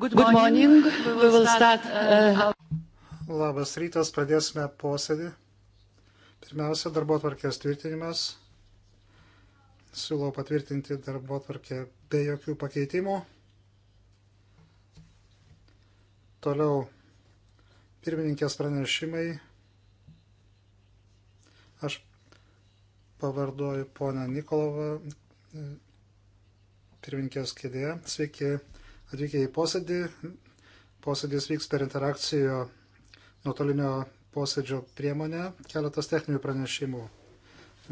Good morning. We will start. Uh, uh Labas rytas, pradėsime posėdį. Pirmiausia, darbo tvarkės tvirtinimas. Siūlau patvirtinti darbo tvarkę be jokių pakeitimų. Toliau pirmininkės pranešimai. Aš pavarduoju ponę Nikolovą pirmininkės kėdėje. Sveiki atvykę į posėdį. Posėdis vyks per interakcijo nuotolinio posėdžio priemonę. Keletas techninių pranešimų.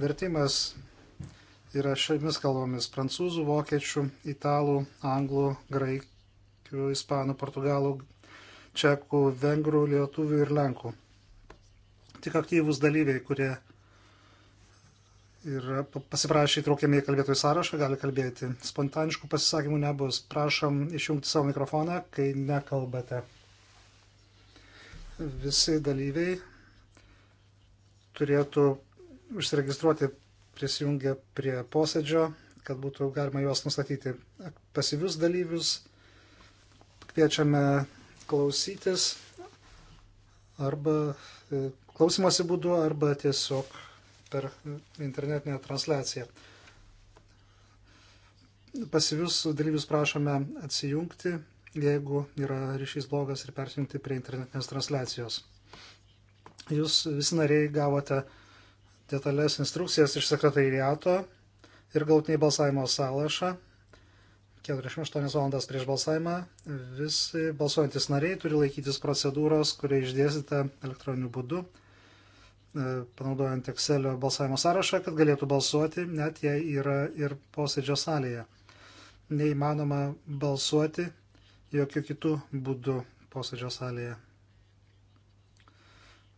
Vertimas yra šiomis kalbomis - prancūzų, vokiečių, italų, anglų, graikių, ispanų, portugalų, čekų, vengrų, lietuvių ir lenkų. Tik aktyvūs dalyviai, kurie ir pasiprašė įtraukiami į kalbėtojų sąrašą, gali kalbėti. Spontaniškų pasisakymų nebus. Prašom išjungti savo mikrofoną, kai nekalbate. Visi dalyviai turėtų užsiregistruoti prisijungę prie posėdžio, kad būtų galima juos nustatyti. Pasyvius dalyvius kviečiame klausytis arba e, klausimosi būdu, arba tiesiog per internetinę transliaciją. Pasyvius dalyvius prašome atsijungti, jeigu yra ryšys blogas ir persijungti prie internetinės transliacijos. Jūs visi nariai gavote detalės instrukcijas iš sekretariato ir galtinį balsavimo sąrašą. 48 valandas prieš balsavimą visi balsuojantis nariai turi laikytis procedūros, kurie išdėsite elektroniniu būdu E, panaudojant Excelio balsavimo sąrašą, kad galėtų balsuoti, net jei yra ir posėdžio salėje. Neįmanoma balsuoti jokių kitų būdų posėdžio salėje.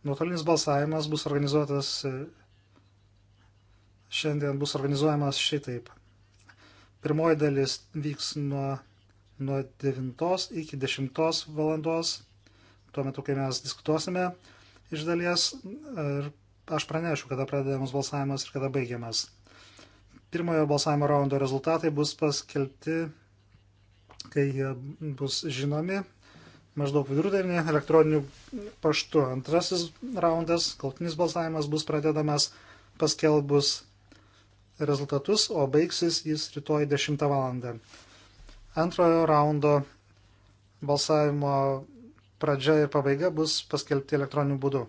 Nuotolinis balsavimas bus organizuotas, e, šiandien bus organizuojamas šitaip. Pirmoji dalis vyks nuo, nuo 9 iki 10 valandos, tuo metu, kai mes diskutuosime, iš dalies ir aš pranešiu, kada pradedamas balsavimas ir kada baigiamas. Pirmojo balsavimo raundo rezultatai bus paskelbti, kai jie bus žinomi maždaug vidurdienį elektroniniu paštu. Antrasis raundas, galtinis balsavimas bus pradedamas paskelbus rezultatus, o baigsis jis rytoj 10 val. Antrojo raundo balsavimo pradžia ir pabaiga bus paskelbti elektroniniu būdu,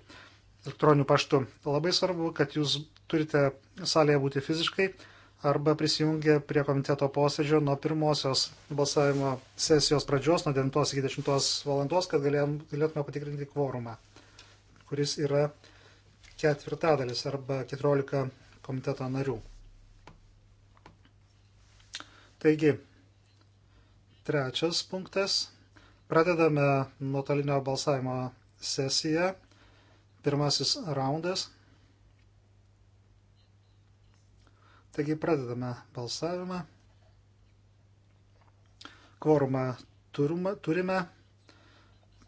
elektroniniu paštu. Labai svarbu, kad jūs turite salėje būti fiziškai arba prisijungę prie komiteto posėdžio nuo pirmosios balsavimo sesijos pradžios, nuo 9 iki 10 valandos, kad galėtume patikrinti kvorumą, kuris yra ketvirtadalis arba 14 komiteto narių. Taigi, trečias punktas Pradedame nuotolinio balsavimo sesiją. Pirmasis raundas. Taigi pradedame balsavimą. Kvorumą turime.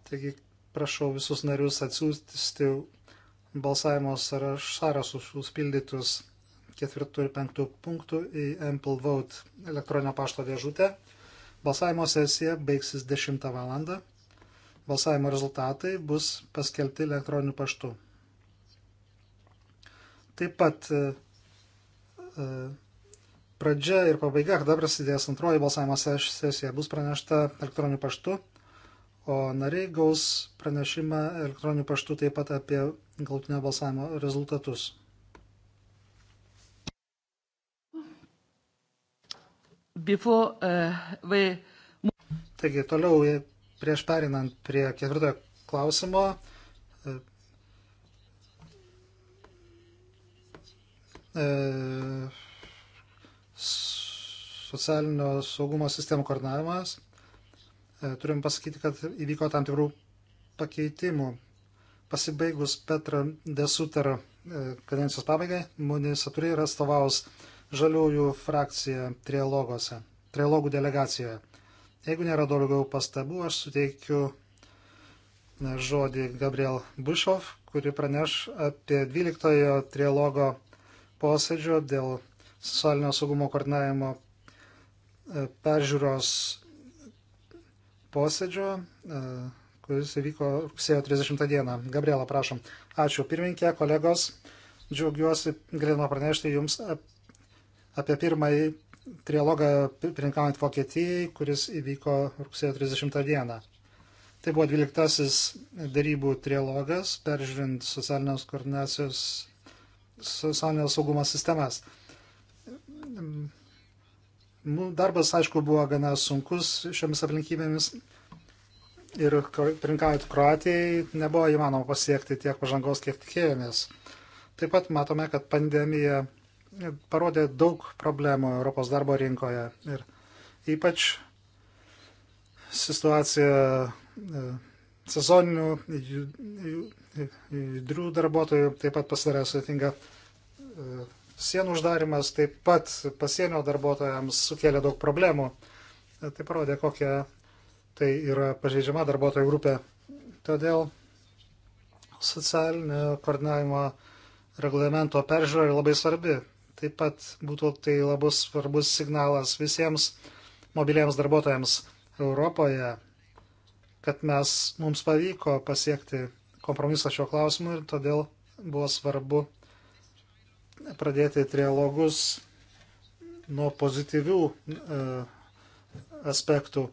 Taigi prašau visus narius atsiųsti balsavimo sąrašus užpildytus ketvirtų ir penktų punktų į Ample Vote elektroninio pašto dėžutę. Balsavimo sesija baigsis 10 val. Balsavimo rezultatai bus paskelbti elektroniniu paštu. Taip pat e, e, pradžia ir pabaiga, kada prasidės antroji balsavimo sesija, bus pranešta elektroniniu paštu, o nariai gaus pranešimą elektroniniu paštu taip pat apie galutinio balsavimo rezultatus. before, uh, we... Taigi, toliau, e, prieš perinant prie ketvirtojo klausimo, uh, uh, socialinio saugumo sistemų koordinavimas. Turim pasakyti, kad įvyko tam tikrų pakeitimų. Pasibaigus Petra Desuter kadencijos pabaigai, Munis Saturi ir atstovaus žaliųjų frakcija trialogose, trialogų delegacijoje. Jeigu nėra daugiau pastabų, aš suteikiu e, žodį Gabriel Bušov, kuri praneš apie 12-ojo trialogo posėdžio dėl socialinio saugumo koordinavimo e, peržiūros posėdžio, e, kuris įvyko rugsėjo 30 dieną. Gabriela, prašom. Ačiū pirminkė, kolegos. Džiaugiuosi galėdama pranešti Jums apie pirmąjį trialogą pirinkaujant Vokietijai, kuris įvyko rugsėjo 30 dieną. Tai buvo 12 darybų trialogas, peržiūrint socialinės koordinacijos, socialinio saugumo sistemas. Nu, darbas, aišku, buvo gana sunkus šiomis aplinkybėmis ir pirinkaujant Kroatijai nebuvo įmanoma pasiekti tiek pažangos, kiek tikėjomės. Taip pat matome, kad pandemija parodė daug problemų Europos darbo rinkoje ir ypač situacija e, sezoninių judrių darbuotojų taip pat pasidarė sudėtinga. E, sienų uždarimas taip pat pasienio darbuotojams sukėlė daug problemų. E, tai parodė, kokia tai yra pažeidžiama darbuotojų grupė. Todėl socialinio koordinavimo reglamento peržiūra yra labai svarbi. Taip pat būtų tai labus svarbus signalas visiems mobiliems darbuotojams Europoje, kad mes, mums pavyko pasiekti kompromisą šiuo klausimu ir todėl buvo svarbu pradėti trialogus nuo pozityvių e, aspektų.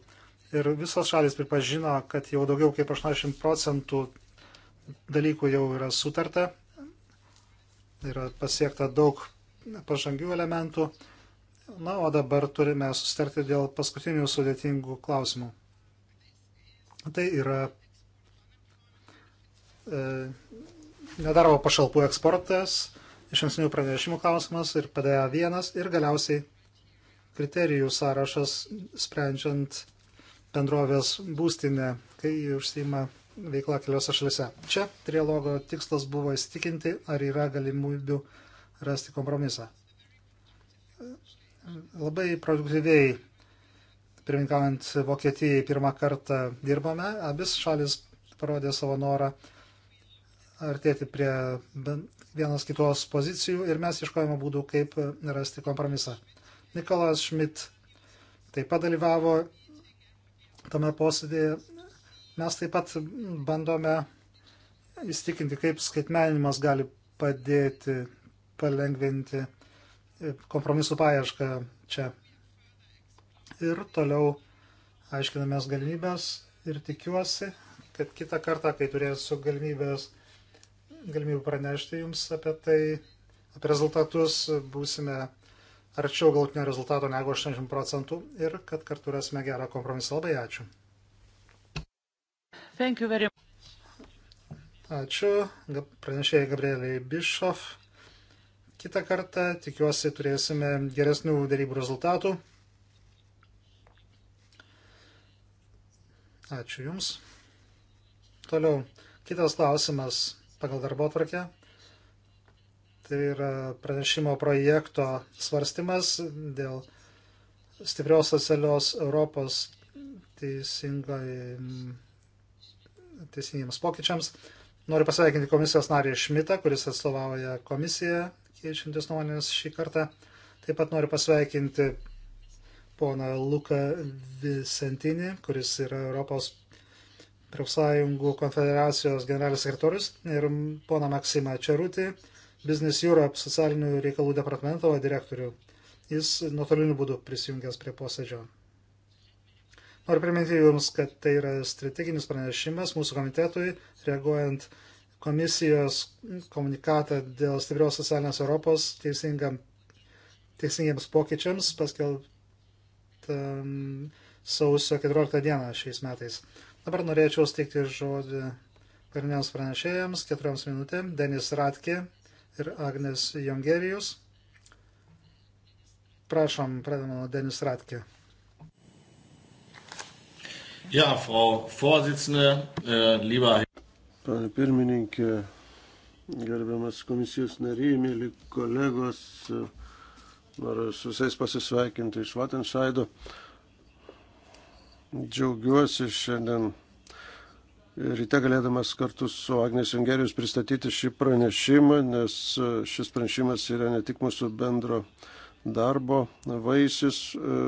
Ir visos šalis pripažino, kad jau daugiau kaip 80 procentų dalykų jau yra sutarta, yra pasiekta daug pažangių elementų. Na, o dabar turime sustarti dėl paskutinių sudėtingų klausimų. Tai yra e, nedarbo pašalpų eksportas, išankstinių pranešimų klausimas ir PDA vienas ir galiausiai kriterijų sąrašas sprendžiant bendrovės būstinę, kai užsima veikla keliose šalise. Čia trialogo tikslas buvo įsitikinti, ar yra galimybių rasti kompromisą. Labai produktyviai, pirminkaujant Vokietijai, pirmą kartą dirbame. Abis šalis parodė savo norą artėti prie vienos kitos pozicijų ir mes iškojame būdų, kaip rasti kompromisą. Nikolas Šmit taip pat dalyvavo tame posėdėje. Mes taip pat bandome įstikinti, kaip skaitmeninimas gali padėti palengvinti kompromisų paiešką čia. Ir toliau aiškinamės galimybės ir tikiuosi, kad kitą kartą, kai turėsiu galimybės, galimybę pranešti jums apie tai, apie rezultatus, būsime arčiau galutinio rezultato negu 80 procentų ir kad kartu rasime gerą kompromisą. Labai ačiū. Very... Ačiū pranešėjai Gabrieliai Bišov. Kita kartą tikiuosi turėsime geresnių darybų rezultatų. Ačiū Jums. Toliau, kitas klausimas pagal darbo tvarkę. Tai yra pranešimo projekto svarstymas dėl stiprios socialios Europos teisingiems pokyčiams. Noriu pasveikinti komisijos narį Šmitą, kuris atstovauja komisiją keičiantis nuomonės šį kartą. Taip pat noriu pasveikinti poną Luką Visentinį, kuris yra Europos profsąjungų konfederacijos generalinis sekretorius, ir poną Maksimą Čerutį, Business Europe socialinių reikalų departamento direktorių. Jis nuotoliniu būdu prisijungęs prie posėdžio. Noriu priminti Jums, kad tai yra strateginis pranešimas mūsų komitetui, reaguojant komisijos komunikatą dėl stiprios socialinės Europos teisingiems pokyčiams paskelbtą mm, sausio 14 dieną šiais metais. Dabar norėčiau steigti žodį kariniams pranešėjams, keturioms minutėm, Denis Ratke ir Agnes Jongerijus. Prašom, pradedame nuo Denis Ratke. Ja, Frau Vorsitzende, äh, lieber Pane pirmininkė, gerbiamas komisijos nariai, mėly kolegos, noriu su visais pasisveikinti iš Vatenšaido. Džiaugiuosi šiandien ryte galėdamas kartu su Agnės Jungerijus pristatyti šį pranešimą, nes šis pranešimas yra ne tik mūsų bendro darbo vaisius, e,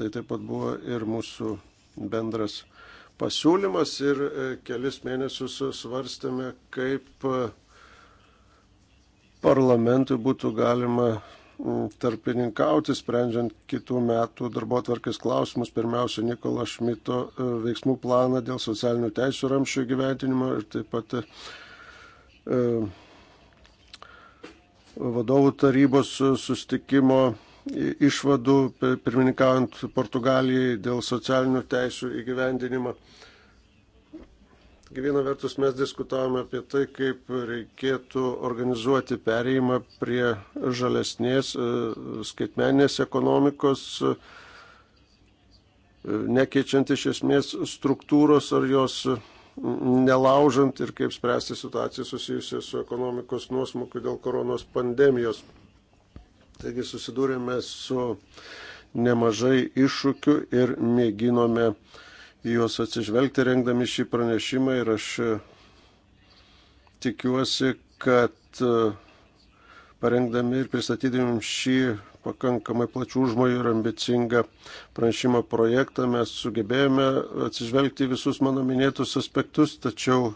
tai taip pat buvo ir mūsų bendras pasiūlymas ir e, kelis mėnesius svarstėme, kaip e, parlamentui būtų galima tarpininkauti, sprendžiant kitų metų darbo tvarkės klausimus, pirmiausia, Nikola Šmito e, veiksmų planą dėl socialinių teisų ramščių gyventinimo ir taip pat e, vadovų tarybos sustikimo išvadų, pirmininkaujant Portugalijai dėl socialinių teisų įgyvendinimo. Viena vertus mes diskutavome apie tai, kaip reikėtų organizuoti pereimą prie žalesnės e, skaitmenės ekonomikos, e, nekeičiant iš esmės struktūros ar jos nelaužant ir kaip spręsti situaciją susijusią su ekonomikos nuosmukiu dėl koronos pandemijos. Taigi susidūrėme su nemažai iššūkių ir mėginome juos atsižvelgti rengdami šį pranešimą ir aš e, tikiuosi, kad e, parengdami ir pristatydami šį pakankamai plačių žmonių ir ambicingą pranešimo projektą mes sugebėjome atsižvelgti visus mano minėtus aspektus, tačiau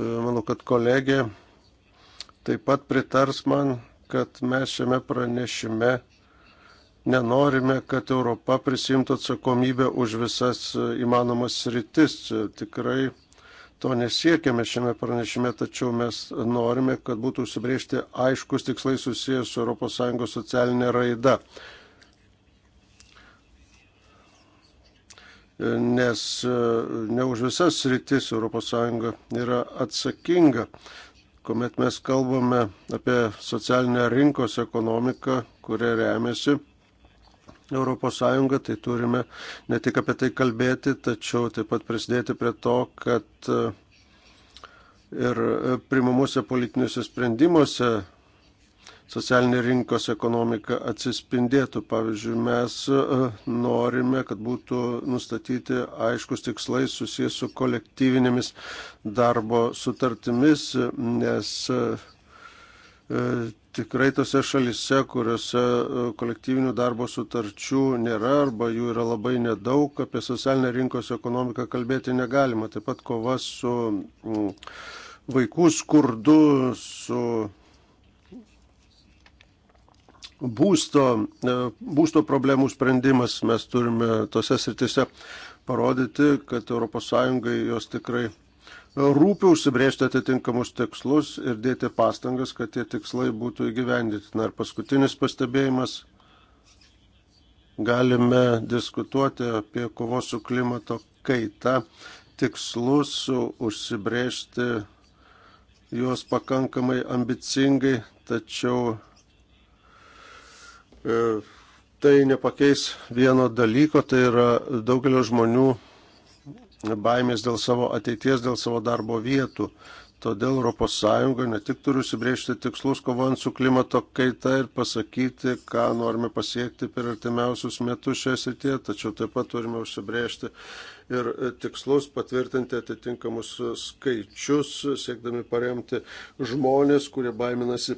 manau, kad kolegė taip pat pritars man, kad mes šiame pranešime nenorime, kad Europa prisimtų atsakomybę už visas įmanomas sritis. Tikrai to nesiekėme šiame pranešime, tačiau mes norime, kad būtų užsibriežti aiškus tikslai susijęs su ES socialinė raida. nes e, ne už visas rytis ES yra atsakinga. Komet mes kalbame apie socialinę rinkos ekonomiką, kuria remiasi ES, tai turime ne tik apie tai kalbėti, tačiau taip pat prisidėti prie to, kad e, ir e, primamuose politiniuose sprendimuose socialinė rinkos ekonomika atsispindėtų. Pavyzdžiui, mes e, norime, kad būtų nustatyti aiškus tikslai susijęs su kolektyvinėmis darbo sutartimis, nes e, e, tikrai tose šalise, kuriuose kolektyvinių darbo sutarčių nėra arba jų yra labai nedaug, apie socialinę rinkos ekonomiką kalbėti negalima. Taip pat kova su vaikų skurdu, su būsto, e, būsto problemų sprendimas. Mes turime tose sritise parodyti, kad ES jos tikrai rūpi užsibriežti atitinkamus tikslus ir dėti pastangas, kad tie tikslai būtų įgyvendyti. Na ir paskutinis pastebėjimas. Galime diskutuoti apie kovos su klimato kaita tikslus, užsibriežti juos pakankamai ambicingai, tačiau E, tai nepakeis vieno dalyko, tai yra daugelio žmonių baimės dėl savo ateities, dėl savo darbo vietų. Todėl ES ne tik turi užsibriežti tikslus kovojant su klimato kaita ir pasakyti, ką norime pasiekti per artimiausius metus šioje srityje, tačiau taip pat turime užsibriežti ir tikslus, patvirtinti atitinkamus skaičius, siekdami paremti žmonės, kurie baiminasi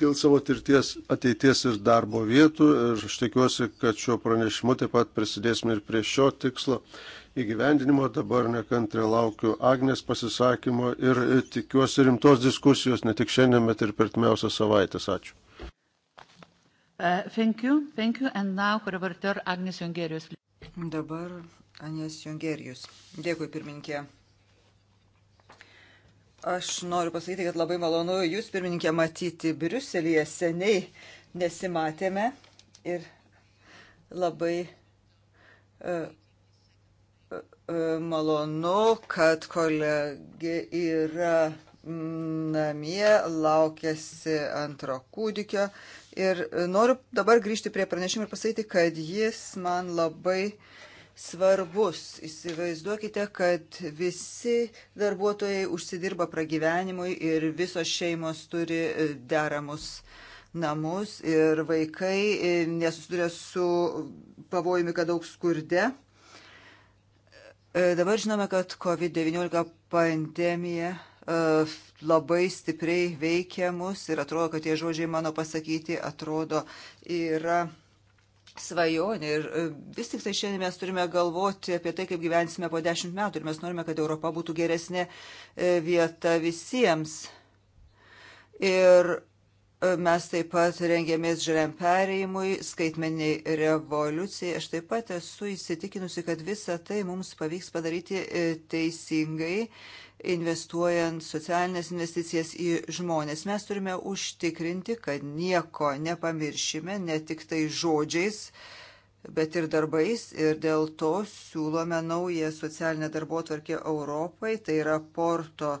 dėl savo tirties, ateities ir darbo vietų. Ir aš tikiuosi, kad šiuo pranešimu taip pat prisidėsime ir prie šio tikslo įgyvendinimo. Dabar nekantriai laukiu Agnės pasisakymo ir tikiuosi rimtos diskusijos ne tik šiandien, bet ir per timiausią savaitę. Ačiū. Uh, thank you, thank you. And now, Dabar Agnės Jungerius. Dėkui, pirmininkė. Aš noriu pasakyti, kad labai malonu Jūs, pirmininkė, matyti Briuselėje. Seniai nesimatėme ir labai uh, uh, malonu, kad kolegė yra namie, laukėsi antro kūdikio. Ir noriu dabar grįžti prie pranešimų ir pasakyti, kad jis man labai uh, svarbus. Įsivaizduokite, kad visi darbuotojai užsidirba pragyvenimui ir visos šeimos turi e, deramus namus ir vaikai e, nesusiduria su pavojumi, kad daug skurde. E, dabar žinome, kad COVID-19 pandemija labai stipriai veikia mus ir atrodo, kad tie žodžiai mano pasakyti atrodo yra svajonė ir e, vis tik tai šiandien mes turime galvoti apie tai, kaip gyvensime po dešimt metų ir mes norime, kad Europa būtų geresnė e, vieta visiems. Ir e, mes taip pat rengiamės žaliam perėjimui, skaitmeniai revoliucijai. Aš taip pat esu įsitikinusi, kad visą tai mums pavyks padaryti teisingai investuojant socialinės investicijas į žmonės. Mes turime užtikrinti, kad nieko nepamiršime, ne tik tai žodžiais, bet ir darbais. Ir dėl to siūlome naują socialinę darbotvarkę Europai. Tai yra porto e,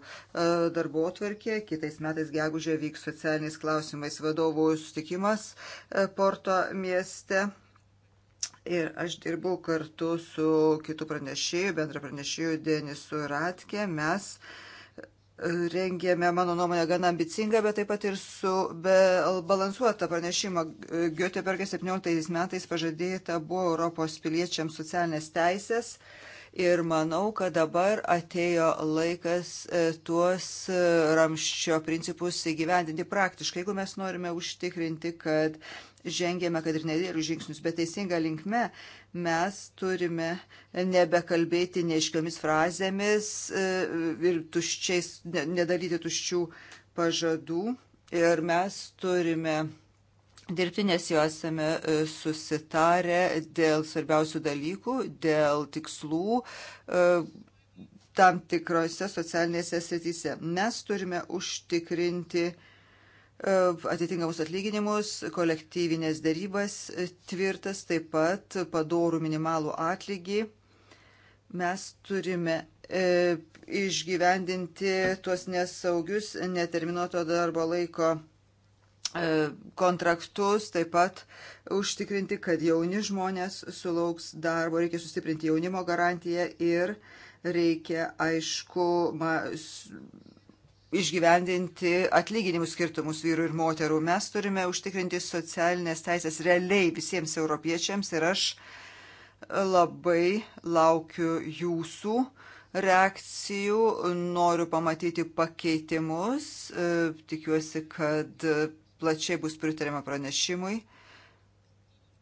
darbotvarkė. Kitais metais gegužė vyks socialiniais klausimais vadovų sustikimas e, porto mieste Ir aš dirbau kartu su kitu pranešėju, bendra pranešėju Denisu Ratke. Mes e, rengėme, mano nuomonė, gana ambicingą, bet taip pat ir su balansuotą pranešimą. Göteborgė 17 metais pažadėta buvo Europos piliečiams socialinės teisės. Ir manau, kad dabar atėjo laikas e, tuos e, ramščio principus įgyvendinti praktiškai, jeigu mes norime užtikrinti, kad žengėme, kad ir nedėlių žingsnius, bet teisinga linkme mes turime nebekalbėti neiškiomis frazėmis e, ir tuščiais, nedaryti tuščių pažadų. Ir mes turime dirbti, nes jau esame e, susitarę dėl svarbiausių dalykų, dėl tikslų e, tam tikrose socialinėse srityse. Mes turime užtikrinti uh, atitinkamus atlyginimus, kolektyvinės darybas e, tvirtas, taip pat padorų minimalų atlygį. Mes turime e, išgyvendinti tuos nesaugius neterminuoto darbo laiko e, kontraktus, taip pat užtikrinti, kad jauni žmonės sulauks darbo, reikia sustiprinti jaunimo garantiją ir reikia, aišku, ma, išgyvendinti atlyginimų skirtumus vyrų ir moterų. Mes turime užtikrinti socialinės teisės realiai visiems europiečiams ir aš labai laukiu jūsų reakcijų, noriu pamatyti pakeitimus, tikiuosi, kad plačiai bus pritarima pranešimui.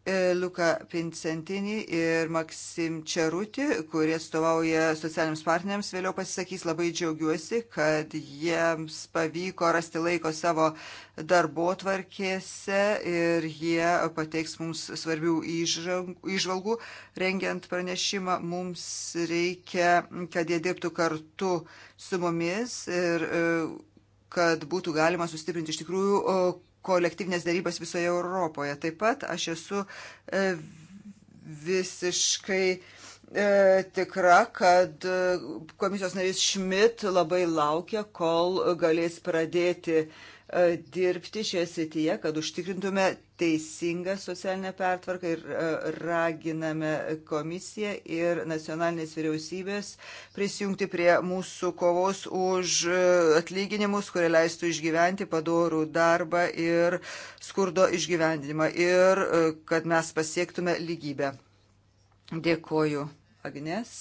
E, Liuką Pincentinį ir Maksim Čerutį, kurie atstovauja socialiniams partneriams, vėliau pasisakys. Labai džiaugiuosi, kad jiems pavyko rasti laiko savo darbo tvarkėse ir jie pateiks mums svarbių išvalgų. Rengiant pranešimą, mums reikia, kad jie dirbtų kartu su mumis ir e, kad būtų galima sustiprinti iš tikrųjų kolektyvinės darybas visoje Europoje. Taip pat aš esu e, visiškai e, tikra, kad e, komisijos narys Šmit labai laukia, kol galės pradėti uh, E, dirbti šioje srityje, kad užtikrintume teisingą socialinę pertvarką ir e, raginame komisiją ir nacionalinės vyriausybės prisijungti prie mūsų kovos už e, atlyginimus, kurie leistų išgyventi padorų darbą ir skurdo išgyvendinimą ir kad mes pasiektume lygybę. Dėkoju, Agnes.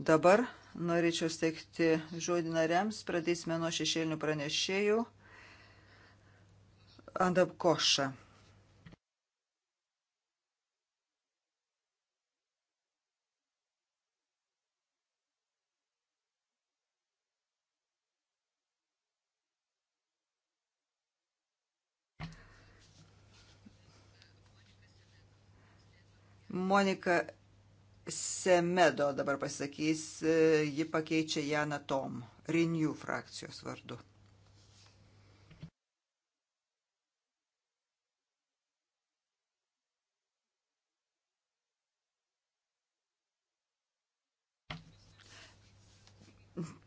Dabar norėčiau steigti žodį nariams. Pradėsime nuo šešėlinių pranešėjų. Andab Koša. Monika Semedo dabar pasakys, e, ji pakeičia Janą Tom, Renew frakcijos vardu.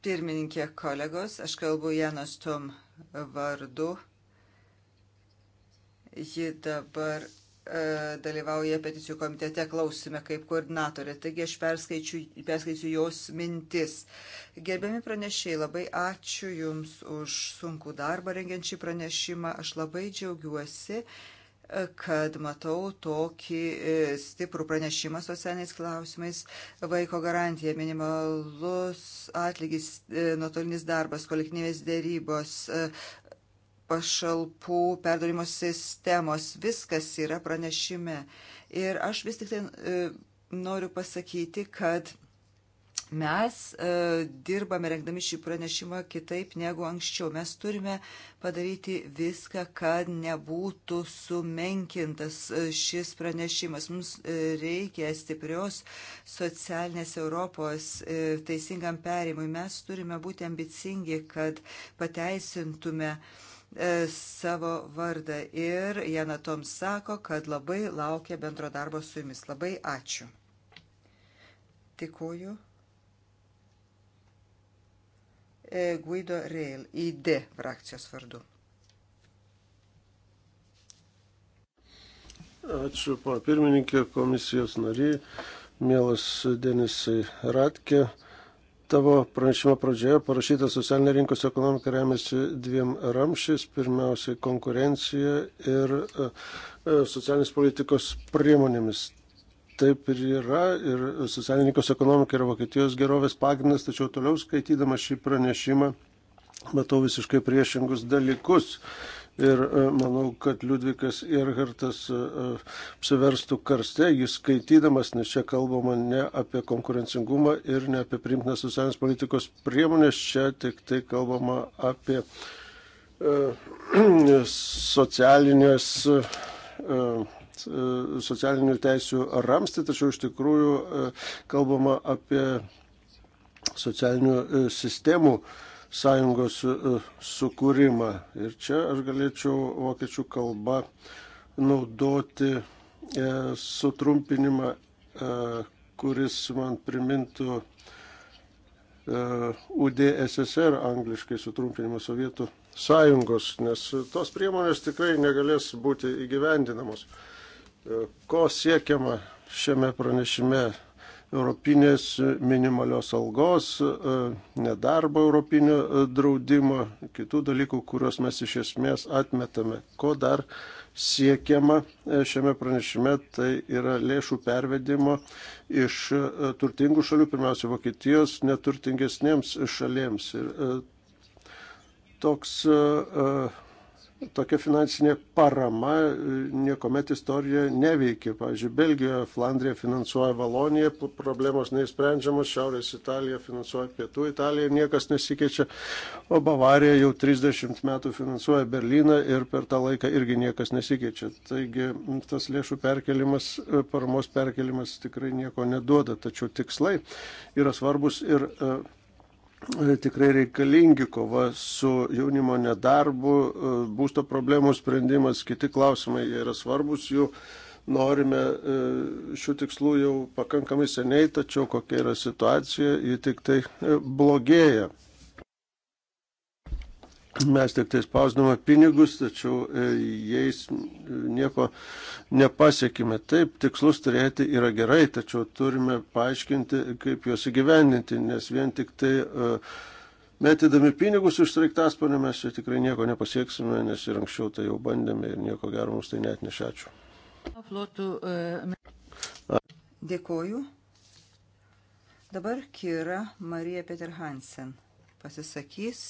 Pirmininkė kolegos, aš kalbu Janas Tom vardu. Ji dabar E, dalyvauja peticijų komitete klausime kaip koordinatorė. Taigi aš perskaičiu, perskaičiu jos mintis. Gerbiami pranešiai, labai ačiū Jums už sunkų darbą rengiant šį pranešimą. Aš labai džiaugiuosi e, kad matau tokį e, stiprų pranešimą socialiniais klausimais. Vaiko garantija, minimalus atlygis, nuotolinis darbas, kolektyvinės dėrybos, pašalpų perdarimo sistemos. Viskas yra pranešime. Ir aš vis tik tai e, noriu pasakyti, kad mes e, dirbame rengdami šį pranešimą kitaip negu anksčiau. Mes turime padaryti viską, kad nebūtų sumenkintas e, šis pranešimas. Mums e, reikia stiprios socialinės Europos e, teisingam perimui. Mes turime būti ambicingi, kad pateisintume e, E, savo vardą ir Jana Toms sako, kad labai laukia bendro darbo su jumis. Labai ačiū. Tikuoju. E, Guido Reil, ID frakcijos vardu. Ačiū, pa pirmininkė, komisijos nariai, mielas Denisai Ratke. Tavo pranešimo pradžioje parašyta socialinė rinkos ekonomika remiasi dviem ramšiais. Pirmiausiai konkurencija ir e, e, socialinės politikos priemonėmis. Taip ir yra, ir socialinė rinkos ekonomika yra Vokietijos gerovės pagrindas, tačiau toliau skaitydama šį pranešimą matau visiškai priešingus dalykus. Ir e, manau, kad Liudvikas Irhartas e, e, apsiverstų karste, jis skaitydamas, nes čia kalbama ne apie konkurencingumą ir ne apie primtinas socialinės politikos priemonės, čia tik tai kalbama apie socialinės socialinių teisių ramstį, tačiau iš tikrųjų kalbama apie socialinių sistemų uh, sąjungos e, sukūrimą. Ir čia aš galėčiau vokiečių kalbą naudoti e, sutrumpinimą, e, kuris man primintų UDSSR angliškai sutrumpinimą Sovietų sąjungos, nes tos priemonės tikrai negalės būti įgyvendinamos. Ko siekiama šiame pranešime Europinės minimalios algos, e, nedarbo Europinio e, draudimo, kitų dalykų, kuriuos mes iš esmės atmetame. Ko dar siekiama e, šiame pranešime, tai yra lėšų pervedimo iš turtingų šalių, pirmiausia Vokietijos, neturtingesniems šalėms. Ir toks uh, tokia finansinė parama e, niekuomet istorijoje neveikė. Pavyzdžiui, Belgijoje, Flandrija finansuoja Valoniją, problemos neįsprendžiamos, Šiaurės Italija finansuoja Pietų Italiją ir niekas nesikeičia, o Bavarija jau 30 metų finansuoja Berliną ir per tą laiką irgi niekas nesikeičia. Taigi tas lėšų perkelimas, e, paramos perkelimas tikrai nieko neduoda, tačiau tikslai yra svarbus ir e, E, tikrai reikalingi kova su jaunimo nedarbu, e, būsto problemų sprendimas, kiti klausimai yra svarbus, jų norime e, šių tikslų jau pakankamai seniai, tačiau kokia yra situacija, ji tik tai blogėja mes tik tai spausdame pinigus, tačiau e, jais e, nieko nepasiekime. Taip, tikslus turėti yra gerai, tačiau turime paaiškinti, kaip juos įgyvendinti, nes vien tik tai e, metydami pinigus iš straiktaspanio mes čia tikrai nieko nepasieksime, nes ir anksčiau tai jau bandėme ir nieko gero mums tai net nešačiu. Dėkoju. Dabar Kira Marija Peter Hansen pasisakys.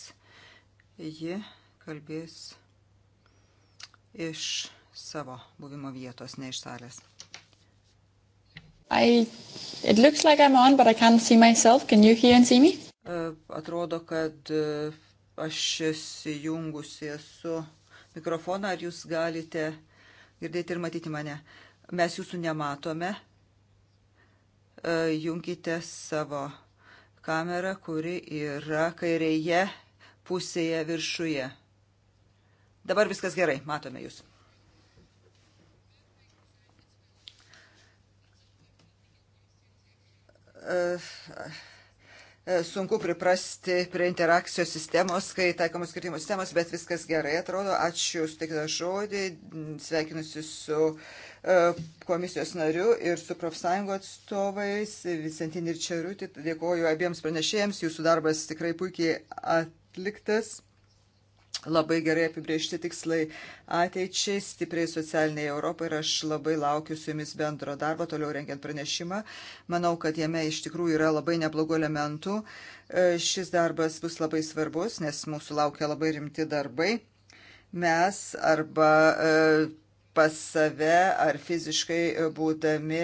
Ji kalbės iš savo buvimo vietos, ne iš salės. I, it looks like I'm on, but I can't see myself. Can you hear and see me? E, atrodo, kad e, aš įsijungusi esu mikrofoną, ar jūs galite girdėti ir matyti mane. Mes jūsų nematome. E, Junkite savo kamerą, kuri yra kairėje pusėje viršuje. Dabar viskas gerai, matome jūs. E, e, sunku priprasti prie interakcijos sistemos, kai taikomos skirtimo sistemos, bet viskas gerai atrodo. Ačiū sutiktą žodį, sveikinusi su e, komisijos nariu ir su profsąjungo atstovais, Vicentin ir Čerutį. Dėkoju abiems pranešėjams, jūsų darbas tikrai puikiai atrodo atliktas. Labai gerai apibriežti tikslai ateičiai, stipriai socialiniai Europai ir aš labai laukiu su jumis bendro darbo, toliau rengiant pranešimą. Manau, kad jame iš tikrųjų yra labai neblogų elementų. E, šis darbas bus labai svarbus, nes mūsų laukia labai rimti darbai. Mes arba e, pas save ar fiziškai būdami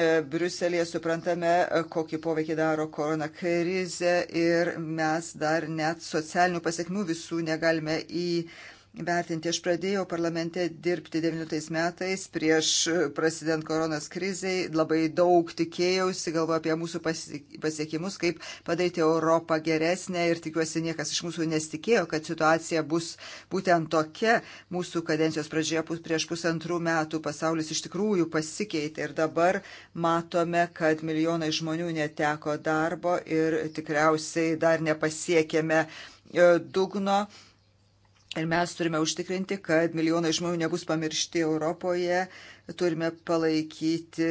E, Briuselėje suprantame, e, kokį poveikį daro korona krizė ir mes dar net socialinių pasiekmių visų negalime į vertinti. Aš pradėjau parlamente dirbti 19 metais prieš prasidant koronas kriziai. Labai daug tikėjausi, galvoju apie mūsų pasiekimus, kaip padaryti Europą geresnę ir tikiuosi niekas iš mūsų nesitikėjo, kad situacija bus būtent tokia. Mūsų kadencijos pradžioje prieš pusantrų metų pasaulis iš tikrųjų pasikeitė ir dabar matome, kad milijonai žmonių neteko darbo ir tikriausiai dar nepasiekėme e, dugno Ir mes turime užtikrinti, kad milijonai žmonių nebus pamiršti Europoje, turime palaikyti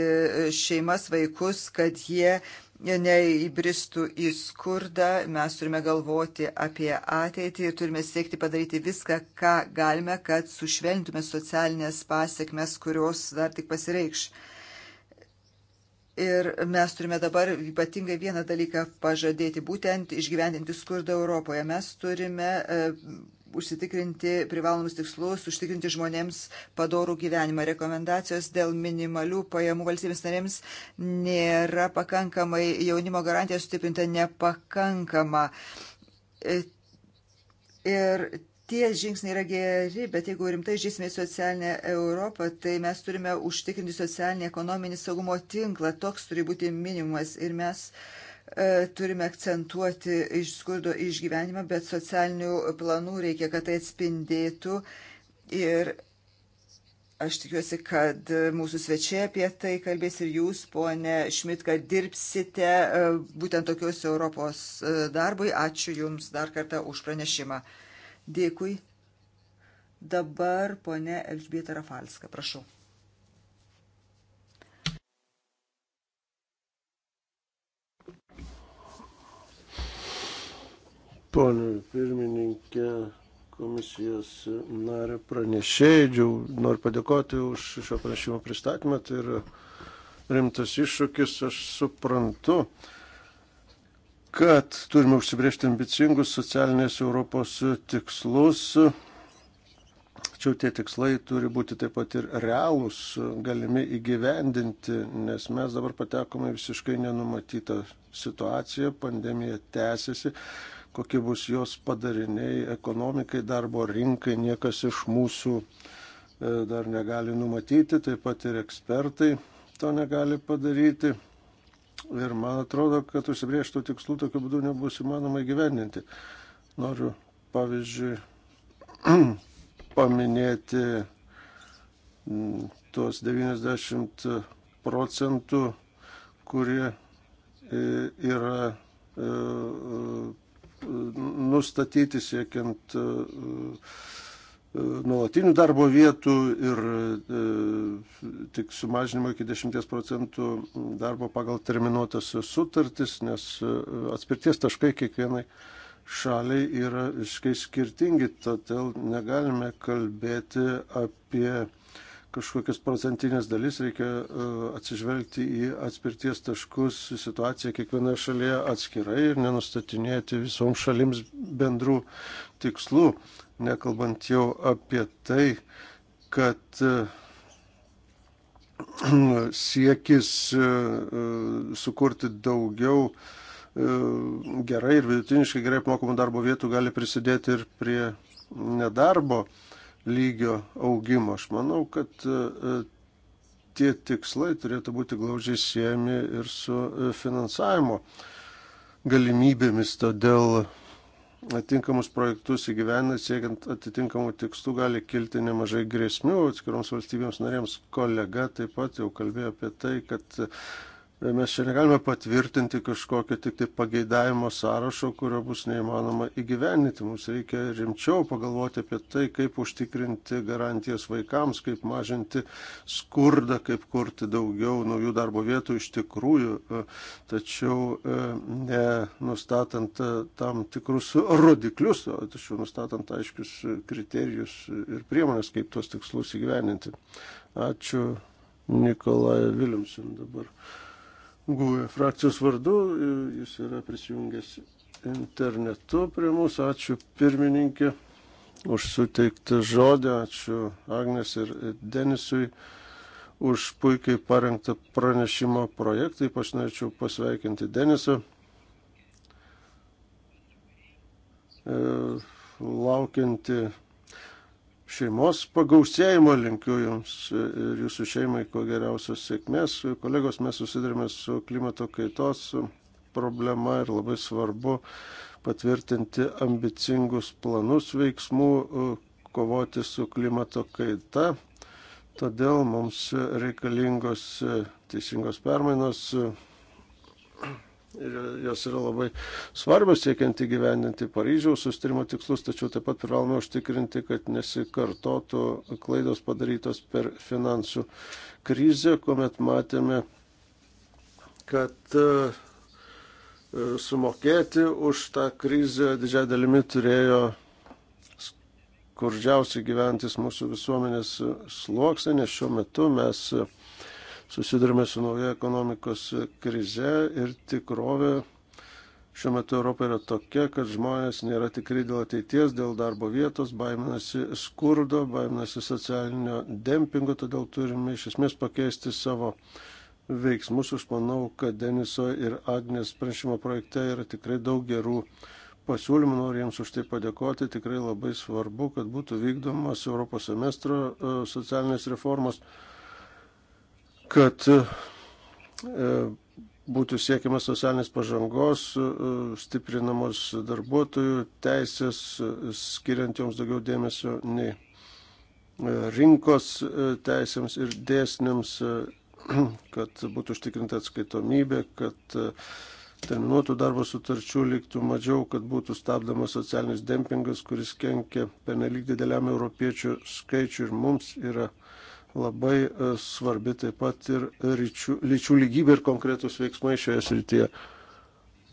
šeimas, vaikus, kad jie neįbristų į skurdą, mes turime galvoti apie ateitį ir turime siekti padaryti viską, ką galime, kad sušventume socialinės pasiekmes, kurios dar tik pasireikš. Ir mes turime dabar ypatingai vieną dalyką pažadėti, būtent išgyvendinti skurdą Europoje. Mes turime e, užsitikrinti privalomus tikslus, užtikrinti žmonėms padorų gyvenimą. Rekomendacijos dėl minimalių pajamų valstybės narėms nėra pakankamai, jaunimo garantija sustiprinta nepakankama. E, ir tie žingsniai yra geri, bet jeigu rimtai žingsime į socialinę Europą, tai mes turime užtikrinti socialinį ekonominį saugumo tinklą. Toks turi būti minimumas. Ir mes uh, E, turime akcentuoti iš skurdo išgyvenimą, bet socialinių planų reikia, kad tai atspindėtų. Ir aš tikiuosi, kad mūsų svečiai apie tai kalbės ir jūs, ponė Šmit, kad dirbsite e, būtent tokios Europos e, darbui. Ačiū Jums dar kartą už pranešimą. Dėkui. Dabar ponė Elžbieta Rafalska, prašau. Pone pirmininkė, komisijos narė pranešėjai, noriu padėkoti už šio pranešimo pristatymą, tai yra rimtas iššūkis, aš suprantu kad turime užsibriežti ambicingus socialinės Europos tikslus, tačiau tie tikslai turi būti taip pat ir realūs, galimi įgyvendinti, nes mes dabar patekome visiškai nenumatytą situaciją, pandemija tęsiasi kokie bus jos padariniai ekonomikai, darbo rinkai, niekas iš mūsų e, dar negali numatyti, taip pat ir ekspertai to negali padaryti. Ir man atrodo, kad užsibrieštų tikslų tokiu būdu nebus įmanoma įgyvendinti. Noriu, pavyzdžiui, paminėti tuos 90 procentų, kurie e, yra e, nustatyti siekiant e, e, nuolatinių darbo vietų ir e, tik sumažinimo iki 10 procentų darbo pagal terminuotas sutartis, nes atspirties taškai kiekvienai šaliai yra visiškai skirtingi, todėl negalime kalbėti apie kažkokias procentinės dalis, reikia e, atsižvelgti į atspirties taškus, situaciją kiekvienoje šalyje atskirai ir nenustatinėti visoms šalims bendrų tikslų, nekalbant jau apie tai, kad e, siekis e, sukurti daugiau gerai ir vidutiniškai gerai apmokamų darbo vietų gali prisidėti ir prie nedarbo lygio augimo. Aš manau, kad e, e, tie tikslai turėtų būti glaudžiai siejami ir su e, finansavimo galimybėmis, todėl atitinkamus projektus įgyvenant, siekiant atitinkamų tikslų, gali kilti nemažai grėsmių atskiroms valstybėms narėms. Kolega taip pat jau kalbėjo apie tai, kad Mes čia negalime patvirtinti kažkokio tik tai pageidavimo sąrašo, kurio bus neįmanoma įgyveninti. Mums reikia rimčiau pagalvoti apie tai, kaip užtikrinti garantijas vaikams, kaip mažinti skurdą, kaip kurti daugiau naujų darbo vietų iš tikrųjų, e, tačiau e, ne nustatant e, tam tikrus rodiklius, tačiau nustatant aiškius kriterijus ir priemonės, kaip tuos tikslus įgyveninti. Ačiū Nikolai Viljamson dabar. GUE frakcijos vardu, e, jis yra prisijungęs internetu prie mūsų. Ačiū pirmininkė už suteiktą žodį, ačiū Agnes ir Denisui už puikiai parengtą pranešimo projektą, ypač norėčiau pasveikinti Denisą. E, laukianti šeimos pagausėjimo linkiu Jums ir Jūsų šeimai kuo geriausios sėkmės. Kolegos, mes susidurime su klimato kaitos problema ir labai svarbu patvirtinti ambicingus planus veiksmų kovoti su klimato kaita. Todėl mums reikalingos teisingos permainos jos yra labai svarbios siekiant įgyvendinti Paryžiaus sustarimo tikslus, tačiau taip pat privalome užtikrinti, kad nesikartotų klaidos padarytos per finansų krizę, kuomet matėme, kad e, e, sumokėti už tą krizę didžiąją dalimi turėjo skurdžiausiai gyventis mūsų visuomenės sluoksnė, nes šiuo metu mes susidurime su nauja ekonomikos krize ir tikrovė šiuo metu Europoje yra tokia, kad žmonės nėra tikri dėl ateities, dėl darbo vietos, baiminasi skurdo, baiminasi socialinio dempingo, todėl turime iš esmės pakeisti savo veiksmus. Aš manau, kad Deniso ir Agnės pranešimo projekte yra tikrai daug gerų pasiūlymų, noriu jiems už tai padėkoti. Tikrai labai svarbu, kad būtų vykdomas Europos semestro e, socialinės reformos kad e, būtų siekiamas socialinės pažangos, e, stiprinamos darbuotojų teisės, e, skiriant joms daugiau dėmesio nei rinkos teisėms ir dėsniams, kad būtų užtikrinta atskaitomybė, kad terminuotų darbo sutarčių liktų mažiau, kad būtų stabdamas socialinis dempingas, kuris kenkia penelyg dideliam europiečių skaičiu ir mums yra labai e, svarbi taip pat ir ryčių, lyčių lygybė ir konkretus veiksmai šioje srityje.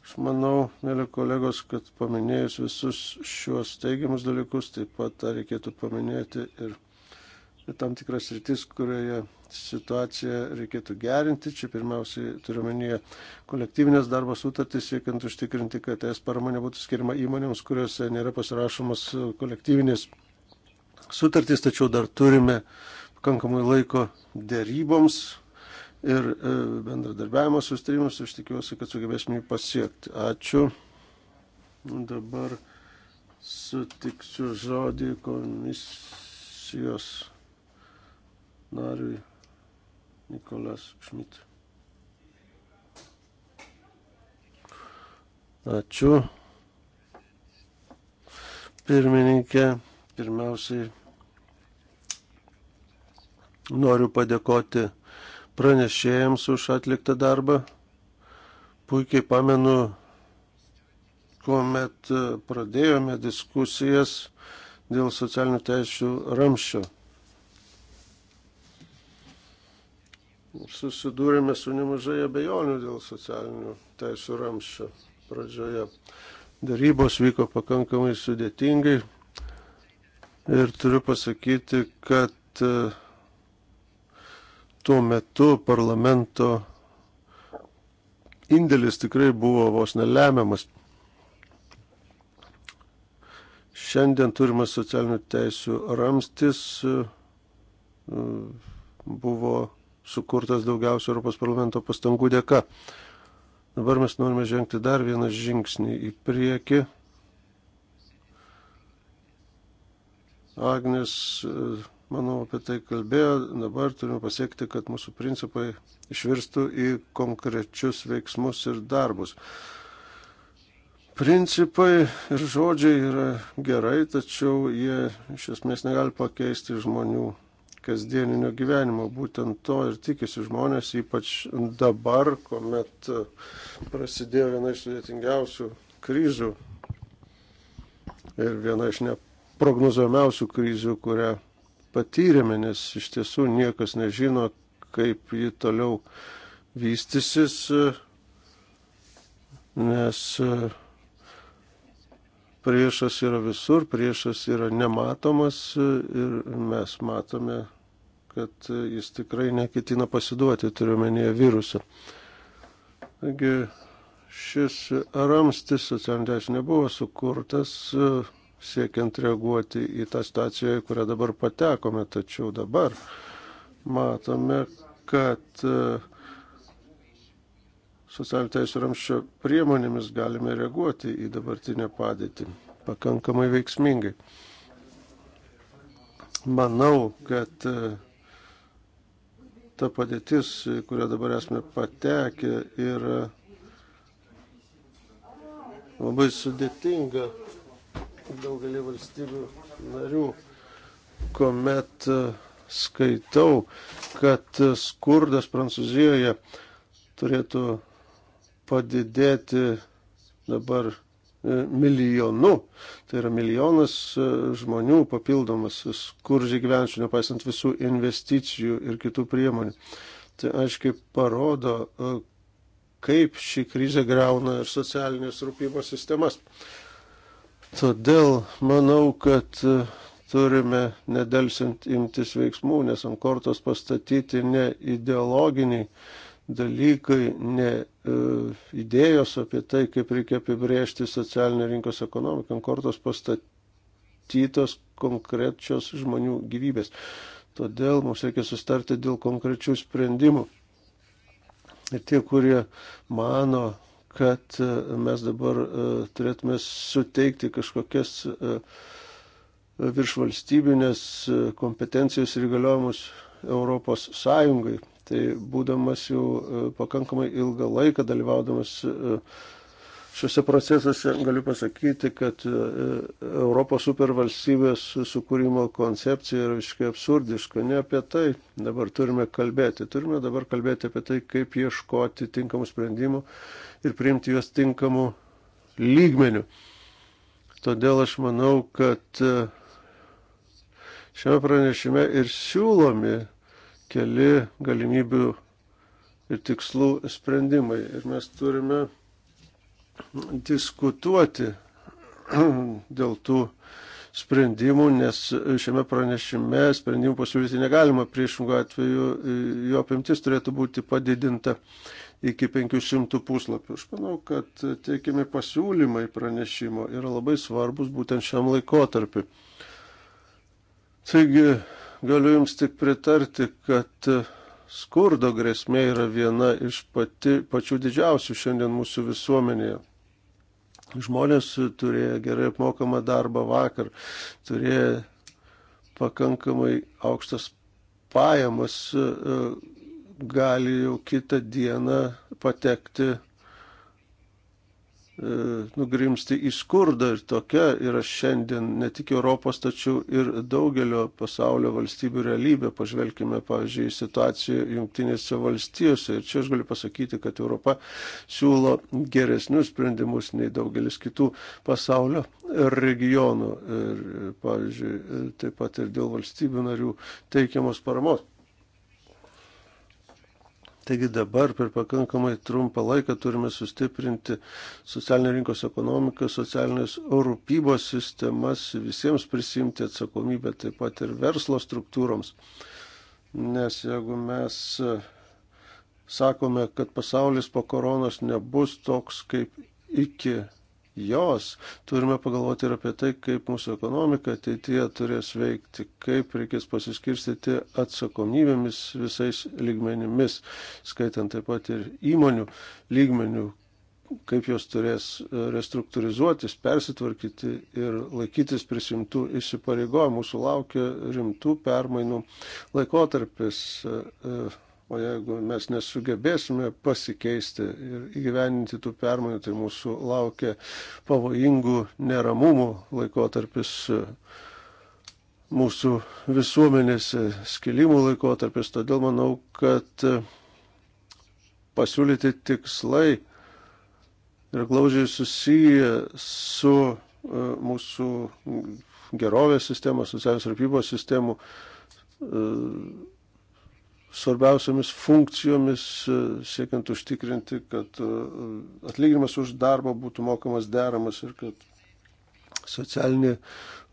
Aš manau, mėly kolegos, kad paminėjus visus šiuos teigiamus dalykus, taip pat tą reikėtų paminėti ir tam tikras rytis, kurioje situaciją reikėtų gerinti. Čia pirmiausiai turiu menyje kolektyvinės darbo sutartys, siekiant užtikrinti, kad es parama nebūtų skirima įmonėms, kuriuose nėra pasirašomas kolektyvinės sutartys, tačiau dar turime uh, pakankamai laiko dėryboms ir e, bendradarbiavimo sustarimus. Aš tikiuosi, kad sugebėsime jį pasiekti. Ačiū. Dabar sutiksiu žodį komisijos nariui Nikolas Šmit. Ačiū. Pirmininkė, pirmiausiai Noriu padėkoti pranešėjams už atliktą darbą. Puikiai pamenu, kuomet pradėjome diskusijas dėl socialinių teisų ramščio. Susidūrėme su nemažai abejonių dėl socialinių teisų ramščio pradžioje. Darybos vyko pakankamai sudėtingai ir turiu pasakyti, kad uh, tuo metu parlamento indėlis tikrai buvo vos nelemiamas. Šiandien turimas socialinių teisių ramstis e, buvo sukurtas daugiausia Europos parlamento pastangų dėka. Dabar mes norime žengti dar vieną žingsnį į priekį. Agnes e, manau, apie tai kalbėjo. Dabar turime pasiekti, kad mūsų principai išvirstų į konkrečius veiksmus ir darbus. Principai ir žodžiai yra gerai, tačiau jie iš esmės negali pakeisti žmonių kasdieninio gyvenimo. Būtent to ir tikisi žmonės, ypač dabar, kuomet prasidėjo viena iš sudėtingiausių kryžių ir viena iš neprognozuojamiausių kryžių, kurią patyrėme, nes iš tiesų niekas nežino, kaip ji toliau vystysis, nes priešas yra visur, priešas yra nematomas ir mes matome, kad jis tikrai neketina pasiduoti, turiuomenėje virusą. Taigi šis ramstis socialinių teisų nebuvo sukurtas siekiant reaguoti į tą situaciją, į kurią dabar patekome. Tačiau dabar matome, kad e, socialinių teisų ramščio priemonėmis galime reaguoti į dabartinę padėtį pakankamai veiksmingai. Manau, kad e, ta padėtis, kurią dabar esame patekę, yra labai sudėtinga daugelį valstybių narių, kuomet e, skaitau, kad e, skurdas Prancūzijoje turėtų padidėti dabar e, milijonu. Tai yra milijonas žmonių papildomas skurdžiai gyvenčių, nepaisant visų investicijų ir kitų priemonių. Tai aiškiai parodo, kaip ši krizė greuna ir socialinės rūpybos sistemas. Todėl manau, kad e, turime nedelsint imtis veiksmų, nes ant kortos pastatyti ne ideologiniai dalykai, ne uh, idėjos apie tai, kaip reikia apibrėžti socialinę rinkos ekonomiką, ant kortos pastatytos konkrečios žmonių gyvybės. Todėl mums reikia sustarti dėl konkrečių sprendimų. Ir tie, kurie mano, kad e, mes dabar e, turėtume suteikti kažkokias e, viršvalstybinės kompetencijos ir įgaliojimus Europos Sąjungai. Tai būdamas jau pakankamai ilgą laiką dalyvaudamas šiuose procesuose galiu pasakyti, kad e, Europos supervalstybės sukūrimo koncepcija yra visiškai absurdiška. Ne apie tai dabar turime kalbėti. Turime dabar kalbėti apie tai, kaip ieškoti tinkamų sprendimų ir priimti juos tinkamų lygmenių. Todėl aš manau, kad e, šiame pranešime ir siūlomi keli galimybių ir tikslų sprendimai. Ir mes turime diskutuoti dėl tų sprendimų, nes šiame pranešime sprendimų pasiūlyti negalima, priešingų atveju e, jo apimtis turėtų būti padidinta iki 500 puslapių. Aš manau, kad teikiami pasiūlymai pranešimo yra labai svarbus būtent šiam laikotarpiu. Taigi galiu Jums tik pritarti, kad skurdo grėsmė yra viena iš pati, pačių didžiausių šiandien mūsų visuomenėje. Žmonės turėjo gerai apmokamą darbą vakar, turėjo pakankamai aukštas pajamas, e, gali jau kitą dieną patekti E, nugrimsti į skurdą ir tokia yra šiandien ne tik Europos, tačiau ir daugelio pasaulio valstybių realybė. Pažvelkime, pavyzdžiui, į situaciją Junktinėse valstijose. Ir čia aš galiu pasakyti, kad Europa siūlo geresnius sprendimus nei daugelis kitų pasaulio regionų. Ir, pavyzdžiui, taip pat ir dėl valstybių narių teikiamos paramos. Taigi dabar per pakankamai trumpą laiką turime sustiprinti socialinę rinkos ekonomiką, socialinės rūpybos sistemas, visiems prisimti atsakomybę, taip pat ir verslo struktūroms. Nes jeigu mes e, sakome, kad pasaulis po koronos nebus toks kaip iki jos. Turime pagalvoti ir apie tai, kaip mūsų ekonomika ateityje turės veikti, kaip reikės pasiskirstyti atsakomybėmis visais lygmenimis, skaitant taip pat ir įmonių lygmenių, kaip jos turės e, restruktūrizuotis, persitvarkyti ir laikytis prisimtų įsipareigojimų. Mūsų laukia rimtų permainų laikotarpis. E, e O jeigu mes nesugebėsime pasikeisti ir įgyveninti tų permainų, tai mūsų laukia pavojingų neramumų laikotarpis mūsų visuomenės skilimų laikotarpis. Todėl manau, kad pasiūlyti tikslai ir glaužiai susiję su e, mūsų gerovės sistema, socialinės rūpybos sistemų e, svarbiausiamis funkcijomis, e, siekiant užtikrinti, kad e, atlyginimas už darbą būtų mokamas deramas ir kad socialinė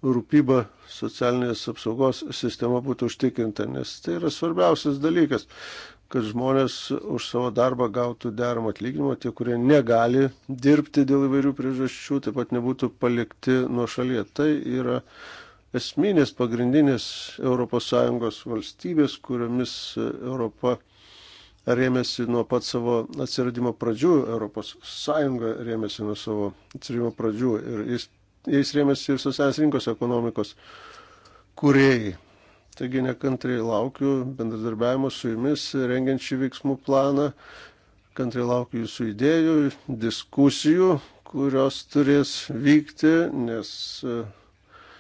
rūpyba, socialinės apsaugos sistema būtų užtikrinta, nes tai yra svarbiausias dalykas, kad žmonės už savo darbą gautų deramą atlyginimą, tie, kurie negali dirbti dėl įvairių priežasčių, taip pat nebūtų palikti nuo šalyje. Tai yra uh, esminės pagrindinės ES valstybės, kuriomis e, Europa rėmėsi nuo pat savo atsiradimo pradžių, ES rėmėsi nuo savo atsiradimo pradžių ir jis, jais rėmėsi ir socialinės rinkos ekonomikos kuriejai. Taigi nekantriai laukiu bendradarbiavimo su jumis, rengiant šį veiksmų planą, kantriai laukiu jūsų idėjų, diskusijų, kurios turės vykti, nes uh,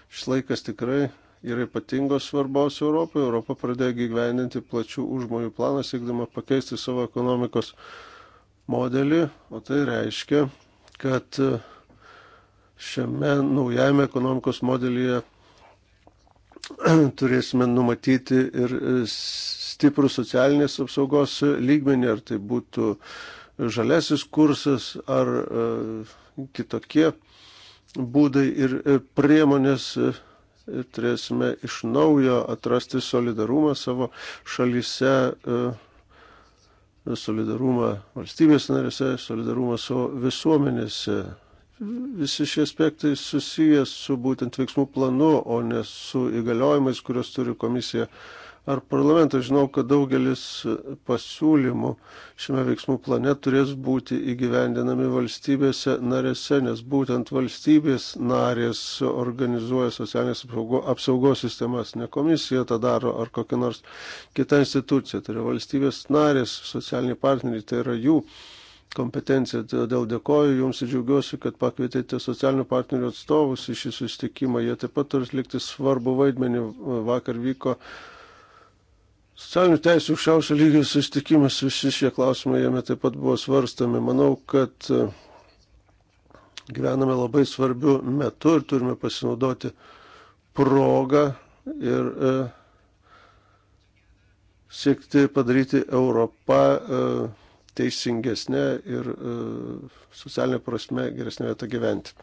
Šis laikas tikrai yra ypatingos svarbos Europai. Europa pradėjo gyveninti plačių užmojų planą, siekdama pakeisti savo ekonomikos modelį, o tai reiškia, kad šiame naujame ekonomikos modelyje turėsime numatyti ir stiprų socialinės apsaugos lygmenį, ar tai būtų žalesis kursas, ar e, kitokie būdai ir priemonės ir turėsime iš naujo atrasti solidarumą savo šalyse, e, solidarumą valstybės narėse, solidarumą savo visuomenėse. Visi šie aspektai susijęs su būtent veiksmų planu, o ne su įgaliojimais, kurios turi komisija ar parlamentą. Žinau, kad daugelis pasiūlymų šiame veiksmų plane turės būti įgyvendinami valstybėse narėse, nes būtent valstybės narės organizuoja socialinės apsaugos sistemas, ne komisija tą daro ar kokia nors kita institucija. Tai yra valstybės narės, socialiniai partneriai, tai yra jų kompetencija. Todėl dėkoju Jums ir džiaugiuosi, kad pakvietėte socialinių partnerių atstovus į šį susitikimą. Jie taip pat turi atlikti svarbu vaidmenį. Vakar vyko uh, Socialinių teisų aukščiausio lygio susitikimas, visi šie klausimai jame taip pat buvo svarstami. Manau, kad e, gyvename labai svarbių metų ir turime pasinaudoti progą ir e, siekti padaryti Europą e, teisingesnė ir e, socialinė prasme geresnė vieta gyventi.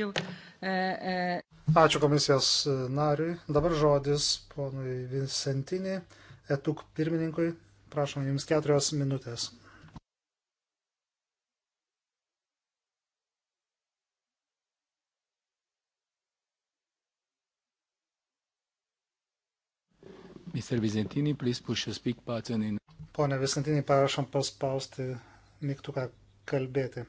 Give, e, e... Ačiū komisijos nariui. Dabar žodis ponui Vincentinį etuk pirmininkui. Prašom, jums keturios minutės. Mr. Vizentini, please push the speak button in. Pone Vizentini, prašom paspausti mygtuką kalbėti.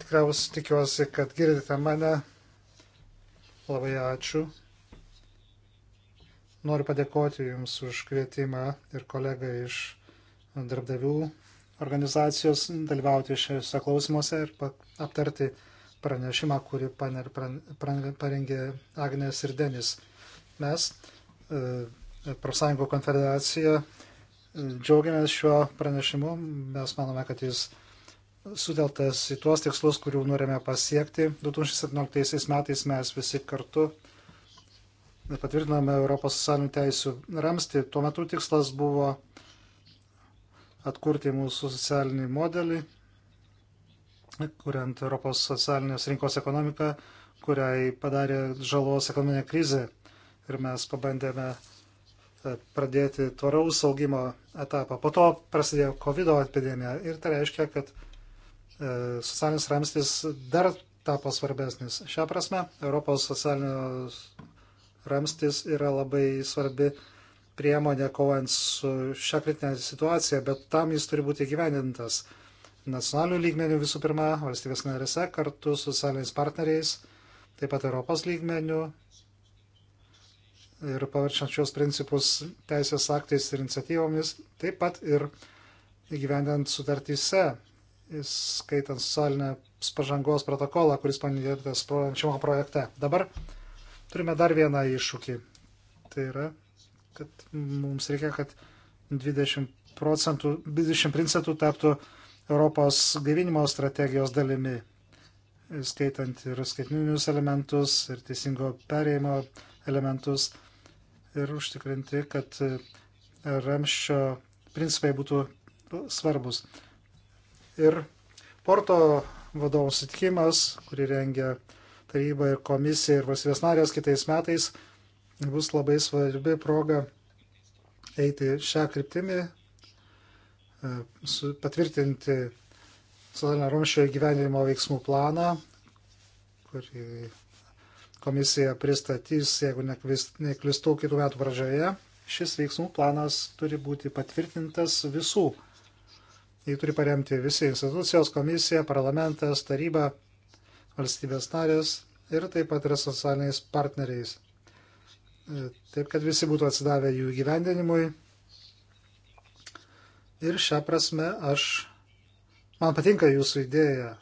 Tikriausiai tikiuosi, kad girdite mane. Labai ačiū. Noriu padėkoti Jums už kvietimą ir kolegą iš darbdavių organizacijos dalyvauti šiuose klausimuose ir aptarti pranešimą, kurį parengė Agnes ir Denis. Mes, e, profsąjungų konfederacija, e, džiaugiamės šiuo pranešimu. Mes manome, kad jis suteltas į tuos tikslus, kurių norime pasiekti. 2017 metais mes visi kartu patvirtinome Europos socialinių teisų ramstį, tuo metu tikslas buvo atkurti mūsų socialinį modelį, kuriant Europos socialinės rinkos ekonomiką, kuriai padarė žalos ekonominė krizė. Ir mes pabandėme e, pradėti tvaraus augimo etapą. Po to prasidėjo COVID epidemija ir tai reiškia, kad e, socialinis ramstis dar tapo svarbesnis. Šią prasme, Europos socialinio ramstis yra labai svarbi priemonė kovojant su šią kritinę situaciją, bet tam jis turi būti gyvendintas nacionalinių lygmenių visų pirma, valstybės narėse kartu su socialiniais partneriais, taip pat Europos lygmenių ir pavarčiant šios principus teisės aktais ir iniciatyvomis, taip pat ir įgyvendant sutartyse, skaitant socialinės pažangos protokolą, kuris paminėtas pranešimo projekte. Dabar Turime dar vieną iššūkį. Tai yra, kad mums reikia, kad 20, procentų, 20 procentų taptų Europos gaivinimo strategijos dalimi, skaitant ir skaitmininius elementus, ir teisingo perėjimo elementus, ir užtikrinti, kad ramščio principai būtų svarbus. Ir porto vadovų sutikimas, kurį rengia taryba ir komisija ir valstybės narės kitais metais bus labai svarbi proga eiti šią kryptimį, e, patvirtinti socialinio romščio įgyvendinimo veiksmų planą, kurį komisija pristatys, jeigu neklistų, kitų metų pradžioje. Šis veiksmų planas turi būti patvirtintas visų. Jį turi paremti visi institucijos, komisija, parlamentas, taryba valstybės narės ir taip pat yra socialiniais partneriais. E, taip, kad visi būtų atsidavę jų gyvendinimui. Ir šią prasme aš, man patinka jūsų idėja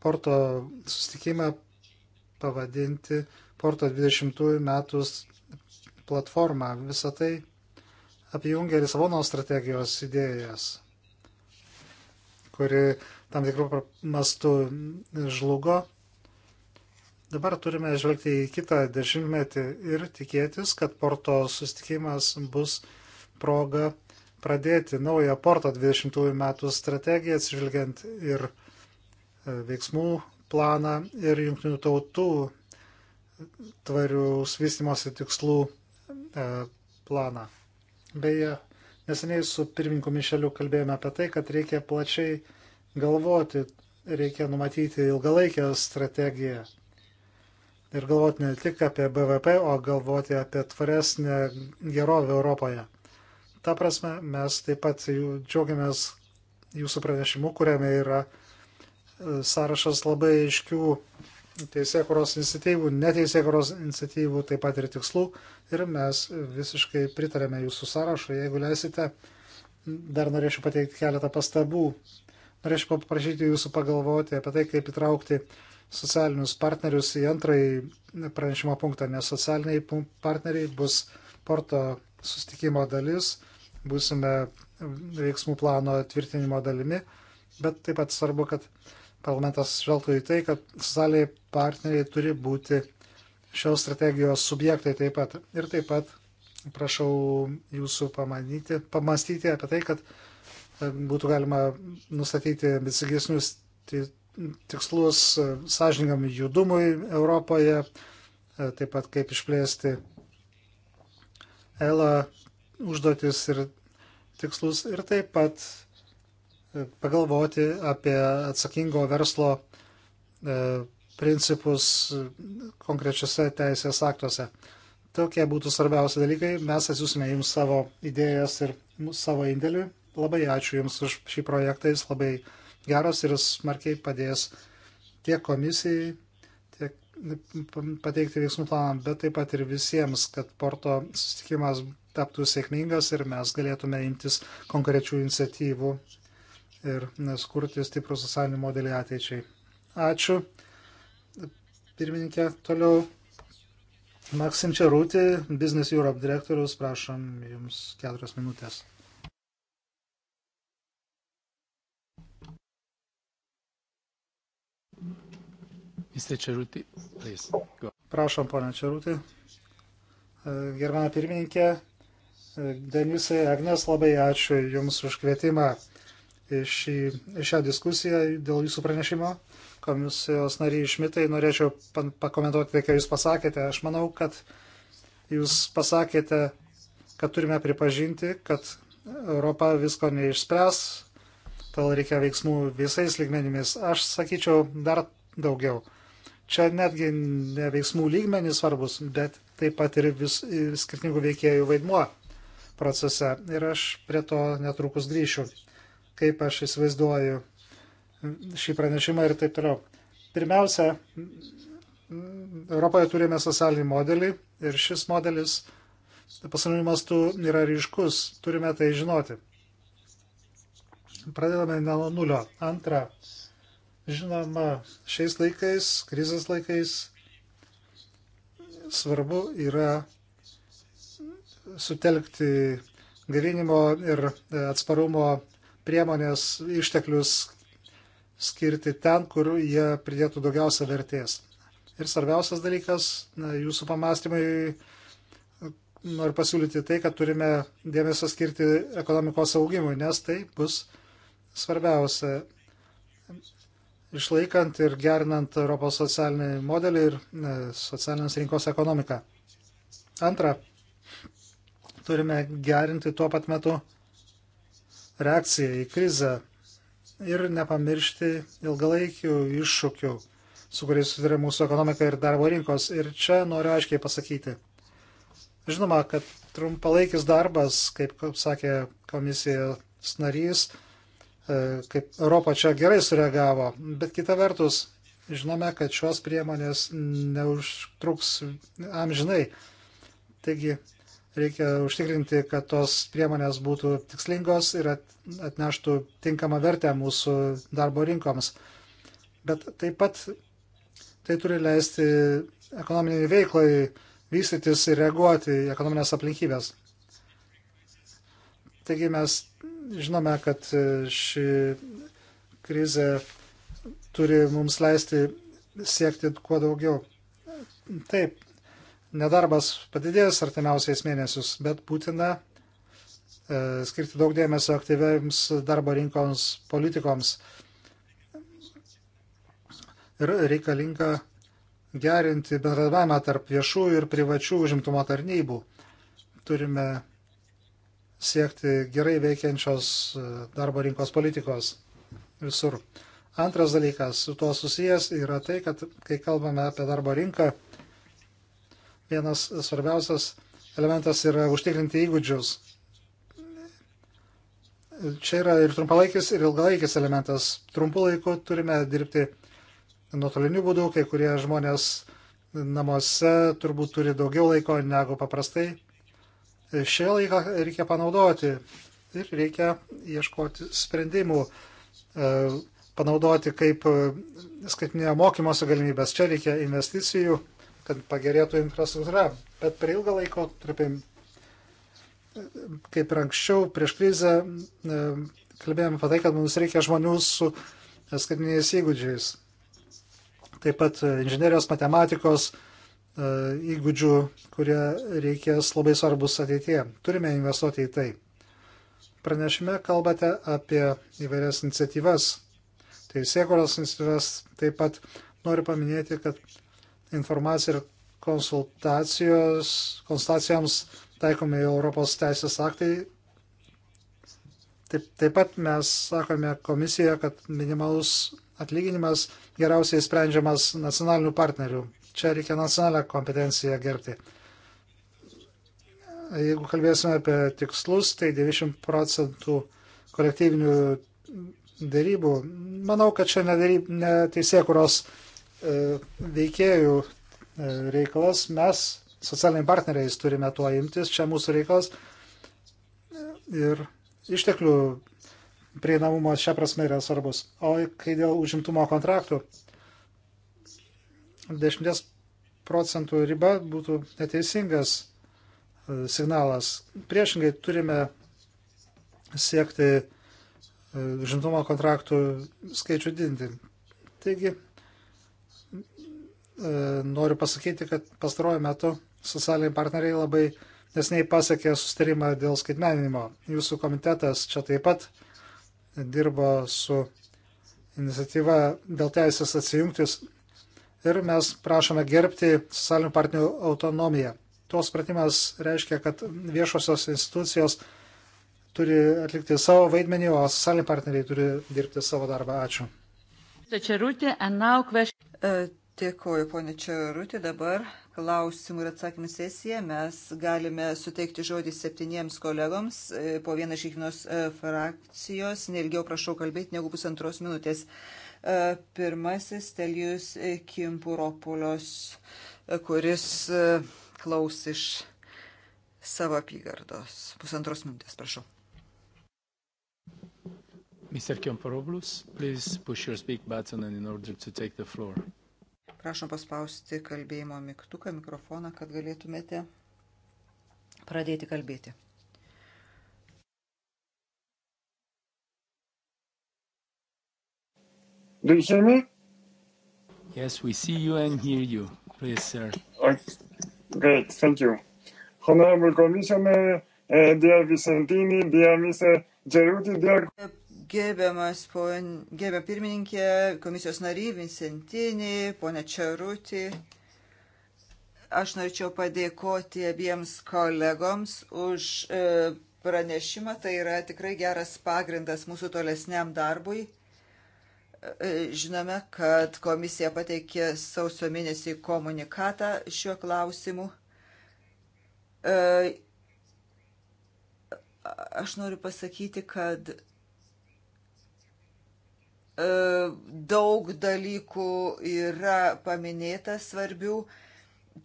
Porto sustikimą pavadinti Porto 20 metų platformą. Visą tai apjungia Lisabono strategijos idėjas, kuri tam tikrų mastų žlugo. Dabar turime žvelgti į kitą dešimtmetį ir tikėtis, kad porto sustikimas bus proga pradėti naują porto 20 metų strategiją, atsižvelgiant ir e, veiksmų planą ir jungtinių tautų tvarius vystimosi tikslų e, planą. Beje, neseniai su pirmininku Mišeliu kalbėjome apie tai, kad reikia plačiai galvoti, reikia numatyti ilgalaikę strategiją. Ir galvoti ne tik apie BVP, o galvoti apie tvaresnę gerovę Europoje. Ta prasme, mes taip pat džiaugiamės jūsų pranešimu, kuriame yra e, sąrašas labai aiškių teisėkuros iniciatyvų, neteisėkuros iniciatyvų, taip pat ir tikslų. Ir mes visiškai pritarėme jūsų sąrašo. Jeigu leisite, dar norėčiau pateikti keletą pastabų Norėčiau paprašyti jūsų pagalvoti apie tai, kaip įtraukti socialinius partnerius į antrąjį pranešimo punktą, nes socialiniai partneriai bus porto sustikimo dalis, būsime veiksmų plano tvirtinimo dalimi, bet taip pat svarbu, kad parlamentas žvelgtų į tai, kad socialiniai partneriai turi būti šios strategijos subjektai taip pat. Ir taip pat prašau jūsų pamanyti, pamastyti apie tai, kad būtų galima nustatyti ambicingesnius tikslus e, sąžiningam judumui Europoje, e, taip pat kaip išplėsti ELA užduotis ir tikslus ir taip pat e, pagalvoti apie atsakingo verslo principus konkrečiose teisės aktuose. Tokie būtų svarbiausi dalykai. Mes atsiūsime jums savo idėjas ir savo indėlį Labai ačiū Jums už šį projektą, jis labai geras ir smarkiai padės tiek komisijai, tiek pateikti veiksmų planą, bet taip pat ir visiems, kad porto susitikimas taptų sėkmingas ir mes galėtume imtis konkrečių iniciatyvų ir skurti stiprų socialinį modelį ateičiai. Ačiū. Pirmininkė, toliau Maksim Čerūti, Business Europe direktorius, prašom jums keturias minutės. Mr. Čerutį, please. Go. Prašom, ponia Čerutį. E, Gerbama pirmininkė, e, Denisai Agnes, labai ačiū Jums už kvietimą į šią diskusiją dėl Jūsų pranešimo. Komisijos nariai Šmitai, norėčiau pakomentuoti, tai, ką Jūs pasakėte. Aš manau, kad Jūs pasakėte, kad turime pripažinti, kad Europa visko neišspręs, todėl reikia veiksmų visais ligmenimis. Aš sakyčiau dar daugiau. Čia netgi ne veiksmų lygmenys svarbus, bet taip pat ir vis, skirtingų veikėjų vaidmuo procese. Ir aš prie to netrukus grįšiu, kaip aš įsivaizduoju šį pranešimą ir taip toliau. Pirmiausia, Europoje turime socialinį modelį ir šis modelis pasauliniu mastu yra ryškus, turime tai žinoti. Pradedame nuo nulio. Antra, Žinoma, šiais laikais, krizės laikais svarbu yra sutelkti gavinimo ir e, atsparumo priemonės išteklius skirti ten, kur jie pridėtų daugiausia vertės. Ir svarbiausias dalykas jūsų pamastymai noriu pasiūlyti tai, kad turime dėmesio skirti ekonomikos augimui, nes tai bus svarbiausia išlaikant ir gerinant Europos socialinį modelį ir e, socialinės rinkos ekonomiką. Antra, turime gerinti tuo pat metu reakciją į krizę ir nepamiršti ilgalaikių iššūkių, su kuriais susiduria mūsų ekonomika ir darbo rinkos. Ir čia noriu aiškiai pasakyti. Žinoma, kad trumpalaikis darbas, kaip sakė komisijos narys, E, kaip Europa čia gerai sureagavo, bet kita vertus, žinome, kad šios priemonės neužtruks amžinai. Taigi reikia užtikrinti, kad tos priemonės būtų tikslingos ir atneštų tinkamą vertę mūsų darbo rinkoms. Bet taip pat tai turi leisti ekonominiai veiklai vystytis ir reaguoti į ekonominės aplinkybės. Taigi mes žinome, kad e, ši krizė turi mums leisti siekti kuo daugiau. Taip, nedarbas padidės artimiausiais mėnesius, bet būtina e, skirti daug dėmesio aktyviams darbo rinkoms politikoms. Ir reikalinga gerinti bendradavimą tarp viešų ir privačių užimtumo tarnybų. Turime siekti gerai veikiančios e, darbo rinkos politikos visur. Antras dalykas su tuo susijęs yra tai, kad kai kalbame apie darbo rinką, vienas svarbiausias elementas yra užtikrinti įgūdžius. Čia yra ir trumpalaikis, ir ilgalaikis elementas. Trumpu laiku turime dirbti nuotoliniu būdu, kai kurie žmonės namuose turbūt turi daugiau laiko negu paprastai. Šią laiką reikia panaudoti ir reikia ieškoti sprendimų, e, panaudoti kaip e, skaitinėje mokymosi galimybės. Čia reikia investicijų, kad pagerėtų infrastruktūra. Bet per ilgą laiko tarpim, kaip ir anksčiau, prieš krizę, e, kalbėjome apie tai, kad mums reikia žmonių su skaitiniais įgūdžiais. Taip pat inžinierijos matematikos, E, įgūdžių, kurie reikės labai svarbus ateityje. Turime investuoti į tai. Pranešime kalbate apie įvairias iniciatyvas, teisėkuros tai iniciatyvas. Taip pat noriu paminėti, kad informacija ir konsultacijos, konsultacijoms taikomi Europos teisės aktai. Taip, taip pat mes sakome komisijoje, kad minimalus atlyginimas geriausiai sprendžiamas nacionalinių partnerių Čia reikia nacionalią kompetenciją gerbti. Jeigu kalbėsime apie tikslus, tai 90 procentų kolektyvinių dėrybų. Manau, kad čia neteisėkuros ne e, veikėjų e, reikalas. Mes, socialiniai partneriais, turime tuo imtis. Čia mūsų reikalas. Ir išteklių prieinamumas šią prasme yra svarbus. O kai dėl užimtumo kontraktų, 10 procentų riba būtų neteisingas e, signalas. Priešingai turime siekti e, žimtumo kontraktų skaičių didinti. Taigi, e, noriu pasakyti, kad pastaruoju metu socialiniai partneriai labai nesnei pasiekė sustarimą dėl skaitmeninimo. Jūsų komitetas čia taip pat dirbo su iniciatyva dėl teisės atsijungtis ir mes prašome gerbti socialinių partnerių autonomiją. Tos supratimas reiškia, kad viešosios institucijos turi atlikti savo vaidmenį, o socialiniai partneriai turi dirbti savo darbą. Ačiū. E, Dėkuoju, ponė Čerutė. Dabar klausimų ir atsakymų sesija. Mes galime suteikti žodį septyniems kolegoms e, po vieną iš kiekvienos e, frakcijos. Nelgiau prašau kalbėti negu pusantros minutės. Uh, E, pirmasis Telijus Kimpuropolios, e, kuris e, klaus iš savo apygardos. Pusantros minutės, prašau. Mr. Kemperoblus, please push your speak button in order to take the floor. Prašom paspausti kalbėjimo mygtuką, mikrofoną, kad galėtumėte pradėti kalbėti. Do you hear me? Yes, we see you and hear you. Please, sir. Okay. Great, thank you. Honorable Commissioner, uh, eh, dear Vicentini, dear Mr. Geruti, dear... Gerbiamas pon, gerbia pirmininkė, komisijos nariai Vincentinį, ponė Čerutį. Aš norėčiau padėkoti abiems kolegoms už e, pranešimą. Tai yra tikrai geras pagrindas mūsų tolesniam darbui. E, žinome, kad komisija pateikė sausio mėnesį komunikatą šiuo klausimu. E, aš noriu pasakyti, kad e, daug dalykų yra paminėta svarbių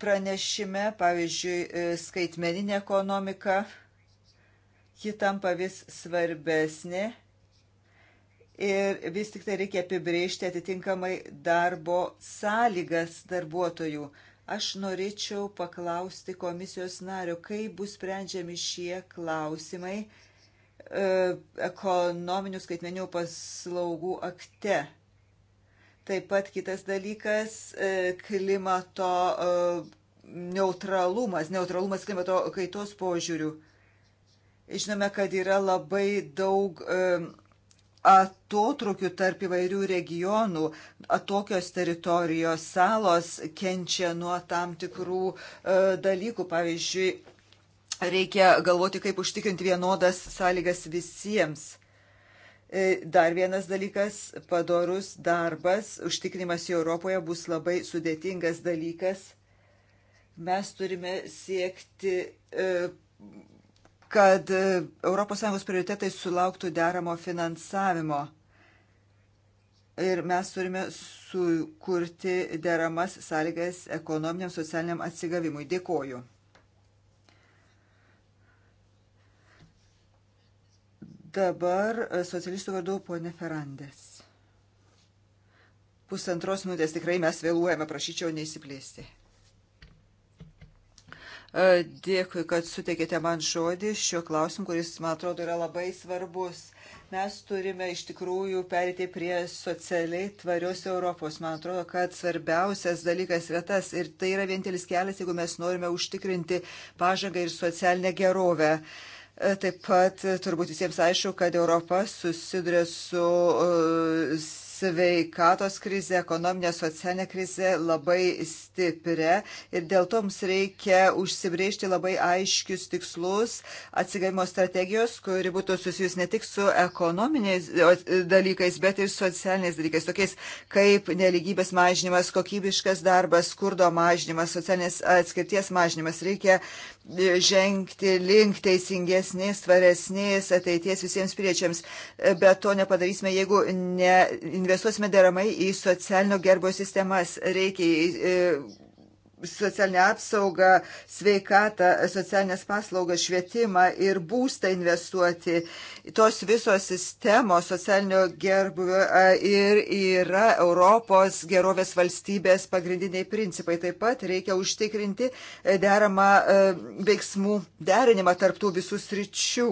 pranešime, pavyzdžiui, skaitmeninė ekonomika, ji tampa vis svarbesnė ir vis tik tai reikia apibrėžti atitinkamai darbo sąlygas darbuotojų. Aš norėčiau paklausti komisijos nario, kaip bus sprendžiami šie klausimai e, ekonominių skaitmenių paslaugų akte. Taip pat kitas dalykas e, - klimato e, neutralumas, neutralumas klimato kaitos požiūrių. Žinome, kad yra labai daug e, atotrukių tarp įvairių regionų, atokios teritorijos salos kenčia nuo tam tikrų e, dalykų, pavyzdžiui, reikia galvoti, kaip užtikrinti vienodas sąlygas visiems. E, dar vienas dalykas - padorus darbas, užtikrinimas Europoje bus labai sudėtingas dalykas. Mes turime siekti e, kad ES prioritetai sulauktų deramo finansavimo. Ir mes turime sukurti deramas sąlygas ekonominiam socialiniam atsigavimui. Dėkoju. Dabar e, socialistų vardu ponė Ferandės. Pusantros minutės tikrai mes vėluojame, prašyčiau neįsiplėsti. E, dėkui, kad suteikėte man žodį šiuo klausimu, kuris, man atrodo, yra labai svarbus. Mes turime iš tikrųjų perėti prie socialiai tvarios Europos. Man atrodo, kad svarbiausias dalykas yra tas ir tai yra vienintelis kelias, jeigu mes norime užtikrinti pažangą ir socialinę gerovę. E, taip pat turbūt visiems aišku, kad Europa susiduria su uh, sveikatos krizę, ekonominę, socialinę krizę labai stiprią ir dėl to mums reikia užsibriežti labai aiškius tikslus atsigavimo strategijos, kuri būtų susijus ne tik su ekonominiais dalykais, bet ir socialiniais dalykais, tokiais kaip neligybės mažinimas, kokybiškas darbas, skurdo mažinimas, socialinės atskirties mažinimas. Reikia uh, žengti link teisingesnės, tvaresnės ateities visiems priečiams. Bet to nepadarysime, jeigu neinvestuosime deramai į socialinio gerbo sistemas. Reikia e, socialinę apsaugą, sveikatą, socialinės paslaugas, švietimą ir būstą investuoti. Tos visos sistemos socialinio gerbuvio ir yra Europos gerovės valstybės pagrindiniai principai. Taip pat reikia užtikrinti e, deramą e, veiksmų derinimą tarptų visų sričių.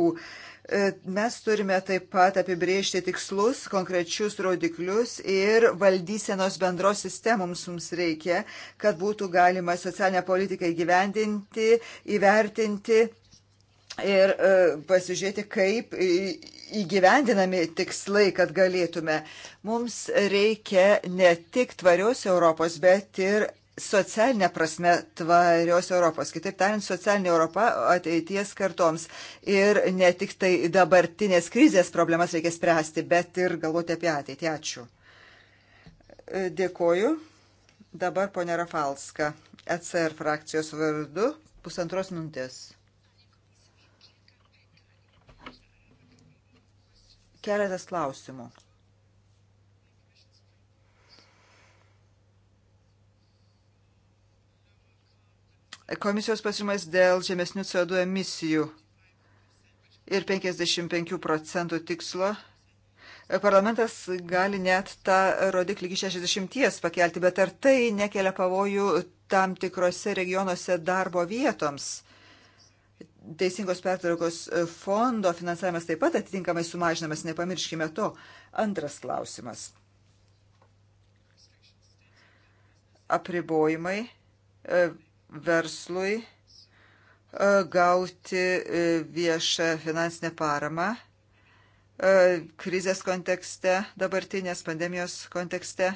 E, mes turime taip pat apibriežti tikslus, konkrečius rodiklius ir valdysenos bendros sistemoms mums reikia, kad būtų galima socialinę politiką įgyvendinti, įvertinti ir e, pasižiūrėti, kaip įgyvendinami tikslai, kad galėtume. Mums reikia ne tik tvarios Europos, bet ir socialinė prasme tvarios Europos. Kitaip tariant, socialinė Europa ateities kartoms. Ir ne tik tai dabartinės krizės problemas reikia spręsti, bet ir galvoti apie ateitį. Ačiū. Dėkoju. Dabar ponė Rafalska, ECR frakcijos vardu, pusantros minutės. Keletas klausimų. komisijos pasiūlymas dėl žemesnių CO2 emisijų ir 55 procentų tikslo. Parlamentas gali net tą rodiklį iki 60 pakelti, bet ar tai nekelia pavojų tam tikrose regionuose darbo vietoms? Teisingos pertvarkos fondo finansavimas taip pat atitinkamai sumažinamas, nepamirškime to. Antras klausimas. Apribojimai e, verslui e, gauti e, viešą finansinę paramą e, krizės kontekste, dabartinės pandemijos kontekste.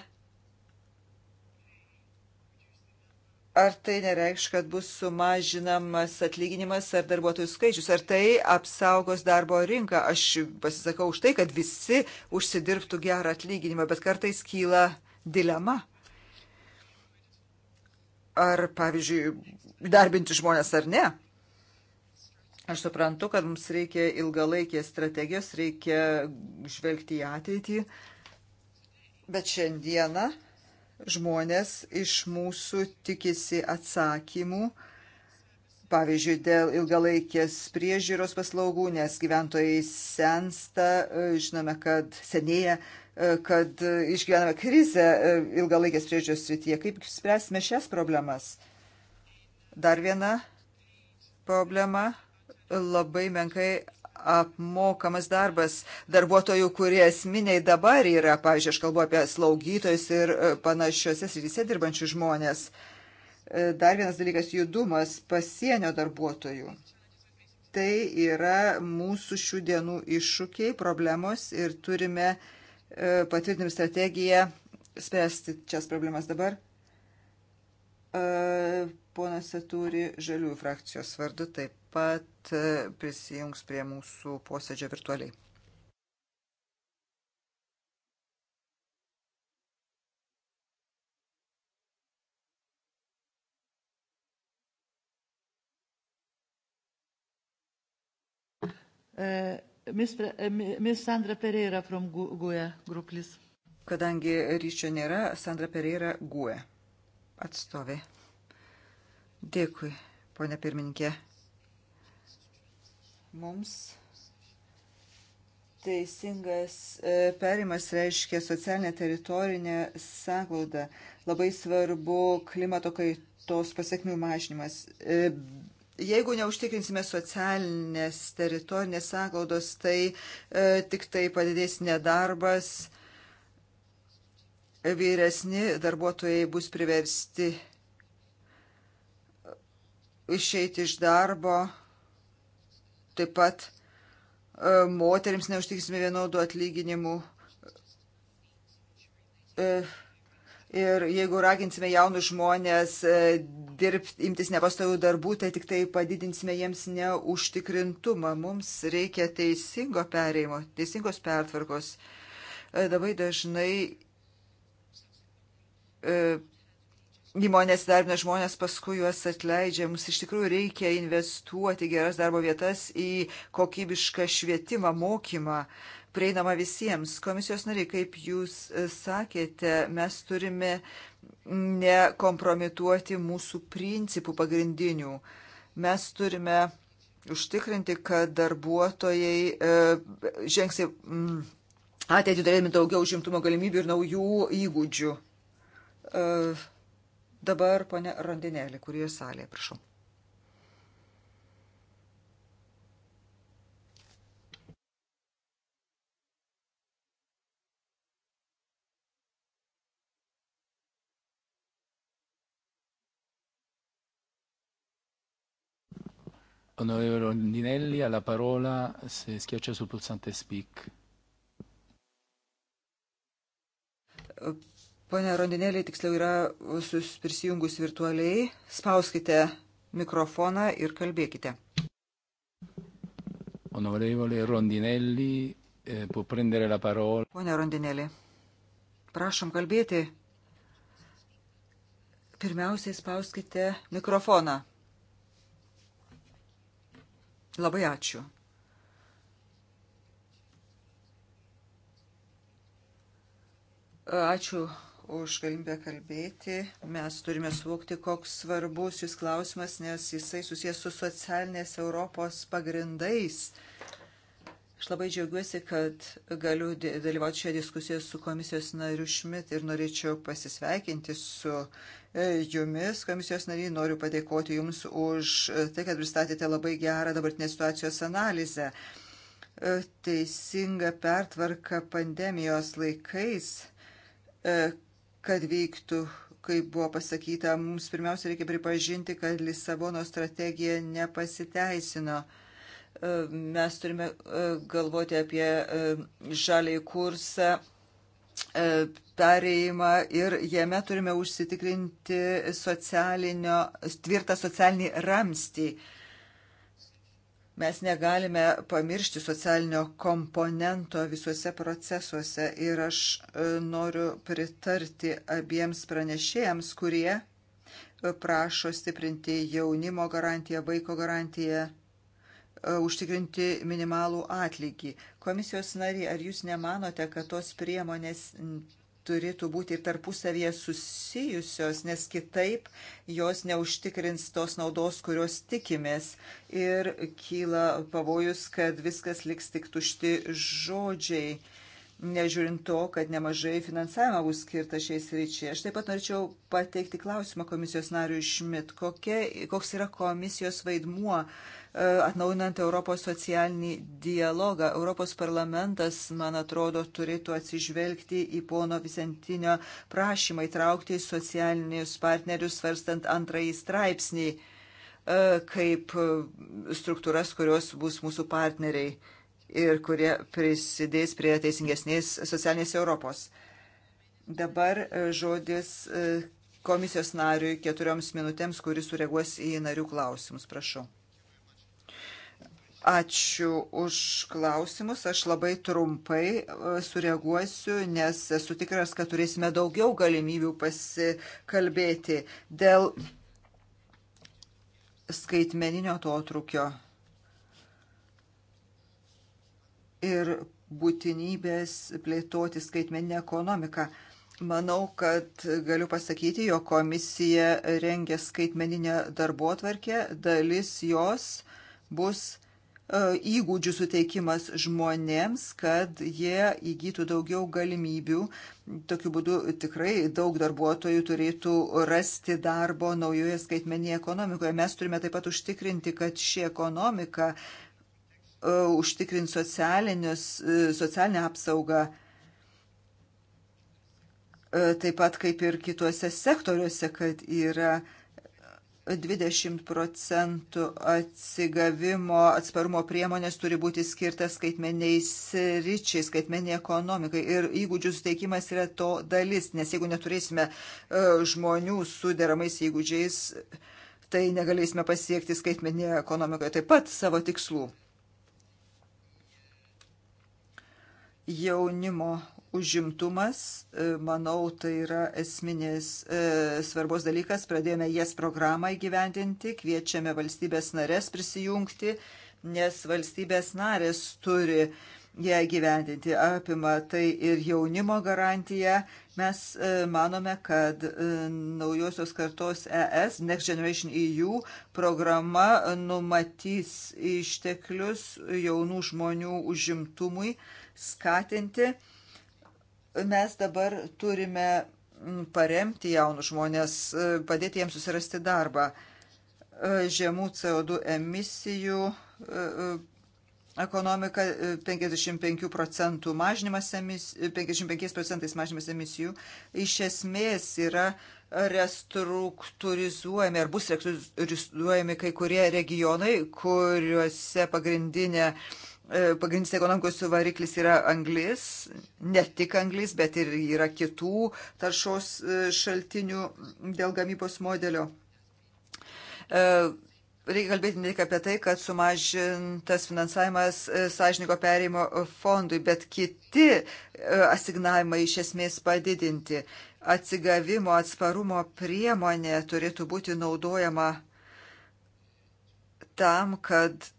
Ar tai nereikš, kad bus sumažinamas atlyginimas ar darbuotojų skaičius? Ar tai apsaugos darbo rinką? Aš pasisakau už tai, kad visi užsidirbtų gerą atlyginimą, bet kartais kyla dilema ar, pavyzdžiui, darbinti žmonės ar ne. Aš suprantu, kad mums reikia ilgalaikės strategijos, reikia žvelgti į ateitį, bet šiandieną žmonės iš mūsų tikisi atsakymų, pavyzdžiui, dėl ilgalaikės priežiūros paslaugų, nes gyventojai sensta, žinome, kad senėja kad išgyvename krizę e, ilgalaikės priežiūros srityje. Kaip spręsime šias problemas? Dar viena problema - labai menkai apmokamas darbas darbuotojų, kurie esminiai dabar yra, pavyzdžiui, aš kalbu apie slaugytojus ir e, panašiose srityse dirbančių žmonės. E, dar vienas dalykas - judumas pasienio darbuotojų tai yra mūsų šių dienų iššūkiai, problemos ir turime E, patvirtinim strategiją spręsti šias problemas dabar. E, ponas Satūri Žaliųjų frakcijos vardu taip pat e, prisijungs prie mūsų posėdžio virtualiai. Uh, Ms. Eh, Ms. Sandra Pereira from GUE Group, please. Kadangi ryšio nėra, Sandra Pereira GUE atstovė. Dėkui, ponė pirmininkė. Mums teisingas e, perimas reiškia socialinę teritorinę sąglaudą. Labai svarbu klimato kaitos pasiekmių mažinimas. E, Jeigu neužtikrinsime socialinės teritorinės sąglaudos, tai e, tik tai padidės nedarbas, vyresni darbuotojai bus priversti išeiti iš darbo, taip pat e, moteriams neužtiksime vienodų atlyginimų. E, Ir jeigu raginsime jaunus žmonės e, dirbti, imtis nepastojų darbų, tai tik tai padidinsime jiems neužtikrintumą. Mums reikia teisingo pereimo, teisingos pertvarkos. E, labai dažnai e, įmonės darbina žmonės, paskui juos atleidžia. Mums iš tikrųjų reikia investuoti geras darbo vietas į kokybišką švietimą, mokymą prieinama visiems. Komisijos nariai, kaip jūs e, sakėte, mes turime nekompromituoti mūsų principų pagrindinių. Mes turime užtikrinti, kad darbuotojai e, žengsi mm, ateitį turėdami daugiau žimtumo galimybių ir naujų įgūdžių. E, dabar, ponė Randinėlė, kurie salėje, prašau. Onorevole Rondinelli, ha la parola se schiaccia sul pulsante speak. Pane Rondinėlį, tiksliau yra prisijungus virtualiai. Spauskite mikrofoną ir kalbėkite. Onorevole Rondinelli, eh, può prendere la parola. Pone Rondinėlį, prašom kalbėti. Pirmiausiai spauskite mikrofoną. Labai ačiū. Ačiū už galimybę kalbėti. Mes turime suvokti, koks svarbus šis klausimas, nes jisai susijęs su socialinės Europos pagrindais. Aš labai džiaugiuosi, kad galiu dalyvauti šioje diskusijoje su komisijos nariu Šmit ir norėčiau pasisveikinti su e, jumis, komisijos nariai. Noriu padėkoti jums už e, tai, kad pristatėte labai gerą dabartinės situacijos analizę. E, teisinga pertvarka pandemijos laikais, kad veiktų kaip buvo pasakyta, mums pirmiausia reikia pripažinti, kad Lisabono strategija nepasiteisino. E, mes turime e, galvoti apie e, žaliai kursą perėjimą ir jame turime užsitikrinti tvirtą socialinį ramstį. Mes negalime pamiršti socialinio komponento visuose procesuose ir aš noriu pritarti abiems pranešėjams, kurie prašo stiprinti jaunimo garantiją, vaiko garantiją E, užtikrinti minimalų atlygį. Komisijos nariai, ar jūs nemanote, kad tos priemonės turėtų būti tarpusavėje susijusios, nes kitaip jos neužtikrins tos naudos, kurios tikimės. Ir kyla pavojus, kad viskas liks tik tušti žodžiai, nežiūrint to, kad nemažai finansavimo bus skirta šiais ryčiai. Aš taip pat norėčiau pateikti klausimą komisijos nariui Šmit, kokia, koks yra komisijos vaidmuo atnaujinant Europos socialinį dialogą. Europos parlamentas, man atrodo, turėtų atsižvelgti į pono Visentinio prašymą įtraukti socialinius partnerius svarstant antrąjį straipsnį e, kaip struktūras, kurios bus mūsų partneriai ir kurie prisidės prie teisingesnės socialinės Europos. Dabar e, žodis e, komisijos nariui keturioms minutėms, kuris sureaguos į narių klausimus. Prašau. Ačiū už klausimus. Aš labai trumpai e, sureaguosiu, nes esu tikras, kad turėsime daugiau galimybių pasikalbėti dėl skaitmeninio to trukio ir būtinybės plėtoti skaitmeninę ekonomiką. Manau, kad galiu pasakyti, jo komisija rengia skaitmeninę darbo tvarkę, dalis jos bus E, įgūdžių suteikimas žmonėms, kad jie įgytų daugiau galimybių. Tokiu būdu tikrai daug darbuotojų turėtų rasti darbo naujoje skaitmenyje ekonomikoje. Mes turime taip pat užtikrinti, kad ši ekonomika e, užtikrint e, socialinę apsaugą taip pat kaip ir kituose sektoriuose, kad yra uh, 20 procentų atsigavimo atsparumo priemonės turi būti skirtas skaitmeniai sričiai, skaitmeniai ekonomikai. Ir įgūdžių suteikimas yra to dalis, nes jeigu neturėsime e, žmonių su deramais įgūdžiais, tai negalėsime pasiekti skaitmeninėje ekonomikoje taip pat savo tikslų. Jaunimo Užimtumas, e, manau, tai yra esminės e, svarbos dalykas. Pradėjome jas programą įgyvendinti, kviečiame valstybės narės prisijungti, nes valstybės narės turi ją gyvendinti. Apima tai ir jaunimo garantiją. Mes e, manome, kad e, naujosios kartos ES, Next Generation EU programa numatys išteklius jaunų žmonių užimtumui skatinti Mes dabar turime mm, paremti jaunus žmonės, e, padėti jiems susirasti darbą. E, žemų CO2 emisijų e, ekonomika 55 procentų mažinimas emisijų, 55 procentais mažinimas emisijų iš esmės yra restruktūrizuojami ar bus restruktūrizuojami kai kurie regionai, kuriuose pagrindinė uh, E, pagrindinis ekonomikos variklis yra anglis, ne tik anglis, bet ir yra kitų taršos e, šaltinių dėl gamybos modelio. E, reikia kalbėti ne tik apie tai, kad sumažintas finansavimas sąžininko perėjimo fondui, bet kiti asignavimai iš esmės padidinti. Atsigavimo atsparumo priemonė turėtų būti naudojama tam, kad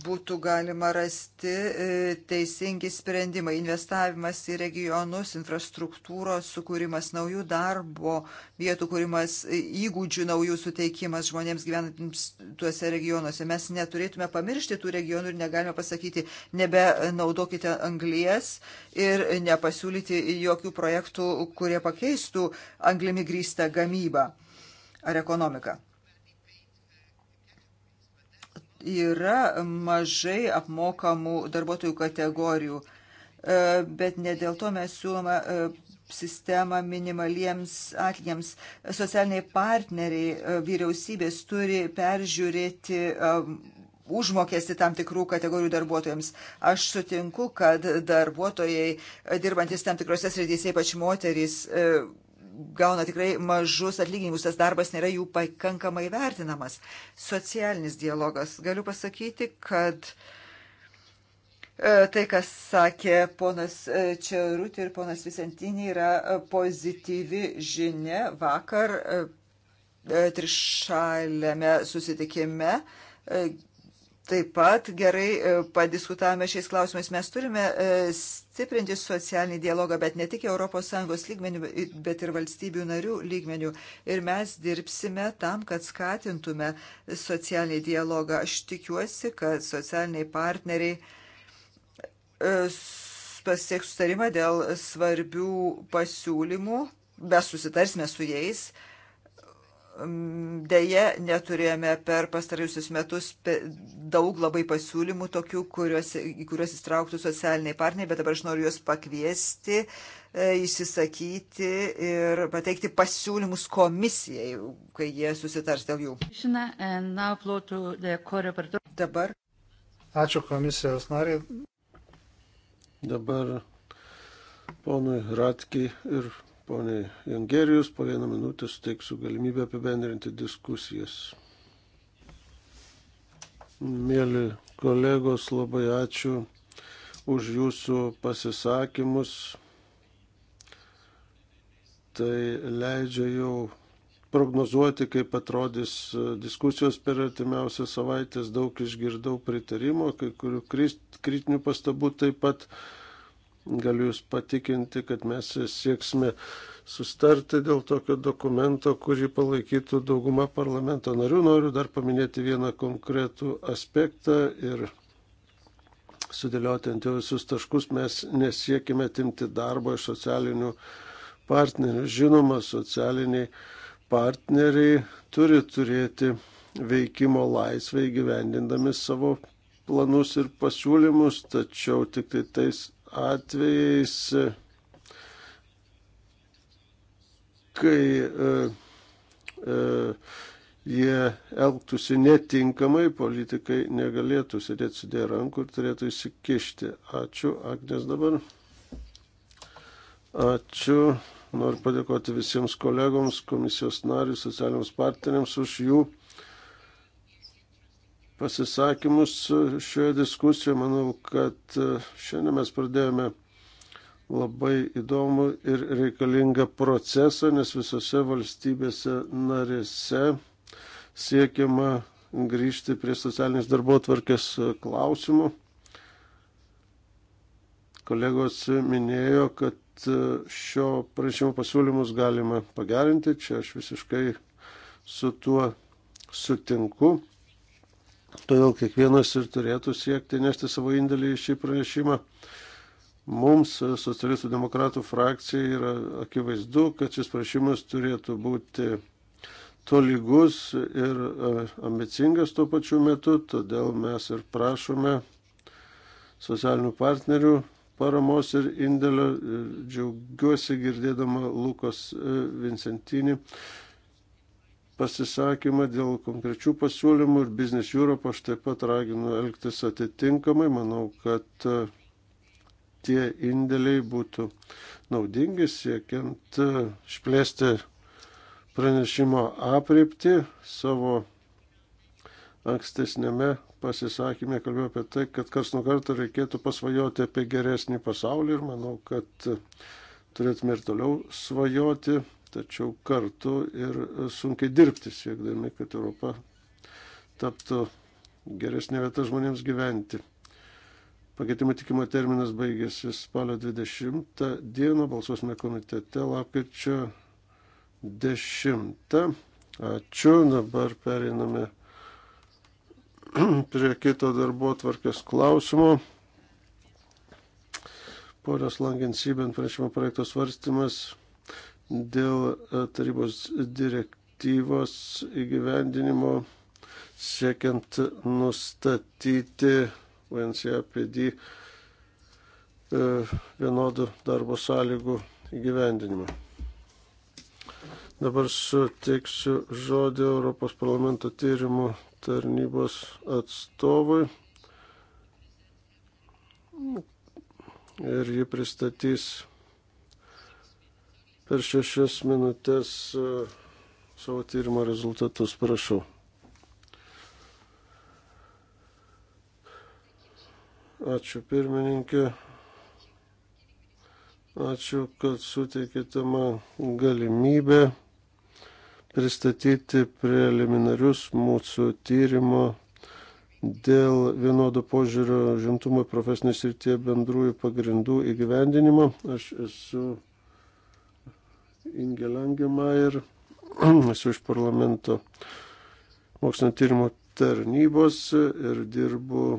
būtų galima rasti e, teisingi sprendimai. Investavimas į regionus, infrastruktūros sukūrimas, naujų darbo vietų kūrimas, e, įgūdžių naujų suteikimas žmonėms gyvenantiems tuose regionuose. Mes neturėtume pamiršti tų regionų ir negalime pasakyti, nebenaudokite anglijas ir nepasiūlyti jokių projektų, kurie pakeistų anglimi grįstą gamybą ar ekonomiką yra mažai apmokamų darbuotojų kategorijų, e, bet ne dėl to mes siūloma e, sistemą minimaliems atlygiams. Socialiniai partneriai e, vyriausybės turi peržiūrėti užmokesti tam tikrų kategorijų darbuotojams. Aš sutinku, kad darbuotojai, dirbantis tam tikrose srityse, ypač moterys, gauna tikrai mažus atlyginimus, tas darbas nėra jų pakankamai vertinamas. Socialinis dialogas. Galiu pasakyti, kad e, tai, kas sakė ponas e, Čerutė ir ponas Visentinė, yra e, pozityvi žinia vakar trišalėme susitikime Taip pat gerai e, padiskutavome šiais klausimais. Mes turime e, stiprinti socialinį dialogą, bet ne tik ES lygmenių, bet ir valstybių narių lygmenių. Ir mes dirbsime tam, kad skatintume socialinį dialogą. Aš tikiuosi, kad socialiniai partneriai e, pasieks sutarimą dėl svarbių pasiūlymų. Mes susitarsime su jais. Uh, Mm, Deja, neturėjome per pastarusius metus daug labai pasiūlymų tokių, kuriuos, į kuriuos įstrauktų socialiniai partneriai, bet dabar aš noriu juos pakviesti, e, įsisakyti ir pateikti pasiūlymus komisijai, kai jie susitars dėl jų. Dabar. Ačiū komisijos nariai. Dabar ponui Ratkiai ir Pone Jangerijus, po vieną minutę suteiksiu galimybę apibendrinti diskusijas. Mėly kolegos, labai ačiū už jūsų pasisakymus. Tai leidžia jau prognozuoti, kaip atrodys diskusijos per artimiausią savaitę. Daug išgirdau pritarimo, kai kurių kritinių pastabų taip pat. Uh, Galiu Jūs patikinti, kad mes sieksime sustarti dėl tokio dokumento, kurį palaikytų dauguma parlamento narių. Noriu dar paminėti vieną konkretų aspektą ir sudėlioti ant jau visus taškus. Mes nesiekime timti darbo iš socialinių partnerių. Žinoma, socialiniai partneriai turi turėti veikimo laisvę įgyvendindami savo planus ir pasiūlymus, tačiau tik tai tais atvejais, kai uh, uh, jie elgtųsi netinkamai, politikai negalėtų sėdėti sudėję rankų ir turėtų įsikišti. Ačiū, Agnes dabar. Ačiū. Noriu padėkoti visiems kolegoms, komisijos narius, socialiniams partneriams už jų pasisakymus šioje diskusijoje. Manau, kad šiandien mes pradėjome labai įdomų ir reikalingą procesą, nes visose valstybėse narėse siekiama grįžti prie socialinės darbo tvarkės klausimų. Kolegos minėjo, kad šio prašymo pasiūlymus galima pagerinti, čia aš visiškai su tuo sutinku. Todėl kiekvienas ir turėtų siekti nešti savo indėlį į šį pranešimą. Mums, e, socialistų demokratų frakcijai, yra akivaizdu, kad šis prašymas turėtų būti tolygus ir e, ambicingas tuo pačiu metu, todėl mes ir prašome socialinių partnerių paramos ir indėlio. E, džiaugiuosi girdėdama Lukos Vincentinį pasisakymą dėl konkrečių pasiūlymų ir Business Europe aš taip pat raginu elgtis atitinkamai. Manau, kad e, tie indėliai būtų naudingi siekiant e, išplėsti pranešimo apriepti savo ankstesnėme pasisakymė kalbėjau apie tai, kad kas nuo karto reikėtų pasvajoti apie geresnį pasaulį ir manau, kad e, turėtume ir toliau svajoti tačiau kartu ir e, sunkiai dirbti, siekdami, kad Europa taptų geresnė vieta žmonėms gyventi. Pakeitimo tikimo terminas baigėsi spalio 20 dieną, balsuosime komitete lapkričio 10. Ačiū, dabar pereiname prie kito darbo tvarkės klausimo. Ponios Langensybėn prašymo projektos svarstymas dėl e, tarybos direktyvos įgyvendinimo siekiant nustatyti UNCAPD e, vienodų darbo sąlygų įgyvendinimą. Dabar suteiksiu žodį Europos parlamento tyrimų tarnybos atstovui ir ji pristatys per šešias minutės e, savo tyrimo rezultatus. Prašau. Ačiū pirmininkė. Ačiū, kad suteikėte man galimybę pristatyti preliminarius mūsų tyrimo dėl vienodo požiūrio žimtumo profesinės rytie bendrųjų pagrindų įgyvendinimo. Aš esu Inge Langemeyer, esu iš parlamento mokslinio tyrimo tarnybos ir dirbu e,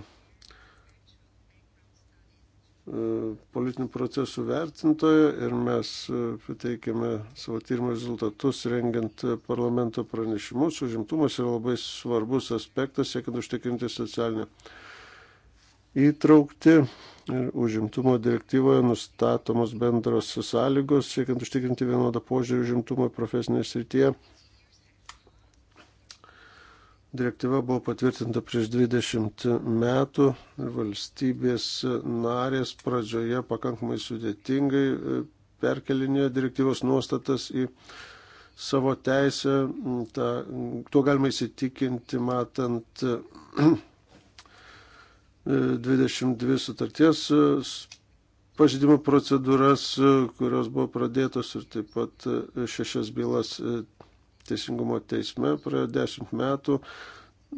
politinių procesų vertintoje ir mes e, pateikėme savo tyrimo rezultatus rengiant parlamento pranešimus. Užimtumas yra labai svarbus aspektas, siekiant užtikrinti socialinę įtraukti ir užimtumo direktyvoje nustatomos bendros sąlygos, siekiant užtikrinti vienodą požiūrį užimtumo profesinėje srityje. Direktyva buvo patvirtinta prieš 20 metų ir valstybės narės pradžioje pakankamai sudėtingai e, perkelinėjo direktyvos nuostatas į savo teisę. Ta, tuo galima įsitikinti, matant 22 sutarties e, pažydimo procedūras, e, kurios buvo pradėtos ir taip pat e, šešias bylas Teisingumo teisme praėjo 10 metų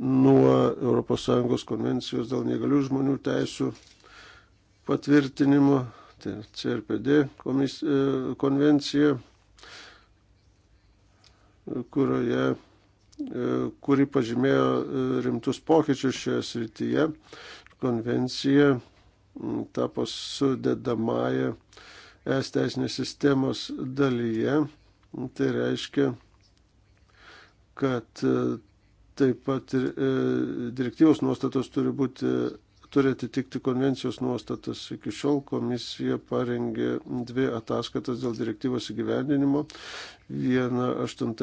nuo ES konvencijos dėl negalių žmonių teisų patvirtinimo, tai CRPD komis, konvencija, kurioje, kuri pažymėjo rimtus pokyčius šioje srityje konvencija mm, tapo sudedamąją es teisinės sistemos dalyje. Tai reiškia, kad e, taip pat ir e, direktyvos nuostatos turi būti turi atitikti konvencijos nuostatas. Iki šiol komisija parengė dvi ataskaitas dėl direktyvos įgyvendinimo. Vieną 8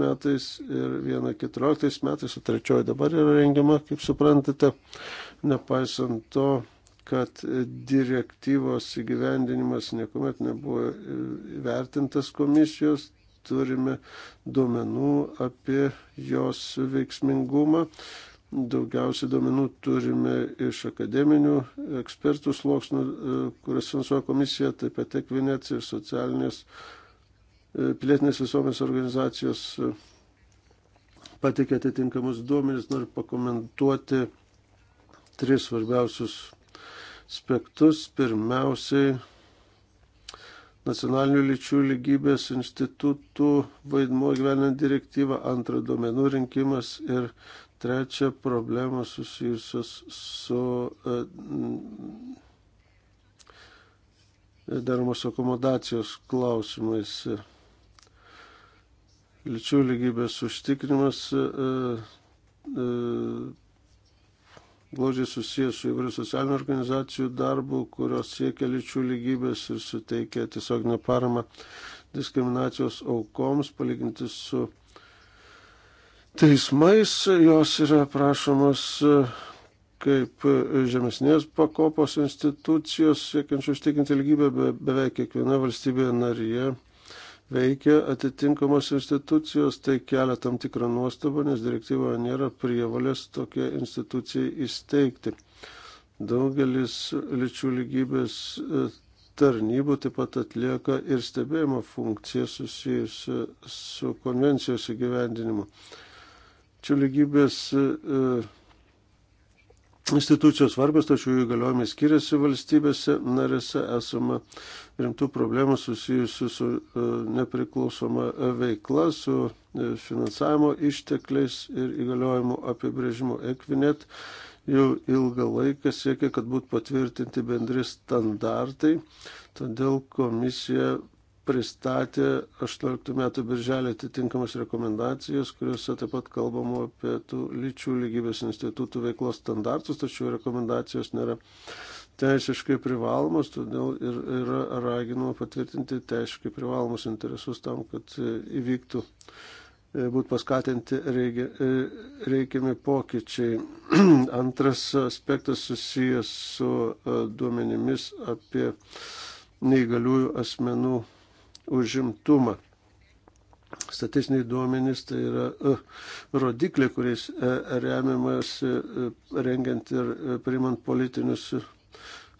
metais ir vieną 14 metais, o trečioji dabar yra rengiama, kaip suprantate. Uh, nepaisant to, kad direktyvos įgyvendinimas niekuomet nebuvo įvertintas komisijos, turime duomenų apie jos veiksmingumą. Daugiausiai duomenų turime iš akademinių ekspertų sluoksnių, e, kurias finansuoja komisija, taip pat tiek Venecija ir socialinės e, pilietinės visuomenės organizacijos e, patikė atitinkamus duomenys. Noriu pakomentuoti tris svarbiausius aspektus. Pirmiausiai nacionalinių lyčių lygybės institutų vaidmuo gyvenant direktyvą, antra duomenų rinkimas ir trečia problema susijusios su e, daromos akomodacijos klausimais. Lyčių lygybės užtikrimas e, e, glaudžiai susijęs su įvairių socialinių organizacijų darbu, kurios siekia lyčių lygybės ir suteikia tiesioginę paramą diskriminacijos aukoms, palyginti su teismais, jos yra prašomos kaip žemesnės pakopos institucijos, siekiančių užtikinti lygybę be, beveik kiekviena valstybė narėje veikia atitinkamos institucijos, tai kelia tam tikrą nuostabą, nes direktyvoje nėra prievalės tokia institucija įsteigti. Daugelis lyčių lygybės e, tarnybų taip pat atlieka ir stebėjimo funkciją susijusi su konvencijos įgyvendinimu. Čia lygybės e, institucijos svarbios, tačiau jų įgaliojimai skiriasi valstybėse narėse, esama rimtų problemų susijusių su e, nepriklausoma veikla, su e, finansavimo ištekliais ir įgaliojimų apibrėžimu. Ekvinet jau ilgą laiką siekia, kad būtų patvirtinti bendri standartai, todėl komisija pristatė 18 metų birželį atitinkamas rekomendacijas, kuriuose taip pat kalbama apie tų lyčių lygybės institutų veiklos standartus, tačiau rekomendacijos nėra teisiškai privalomas, todėl ir yra raginama patvirtinti teisiškai privalomus interesus tam, kad įvyktų e, būtų paskatinti reikia, e, reikiami pokyčiai. Antras aspektas susijęs su e, duomenimis apie neįgaliųjų asmenų užimtumą. Statistiniai duomenys tai yra uh, rodikliai, kuriais e, remiamas uh, e, rengiant ir uh, priimant politinius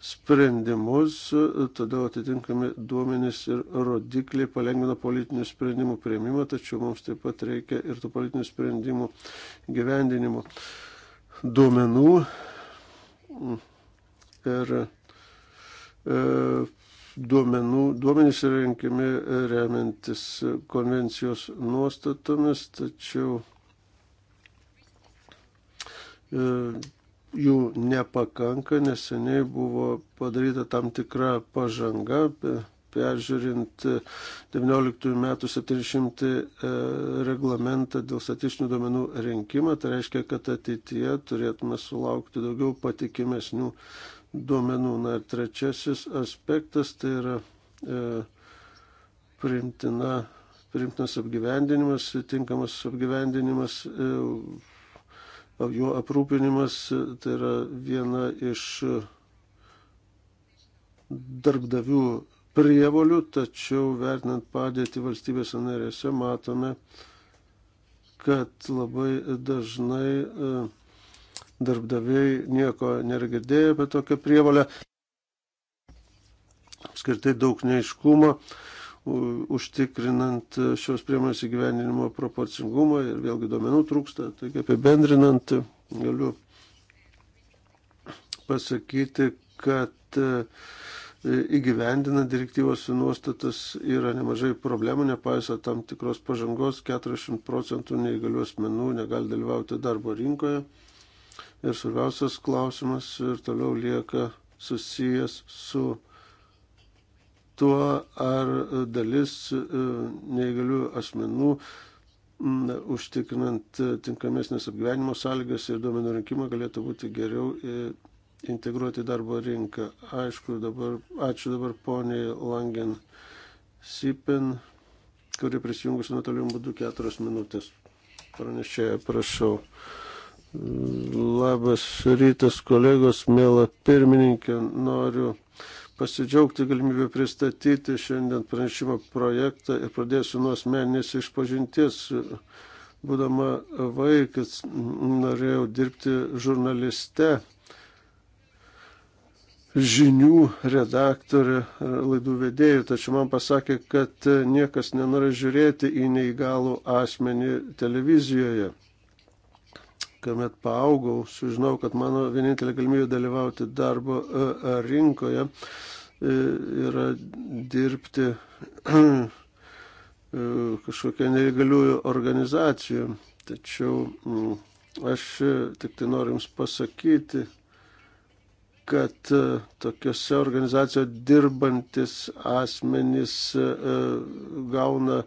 sprendimus, todėl atitinkami duomenys ir rodikliai palengvina politinių sprendimų prieimimą, tačiau mums taip pat reikia ir tų politinių sprendimų gyvendinimo duomenų. Ir e, duomenų, duomenys yra rinkimi e, remiantis e, konvencijos nuostatomis, tačiau e, jų nepakanka, neseniai buvo padaryta tam tikra pažanga, peržiūrint 19 metų 700 reglamentą dėl statistinių duomenų rinkimą, tai reiškia, kad ateityje turėtume sulaukti daugiau patikimesnių duomenų. Na ir trečiasis aspektas tai yra e, priimtina, priimtinas apgyvendinimas, tinkamas apgyvendinimas, e, jo aprūpinimas, tai yra viena iš darbdavių prievolių, tačiau vertinant padėtį valstybės narėse matome, kad labai dažnai e, darbdaviai nieko nėra girdėję apie tokią prievalę. Skirtai daug neiškumo užtikrinant šios priemonės įgyvendinimo proporcingumą ir vėlgi duomenų trūksta. Taigi apibendrinant galiu pasakyti, kad e, įgyvendinant direktyvos nuostatas yra nemažai problemų, nepaiso tam tikros pažangos, 40 procentų neįgalių asmenų negali dalyvauti darbo rinkoje. Ir svarbiausias klausimas ir toliau lieka susijęs su tuo, ar dalis e, neįgalių asmenų užtikrinant tinkamesnės apgyvenimo sąlygas ir duomenų rinkimą galėtų būti geriau e, integruoti darbo rinką. Aišku, dabar, ačiū dabar poniai Langen Sipin, kuri prisijungus nuotoliu būdu keturias minutės. Pranešėja, prašau. Labas rytas, kolegos, mėla pirmininkė. Noriu pasidžiaugti galimybę pristatyti šiandien pranešimo projektą ir pradėsiu nuo asmeninės išpažinties. Būdama vaikas, norėjau dirbti žurnaliste, žinių redaktorė, laidų vedėjų, tačiau man pasakė, kad niekas nenori žiūrėti į neįgalų asmenį televizijoje kuomet paaugau, sužinau, kad mano vienintelė galimybė dalyvauti darbo e, e, rinkoje e, yra dirbti kažkokia neįgaliųjų organizacija. Tačiau mm, aš tik tai noriu Jums pasakyti, kad tokiuose organizacijoje dirbantis asmenys gauna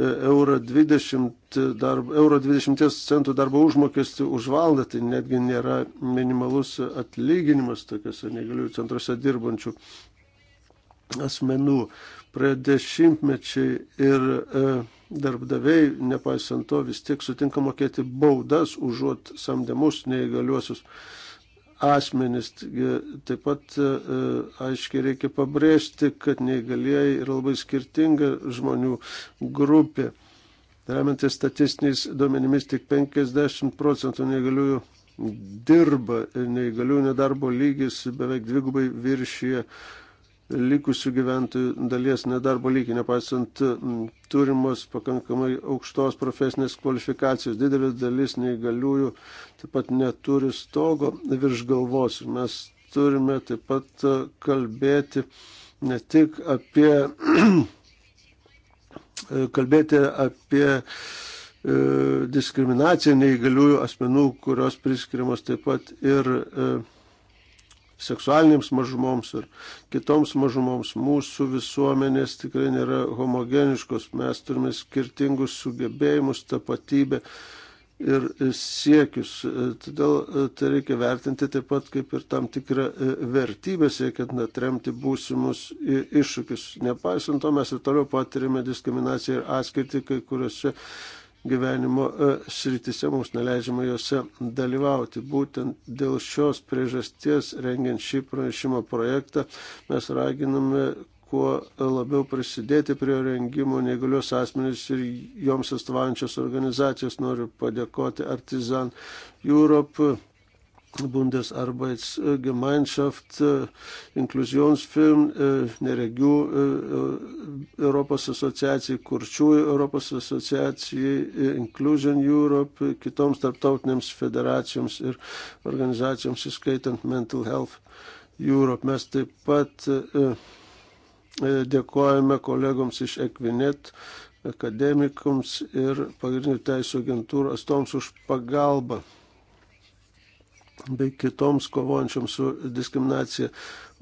eurą 20, darb, euro 20 centų darbo užmokestį už valandą, tai netgi nėra minimalus atlyginimas tokiuose negaliųjų centruose dirbančių asmenų. Praėjo dešimtmečiai ir e, darbdaviai, nepaisant to, vis tiek sutinka mokėti baudas užuot samdėmus neįgaliuosius asmenys. Taip pat e, e, aiškiai reikia pabrėžti, kad neįgalieji yra labai skirtinga žmonių grupė. Remiantis statistiniais duomenimis, tik 50 procentų neįgaliųjų dirba ir neįgaliųjų nedarbo lygis beveik dvigubai viršyje likusių gyventojų dalies nedarbo lygį, nepaisant turimos pakankamai aukštos profesinės kvalifikacijos. Didelė dalis neįgaliųjų taip pat neturi stogo virš galvos. Mes turime taip pat e, kalbėti ne tik apie, e, kalbėti apie e, diskriminaciją neįgaliųjų asmenų, kurios priskiriamos taip pat ir seksualinėms mažumoms ir kitoms mažumoms. Mūsų visuomenės tikrai nėra homogeniškos, mes turime skirtingus sugebėjimus, tapatybę ir siekius. Todėl e, tai reikia vertinti taip pat kaip ir tam tikrą e, vertybę, siekiant atremti būsimus e, iššūkius. Nepaisant to, mes ir toliau patirime diskriminaciją ir atskirti kai kuriuose gyvenimo e, sritise, mums neleidžiama juose dalyvauti. Būtent dėl šios priežasties, rengiant šį pranešimo projektą, mes raginame kuo labiau prisidėti prie rengimo neįgalios asmenys ir joms atstovaujančios organizacijos. Noriu padėkoti Artisan Europe, Bundesarbeitsgemeinschaft, e, e, Inklusionsfilm, e, Neregių Europos asociacijai, Kurčiųjų Europos asociacijai, Inclusion Europe, kitoms tarptautinėms federacijoms ir organizacijoms, įskaitant Mental Health Europe. Mes taip pat dėkojame kolegoms iš Equinet akademikams ir pagrindinių teisų agentūros toms už pagalbą bei kitoms kovojančioms su diskriminacija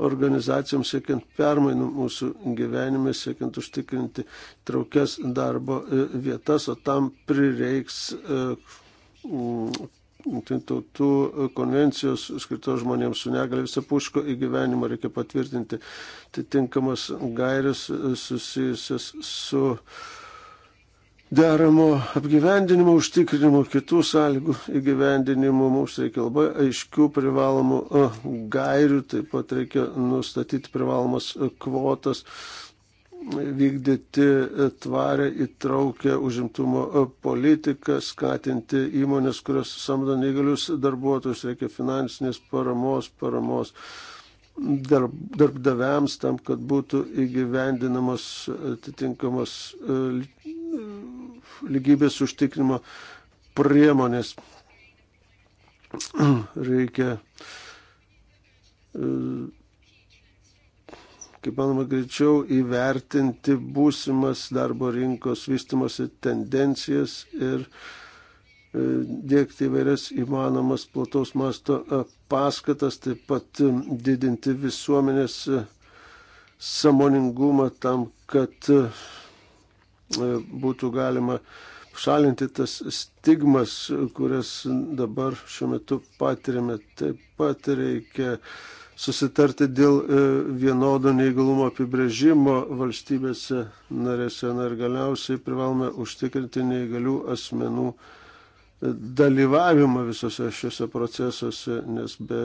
organizacijoms siekiant permainų mūsų gyvenime, siekiant užtikrinti traukias darbo e, vietas, o tam prireiks e, mm, tautų konvencijos skirtos žmonėms su negali visapuško įgyvenimo reikia patvirtinti atitinkamas gairias e, susijusias su uh, deramo apgyvendinimo užtikrinimo, kitų sąlygų įgyvendinimo. Mums reikia labai aiškių privalomų gairių, taip pat reikia nustatyti privalomas kvotas, vykdyti tvarę įtraukę užimtumo politiką, skatinti įmonės, kurios samdo neįgalius darbuotojus, reikia finansinės paramos, paramos darb, darbdaviams tam, kad būtų įgyvendinamos atitinkamos lygybės užtikrimo priemonės. Reikia, kaip manoma, greičiau įvertinti būsimas darbo rinkos vystimosi tendencijas ir e, dėkti įvairias įmanomas plataus masto e, paskatas, taip pat e, didinti visuomenės samoningumą tam, kad E, būtų galima šalinti tas stigmas, kurias dabar šiuo metu patiriame. Taip pat reikia susitarti dėl e, vienodo neįgalumo apibrėžimo valstybėse narėse. Na ir galiausiai privalome užtikrinti neįgalių asmenų e, dalyvavimą visose šiuose procesuose, nes be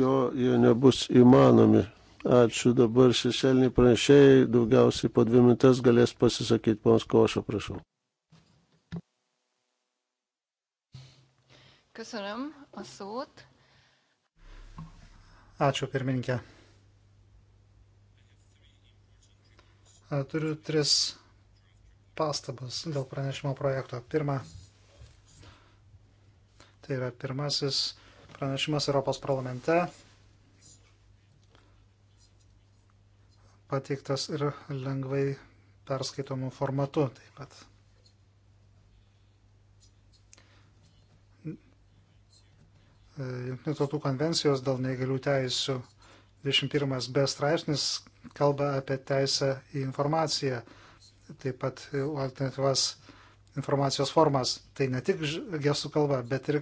jo jie nebus įmanomi. Ačiū dabar šešėliniai pranešėjai, daugiausiai po dvi minutės galės pasisakyti, ponas Košo, prašau. Köszönöm a szót. Ačiū pirmininkė. Turiu tris pastabas dėl pranešimo projekto. Pirma, tai yra pirmasis pranešimas Europos parlamente pateiktas ir lengvai perskaitomų formatu taip pat. Junktinių tautų konvencijos dėl neįgalių teisių 21 B straipsnis kalba apie teisę į informaciją, taip pat alternatyvas informacijos formas. Tai ne tik gestų kalba, bet ir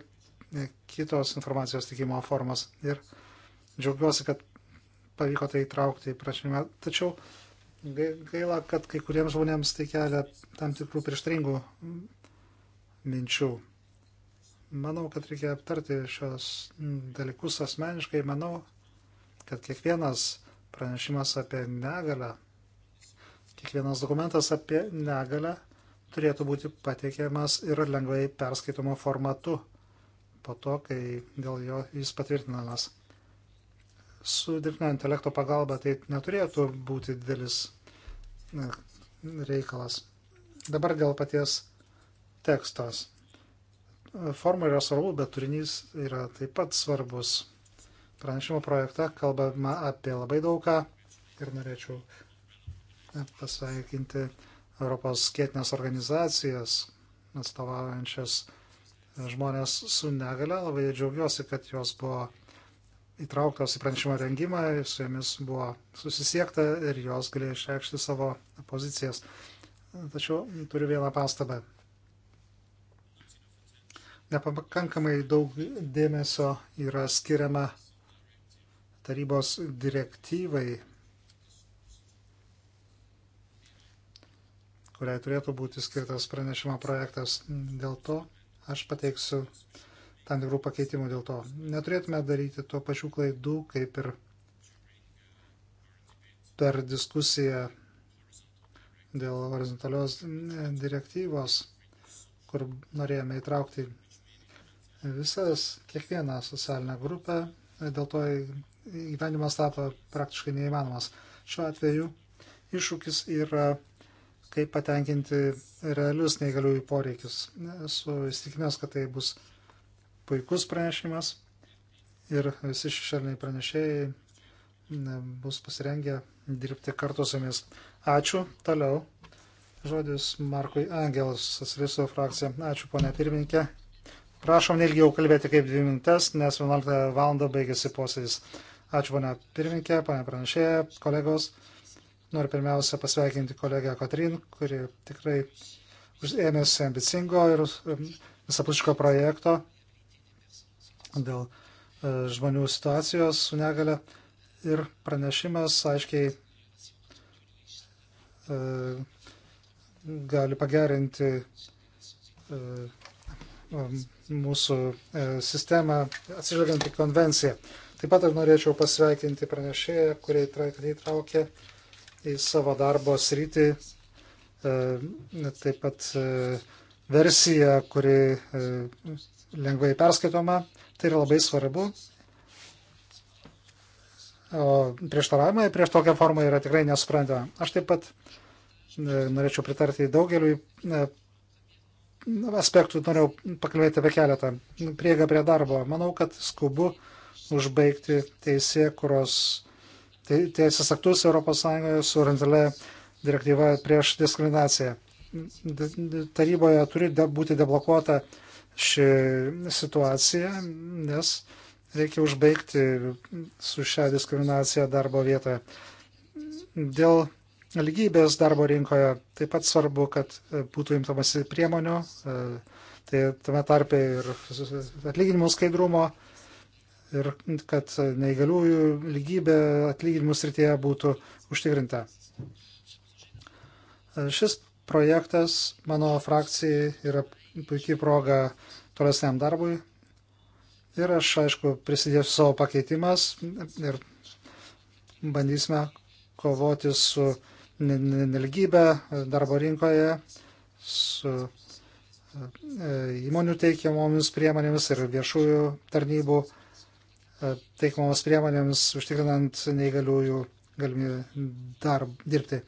kitos informacijos tikimo formas. Ir džiaugiuosi, kad pavyko tai įtraukti į prašymą. Tačiau gaila, kad kai kuriems žmonėms tai kelia tam tikrų prieštaringų minčių. Manau, kad reikia aptarti šios dalykus asmeniškai. Manau, kad kiekvienas pranešimas apie negalę, kiekvienas dokumentas apie negalę turėtų būti pateikiamas ir lengvai perskaitomo formatu po to, kai dėl jo jis patvirtinamas su dirbtinio intelekto pagalba tai neturėtų būti didelis reikalas. Dabar dėl paties tekstos. Forma yra svarbu, bet turinys yra taip pat svarbus. Pranešimo projekte kalbama apie labai daugą ir norėčiau pasveikinti Europos skėtinės organizacijas, atstovaujančias žmonės su negale. Labai džiaugiuosi, kad jos buvo įtrauktos į pranešimo rengimą, su jomis buvo susisiekta ir jos galėjo išreikšti savo pozicijas. Tačiau turiu vieną pastabą. Nepakankamai daug dėmesio yra skiriama tarybos direktyvai, kuriai turėtų būti skirtas pranešimo projektas. Dėl to aš pateiksiu tam tikrų pakeitimų dėl to. Neturėtume daryti to pačių klaidų, kaip ir per diskusiją dėl horizontalios direktyvos, kur norėjome įtraukti visas, kiekvieną socialinę grupę, dėl to gyvenimas tapo praktiškai neįmanomas. Šiuo atveju iššūkis yra, kaip patenkinti realius neįgaliųjų poreikius. Esu įstikinęs, kad tai bus puikus pranešimas ir visi šešėliniai pranešėjai bus pasirengę dirbti kartu su jumis. Ačiū. Toliau. Žodis Markui Angels, socialistų frakcija. Ačiū, ponė pirmininkė. Prašom nelgiau kalbėti kaip dvi minutės, nes 11 val. baigėsi posėdis. Ačiū, ponė pirmininkė, ponė pranešėja, kolegos. Noriu pirmiausia pasveikinti kolegę Katrin, kuri tikrai ėmėsi ambicingo ir visapuško projekto dėl e, žmonių situacijos su negale ir pranešimas aiškiai e, gali pagerinti e, mūsų sistemą atsižvelgiant į konvenciją. Taip pat aš norėčiau pasveikinti pranešėją, kurie įtraukė į savo darbo sritį taip pat versija, kuri lengvai perskaitoma, tai yra labai svarbu. O prieštaravimai prieš tokią formą yra tikrai nesuprantama. Aš taip pat e, norėčiau pritarti daugeliu e, aspektų, norėjau pakalbėti apie keletą. Prieiga prie darbo. Manau, kad skubu užbaigti teisė, kurios teisės aktus ES su orientalė direktyva prieš diskriminaciją. Taryboje turi būti deblokuota ši situacija, nes reikia užbaigti su šią diskriminaciją darbo vietoje. Dėl lygybės darbo rinkoje taip pat svarbu, kad būtų imtamasi priemonių, tai tame tarpe ir atlyginimų skaidrumo ir kad neįgaliųjų lygybė atlyginimų srityje būtų užtikrinta. Šis projektas mano frakcijai yra puikiai proga tolesniam darbui. Ir aš, aišku, prisidėsiu savo pakeitimas ir bandysime kovoti su nelgybė darbo rinkoje, su e, įmonių teikiamomis priemonėmis ir viešųjų tarnybų e, teikiamomis priemonėmis, užtikrinant neįgaliųjų galimybę darb, dirbti.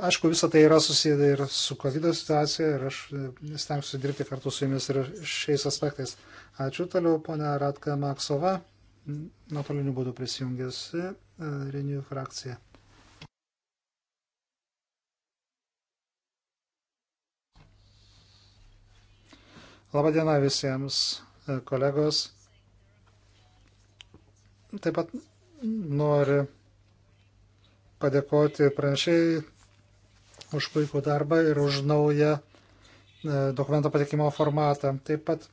Aišku, visą tai yra susiję ir su COVID situacija ir aš e, stengsiu dirbti kartu su jumis ir šiais aspektais. Ačiū toliau, ponia Ratka Maksova, nuotoliniu būdu prisijungėsi e, Renijų frakcija. Labadiena visiems e, kolegos. Taip pat noriu padėkoti pranešėjai už puikų darbą ir už naują e, dokumento patikimo formatą. Taip pat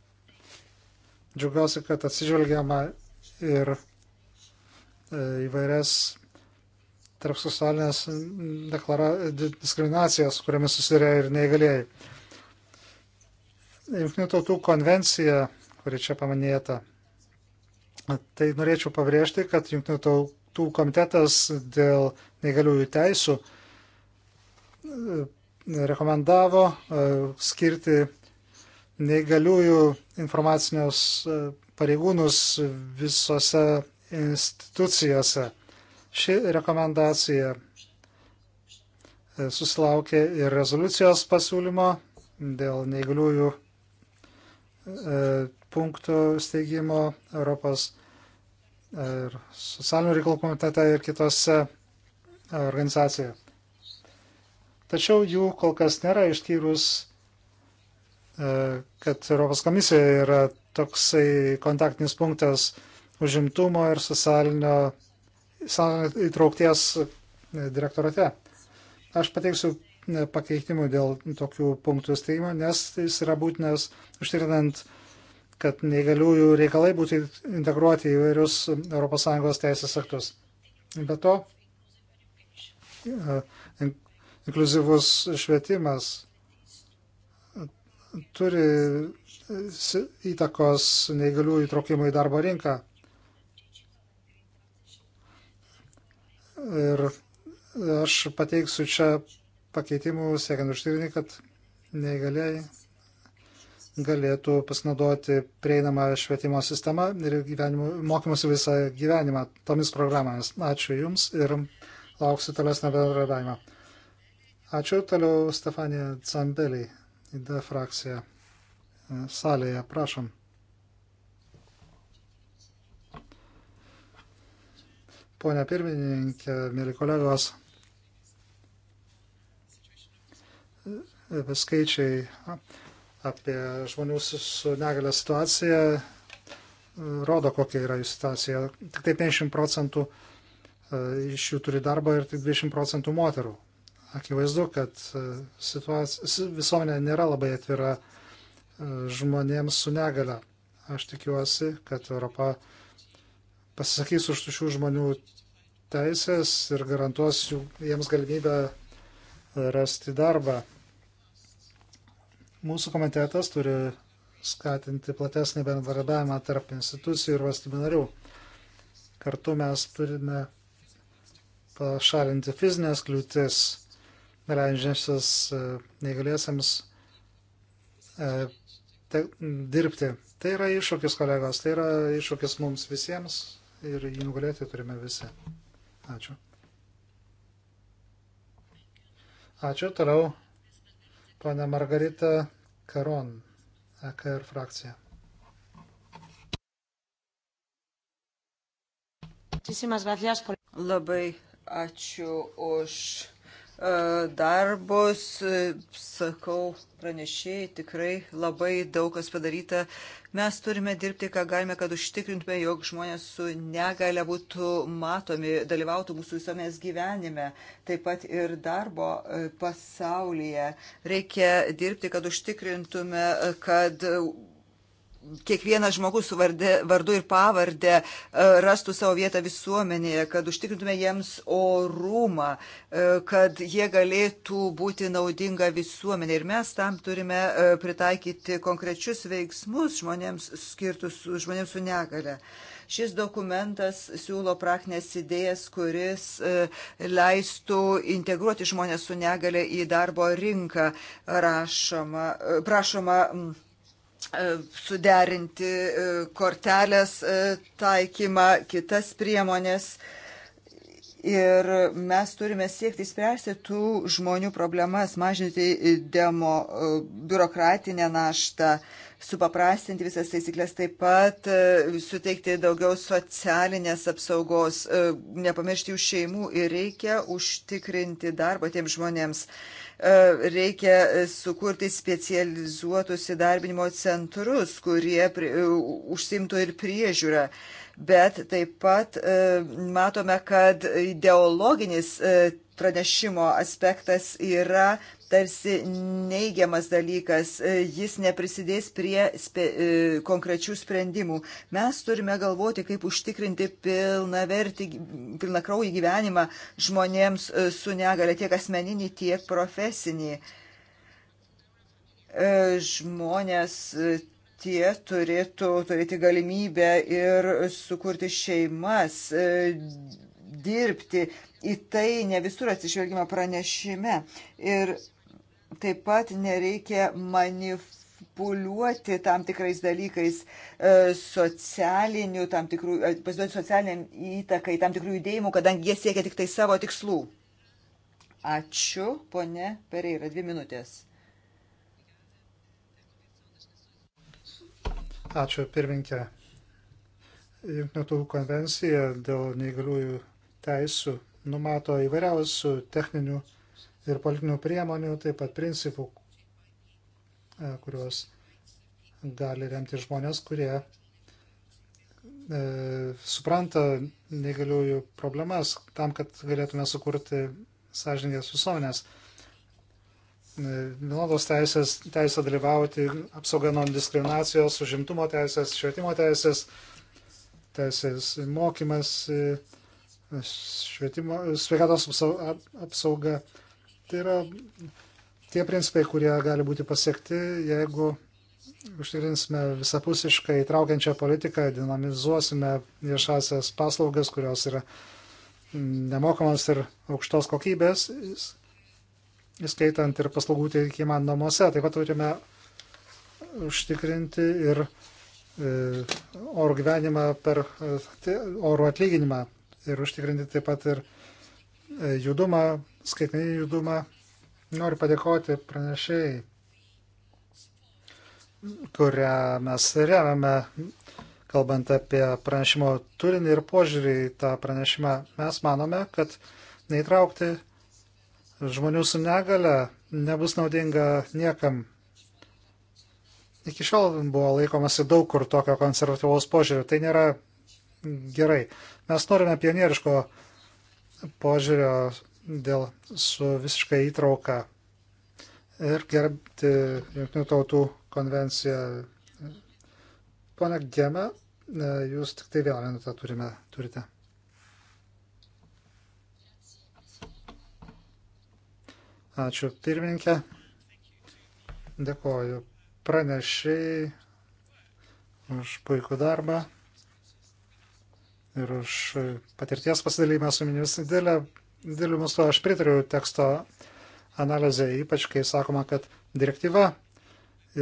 džiaugiuosi, kad atsižvelgiama ir e, įvairias tarp socialinės diskriminacijas, kuriamis susiria ir neįgalėjai. Junktinių tautų konvencija, kuri čia paminėta, tai norėčiau pabrėžti, kad Junktinių tautų komitetas dėl neįgaliųjų teisų rekomendavo e, skirti neįgaliųjų informacinius e, pareigūnus visose institucijose. Ši rekomendacija e, susilaukė ir rezoliucijos pasiūlymo dėl neįgaliųjų punktų steigimo Europos ir socialinių reikalų komitete ir kitose organizacijose. Tačiau jų kol kas nėra ištyrus, e, kad Europos komisija yra toksai kontaktinis punktas užimtumo ir socialinio įtraukties e, direktorate. Aš pateiksiu e, pakeitimų dėl tokių punktų steigimo, nes jis yra būtinas užtikrinant, kad neįgaliųjų reikalai būtų integruoti į vairius ES teisės aktus. Be to, Inkluzyvus švietimas turi įtakos neįgalių įtraukimų į darbo rinką. Ir aš pateiksiu čia pakeitimų, siekiant užtikrinti, kad neįgaliai galėtų pasinaudoti prieinamą švietimo sistemą ir mokymosi visą gyvenimą tomis programomis. Ačiū Jums ir lauksiu tolesnio bendradarbiavimo. Ačiū toliau Stefanija Zambelį, ID frakcija e, salėje, prašom. Pone pirmininkė, mėly kolegos, e, skaičiai apie žmonių su negalė situaciją e, rodo, kokia yra jų situacija. Tik tai 50 procentų iš jų turi darbą ir tik 20 procentų moterų akivaizdu, kad e, visuomenė nėra labai atvira e, žmonėms su negale. Aš tikiuosi, kad Europa pasisakys už šių žmonių teisės ir garantuos jų, jiems galimybę rasti darbą. Mūsų komitetas turi skatinti platesnį bendradarbiavimą tarp institucijų ir valstybių narių. Kartu mes turime pašalinti fizinės kliūtis leidžiančias e, neįgaliesiams e, dirbti. Tai yra iššūkis, kolegos, tai yra iššūkis mums visiems ir jį nugalėti turime visi. Ačiū. Ačiū, toliau pana Margarita Karon, EKR frakcija. Labai ačiū už E, darbus, e, sakau, pranešėjai tikrai labai daug kas padaryta. Mes turime dirbti, ką galime, kad užtikrintume, jog žmonės su negale būtų matomi, dalyvautų mūsų visuomenės gyvenime, taip pat ir darbo e, pasaulyje. Reikia dirbti, kad užtikrintume, kad kiekvienas žmogus vardė, vardu ir pavardė e, rastų savo vietą visuomenėje, kad užtikrintume jiems orumą, e, kad jie galėtų būti naudinga visuomenė. Ir mes tam turime e, pritaikyti konkrečius veiksmus žmonėms skirtus žmonėms su negale. Šis dokumentas siūlo praktinės idėjas, kuris leistų integruoti žmonės su negale į darbo rinką. Rašoma, prašoma E, suderinti e, kortelės e, taikymą, kitas priemonės. Ir mes turime siekti spręsti tų žmonių problemas, mažinti demo biurokratinę naštą, supaprastinti visas taisyklės, taip pat suteikti daugiau socialinės apsaugos, nepamiršti jų šeimų ir reikia užtikrinti darbą tiems žmonėms. E, reikia e, sukurti specializuotus įdarbinimo centrus, kurie e, užsimtų ir priežiūrą bet taip pat e, matome, kad ideologinis e, pranešimo aspektas yra tarsi neigiamas dalykas, e, jis neprisidės prie spe, konkrečių sprendimų. Mes turime galvoti, kaip užtikrinti pilna vertį, pilna kraują gyvenimą žmonėms su negale, tiek asmeninį, tiek profesinį. Žmonės tie turėtų turėti galimybę ir sukurti šeimas, e, dirbti. Į tai ne visur atsižvelgiama pranešime. Ir taip pat nereikia manifestuoti manipuliuoti tam tikrais dalykais, e, socialiniu, tam tikrų, e, pasiduoti socialiniam įtakai, tam tikrų judėjimų, kadangi jie siekia tik tai savo tikslų. Ačiū, ponė Pereira, dvi minutės. Ačiū pirminkė. Junktinių tautų konvencija dėl neįgaliųjų teisų numato įvairiausių techninių ir politinių priemonių, taip pat principų, e, kuriuos gali remti žmonės, kurie e, supranta neįgaliųjų problemas tam, kad galėtume sukurti sąžiningės visuomenės vienodos teisės, teisė dalyvauti, apsauga nuo diskriminacijos, užimtumo teisės, švietimo teisės, teisės mokymas, švietimo, sveikatos apsauga. Tai yra tie principai, kurie gali būti pasiekti, jeigu užtikrinsime visapusišką įtraukiančią politiką, dinamizuosime viešasias paslaugas, kurios yra nemokamos ir aukštos kokybės įskaitant ir paslaugų teikimą namuose. Taip pat turime užtikrinti ir e, oro gyvenimą per e, oro atlyginimą ir užtikrinti taip pat ir e, judumą, skaitmeninį judumą. Noriu padėkoti pranešėjai, kurią mes remiame, kalbant apie pranešimo turinį ir požiūrį į tą pranešimą. Mes manome, kad neįtraukti žmonių su negale nebus naudinga niekam. Iki šiol buvo laikomasi daug kur tokio konservatyvaus požiūrio. Tai nėra gerai. Mes norime pionieriško požiūrio dėl su visiškai įtrauka ir gerbti Junktinių tautų konvenciją. Pone Gėme, jūs tik tai vieną minutę turime, turite. Ačiū pirmininkė. Dėkoju pranešiai už puikų darbą ir už patirties pasidalymą su minimis. Dėliu mūsų aš pritariu teksto analizė, ypač kai sakoma, kad direktyva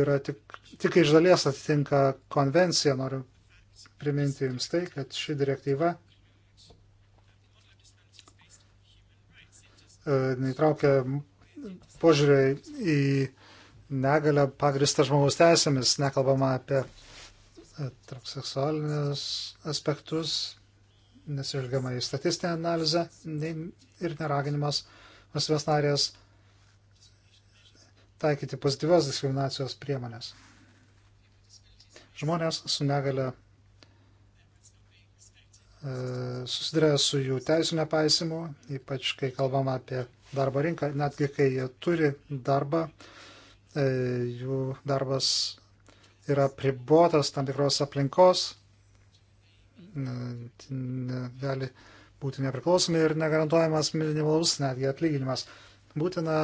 yra tik, tik iš dalies atitinka konvenciją. Noriu priminti jums tai, kad ši direktyva e, neįtraukia požiūrį į negalę pagristą žmogaus teisėmis, nekalbama apie transseksualinius aspektus, nesižvelgiama į statistinę analizę ir neraginimas valstybės narės taikyti pozityvios diskriminacijos priemonės. Žmonės su negale E, susiduria su jų teisų nepaisimu, ypač kai kalbama apie darbo rinką, netgi kai jie turi darbą, e, jų darbas yra pribotas tam tikros aplinkos, gali būti nepriklausomi ir negarantuojamas minimalus netgi atlyginimas. Būtina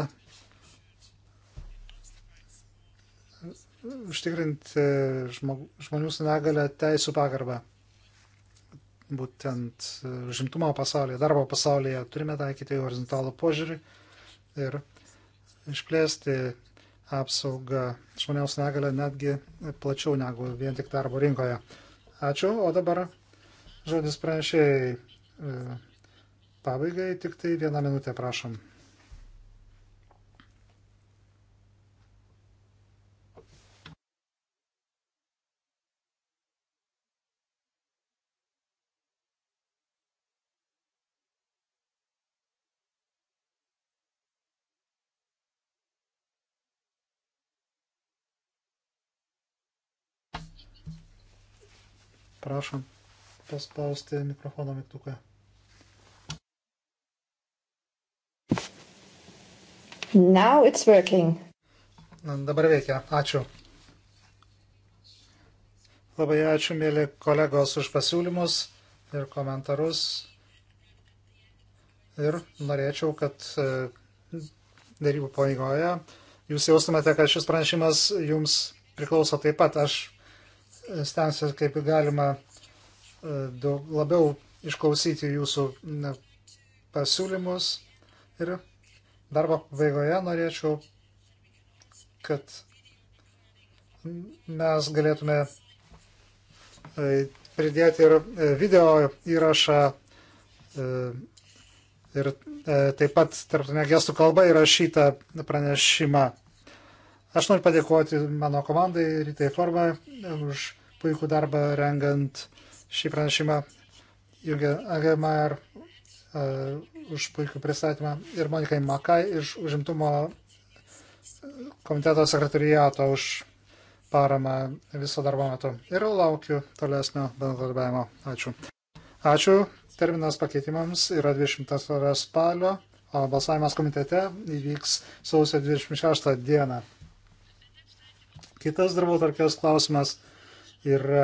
užtikrinti žmonių su negale teisų pagarbą būtent e, žimtumo pasaulyje, darbo pasaulyje turime taikyti horizontalų požiūrį ir išplėsti apsaugą žmonėms negalę netgi plačiau negu vien tik darbo rinkoje. Ačiū, o dabar žodis pranešėjai e, pabaigai, tik tai vieną minutę prašom. Prašom paspausti mikrofono mygtuką. Now it's working. Dabar veikia. Ačiū. Labai ačiū, mėly kolegos, už pasiūlymus ir komentarus. Ir norėčiau, kad e, darybų paigoje jūs jaustumėte, kad šis pranešimas jums priklauso taip pat. Aš stengsiuosi kaip galima e, daug, labiau išklausyti jūsų pasiūlymus ir darbo pabaigoje norėčiau, kad mes galėtume e, pridėti ir e, video įrašą ir taip pat tarptautinė gestų kalba įrašytą pranešimą. Aš noriu padėkoti mano komandai Rytai Forma už puikų darbą rengant šį pranešimą, Jurgė Agemar uh, už puikų pristatymą ir Monikai Makai iš užimtumo komiteto sekretariato už paramą viso darbo metu. Ir laukiu tolesnio bendradarbiavimo. Ačiū. Ačiū. Terminas pakeitimams yra 20 spalio, o balsavimas komitete įvyks sausio 26 dieną. Kitas darbotvarkės klausimas yra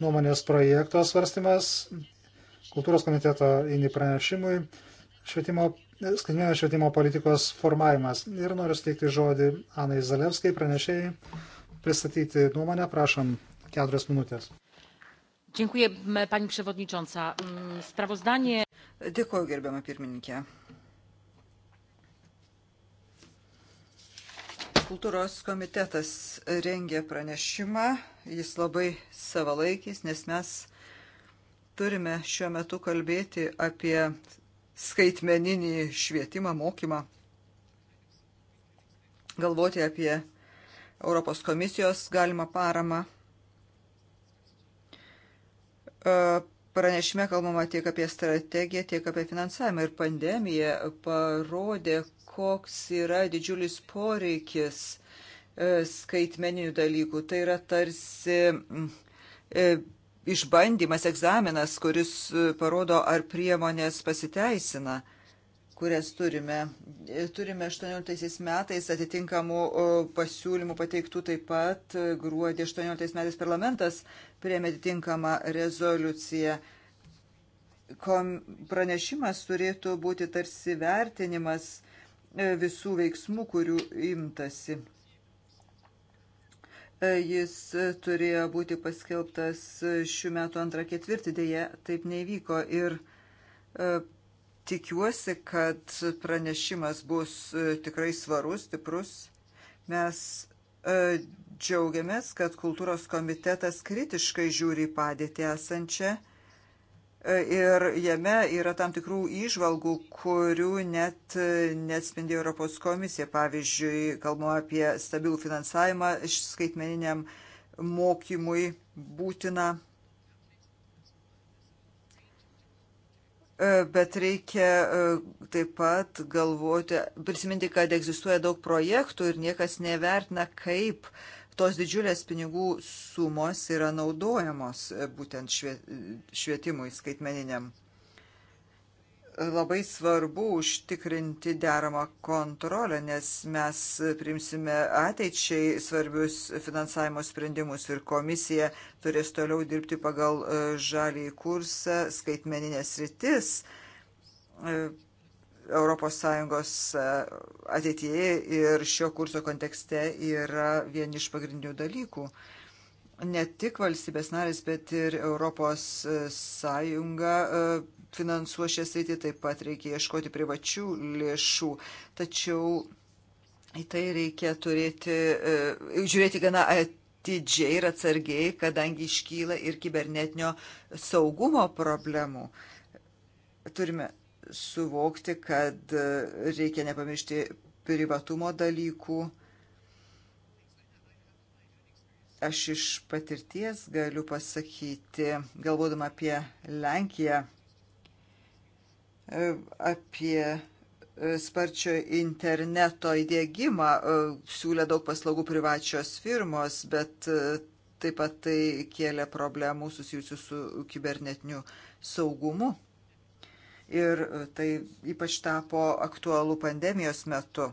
nuomonės projekto svarstymas kultūros komiteto įni pranešimui švietimo, skaitminio švietimo politikos formavimas. Ir noriu steikti žodį Anai Zalevskai, pranešėjai, pristatyti nuomonę, prašom, keturias minutės. Dziękuję, pani przewodnicząca. Mm, sprawozdanie. Dėkuoju, gerbiama pirmininkė. Kultūros komitetas rengė pranešimą, jis labai savalaikis, nes mes turime šiuo metu kalbėti apie skaitmeninį švietimą, mokymą, galvoti apie Europos komisijos galimą paramą. E, pranešime kalbama tiek apie strategiją, tiek apie finansavimą ir pandemija parodė, koks yra didžiulis poreikis e, skaitmeninių dalykų. Tai yra tarsi mm, e, išbandymas, egzaminas, kuris e, parodo, ar priemonės pasiteisina kurias turime. Turime 18 metais atitinkamų pasiūlymų pateiktų taip pat. Gruodį 18 metais parlamentas priėmė atitinkamą rezoliuciją. Kom, pranešimas turėtų būti tarsi vertinimas E, visų veiksmų, kurių imtasi. E, jis e, turėjo būti paskelbtas šių metų antrą ketvirtį, dėje taip nevyko ir tikiuosi, kad pranešimas bus tikrai svarus, stiprus. Mes džiaugiamės, kad kultūros komitetas kritiškai žiūri padėtį esančią ir jame yra tam tikrų įžvalgų, kurių net neatspindi Europos komisija. Pavyzdžiui, kalbama apie stabilų finansavimą skaitmeniniam mokymui būtiną. Bet reikia e, taip pat galvoti, prisiminti, kad egzistuoja daug projektų ir niekas nevertina, kaip uh, tos didžiulės pinigų sumos yra naudojamos e, būtent švietimui skaitmeniniam. Labai svarbu užtikrinti deramą kontrolę, nes mes primsime ateičiai svarbius finansavimo sprendimus ir komisija turės toliau dirbti pagal e, žalį kursą skaitmeninės rytis e, ES e, ateityje ir šio kurso kontekste yra vieni iš pagrindinių dalykų. Ne tik valstybės narės, bet ir ES e, e, finansuos šią sritį, taip pat reikia ieškoti privačių lėšų. Tačiau į tai reikia turėti, žiūrėti gana atidžiai atidžiai ir atsargiai, kadangi iškyla ir kibernetinio saugumo problemų. Turime suvokti, kad e, reikia nepamiršti privatumo dalykų. Aš iš patirties galiu pasakyti, galvodama apie Lenkiją, e, apie e, sparčio interneto įdėgymą, siūlė daug paslaugų privačios firmos, bet taip pat tai kėlė problemų susijusių su kibernetiniu saugumu ir e, tai ypač tapo aktualu pandemijos metu.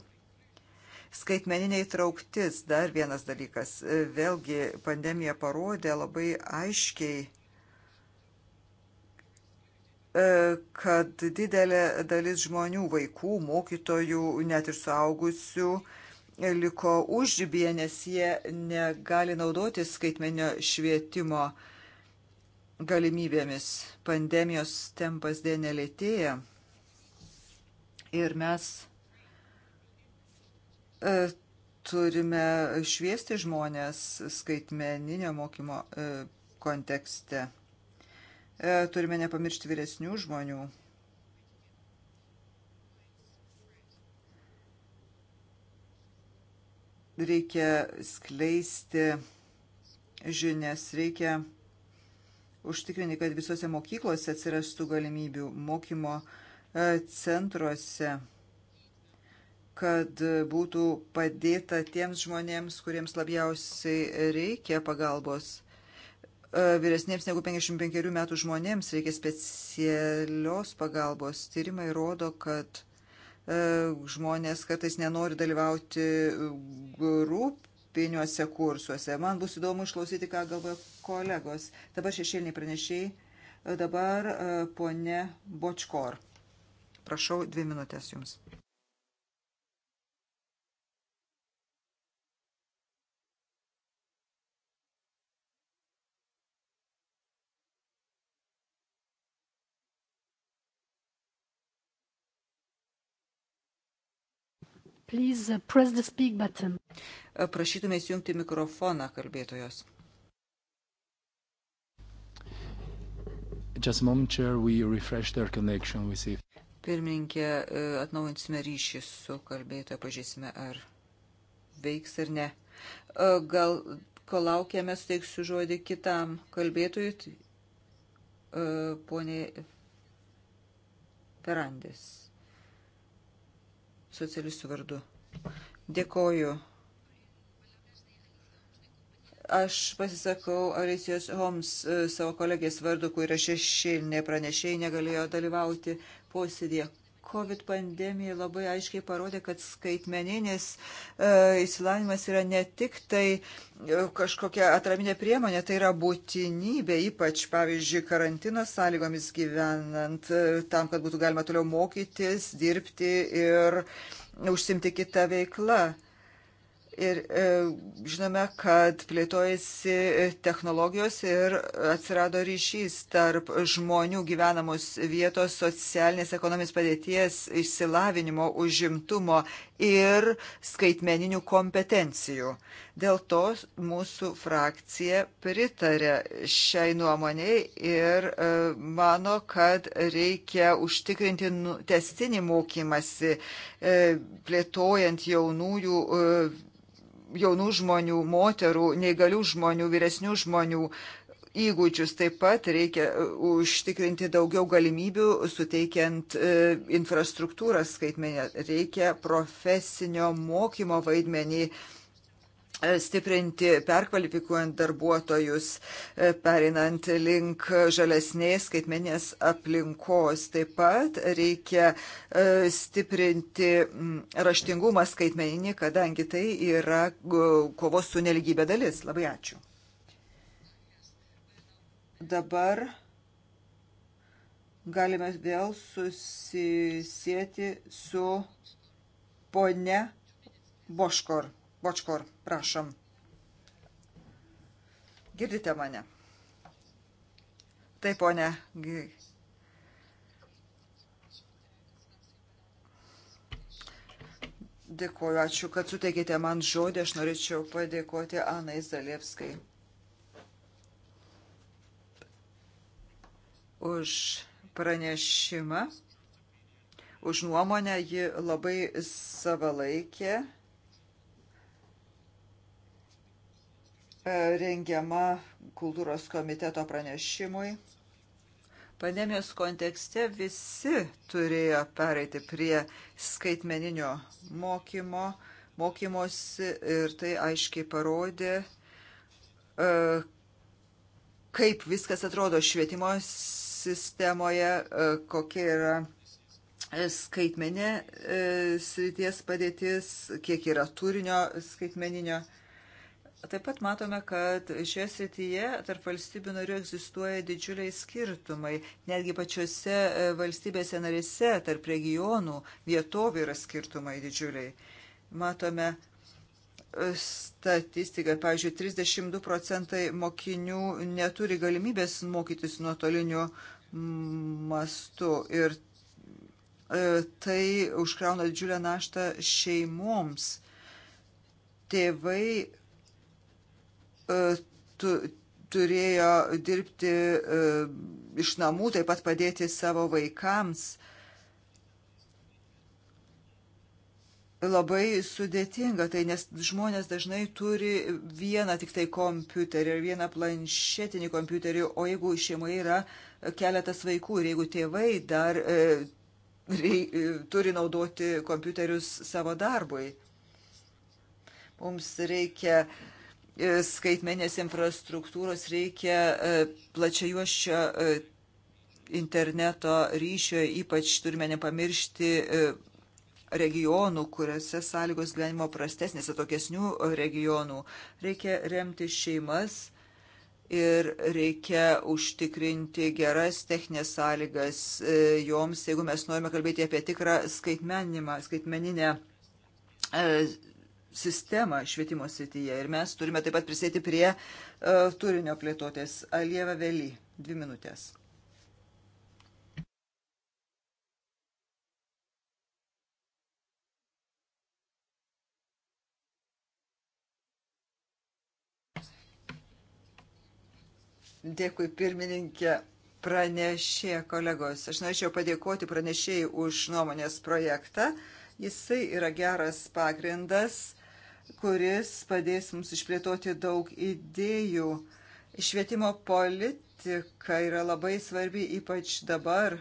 Skaitmeniniai trauktis dar vienas dalykas. E, vėlgi pandemija parodė labai aiškiai, e, kad didelė dalis žmonių, vaikų, mokytojų, net ir suaugusių, liko užžybėje, nes jie negali naudoti skaitmenio švietimo galimybėmis. Pandemijos tempas dėnė lėtėja ir mes e, turime šviesti žmonės skaitmeninio mokymo e, kontekste. E, turime nepamiršti vyresnių žmonių. Reikia skleisti žinias, reikia užtikrinti, kad visose mokyklose atsirastų galimybių mokymo e, centruose, kad būtų padėta tiems žmonėms, kuriems labiausiai reikia pagalbos. E, vyresniems negu 55 metų žmonėms reikia specialios pagalbos. Tyrimai rodo, kad e, žmonės kartais nenori dalyvauti grup, europiniuose kursuose. Man bus įdomu išklausyti, ką galvoja kolegos. Dabar šešėliniai pranešiai. Dabar e, ponė Bočkor. Prašau, dvi minutės jums. Please uh, press the speak button. Uh, prašytume įjungti mikrofoną kalbėtojos. Just a moment, Chair, we refresh their connection with if. Pirmininkė, uh, atnaujinsime ryšį su kalbėtoja, pažiūrėsime, ar veiks ar ne. Gal, kol laukiame, steiksiu žodį kitam kalbėtojui, poniai Ferandis socialistų vardu. Dėkoju. Aš pasisakau Alicijos Homs e, savo kolegės vardu, kur yra šešėlinė pranešėjai, negalėjo dalyvauti posėdėje. COVID pandemija labai aiškiai parodė, kad skaitmeninis e, įsilavinimas yra ne tik tai e, kažkokia atraminė priemonė, tai yra būtinybė, ypač, pavyzdžiui, karantino sąlygomis gyvenant, e, tam, kad būtų galima toliau mokytis, dirbti ir užsimti kitą veiklą. E, Ir e, žinome, kad plėtojasi e, technologijos ir atsirado ryšys tarp žmonių gyvenamos vietos, socialinės ekonomis padėties, išsilavinimo, užimtumo ir skaitmeninių kompetencijų. Dėl to mūsų frakcija pritarė šiai nuomoniai ir e, mano, kad reikia užtikrinti nu, testinį mokymasi, e, plėtojant jaunųjų. E, jaunų žmonių, moterų, neįgalių žmonių, vyresnių žmonių įgūdžius. Taip pat reikia e, užtikrinti daugiau galimybių, suteikiant e, infrastruktūrą skaitmenę. Reikia profesinio mokymo vaidmenį stiprinti, perkvalifikuojant darbuotojus, e, perinant link žalesnės skaitmenės aplinkos. Taip pat reikia e, stiprinti raštingumą skaitmeninį, kadangi tai yra kovos su neligybė dalis. Labai ačiū. Dabar galime vėl susisėti su ponia Boškor. Bočkor, prašom. Girdite mane? Taip, ponė. Dėkuoju, ačiū, kad suteikėte man žodį. Aš norėčiau padėkoti Anai Zalievskai už pranešimą, už nuomonę. Ji labai savalaikė. E, rengiama kultūros komiteto pranešimui. Pandemijos kontekste visi turėjo pereiti prie skaitmeninio mokymo, mokymosi ir tai aiškiai parodė, e, kaip viskas atrodo švietimo sistemoje, e, kokia yra skaitmenė srities padėtis, kiek yra turinio skaitmeninio Taip pat matome, kad šioje srityje tarp valstybių narių egzistuoja didžiuliai skirtumai. Netgi pačiose e, valstybėse narėse tarp regionų vietovių yra skirtumai didžiuliai. Matome e, statistiką, pavyzdžiui, 32 procentai mokinių neturi galimybės mokytis nuotoliniu mm, mastu ir e, tai užkrauna didžiulę naštą šeimoms. Tėvai E, tu, turėjo dirbti e, iš namų, taip pat padėti savo vaikams. Labai sudėtinga tai, nes žmonės dažnai turi vieną tik tai kompiuterį ir vieną planšetinį kompiuterį, o jeigu šeimoje yra keletas vaikų ir jeigu tėvai dar e, rei, e, turi naudoti kompiuterius savo darbui, mums reikia e, E, skaitmenės infrastruktūros reikia e, plačiajuoščio e, interneto ryšio, ypač turime nepamiršti regionų, kuriuose sąlygos gyvenimo prastesnės, atokesnių regionų. Reikia remti šeimas ir reikia užtikrinti geras techninės sąlygas joms, jeigu mes norime kalbėti apie tikrą skaitmeninimą, skaitmeninę sistemą švietimo srityje ir mes turime taip pat prisėti prie uh, turinio plėtotės. Alieva Vely, dvi minutės. Dėkui pirmininkė pranešė kolegos. Aš norėčiau padėkoti pranešėjai už nuomonės projektą. Jisai yra geras pagrindas kuris padės mums išplėtoti daug idėjų. Švietimo politika yra labai svarbi, ypač dabar,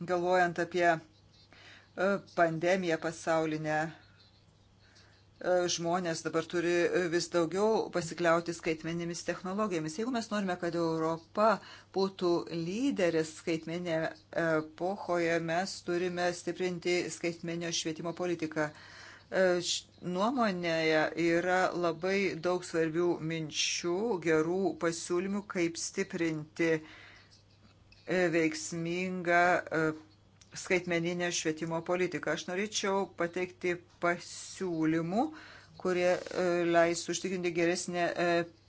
galvojant apie e, pandemiją pasaulinę. E, žmonės dabar turi e, vis daugiau pasikliauti skaitmenėmis technologijomis. Jeigu mes norime, kad Europa būtų lyderis skaitmenė epochoje, mes turime stiprinti skaitmenio švietimo politiką. E, nuomonėje yra labai daug svarbių minčių, gerų pasiūlymų, kaip stiprinti e, veiksmingą e, skaitmeninę švietimo politiką. Aš norėčiau pateikti pasiūlymų, kurie leis užtikrinti geresnę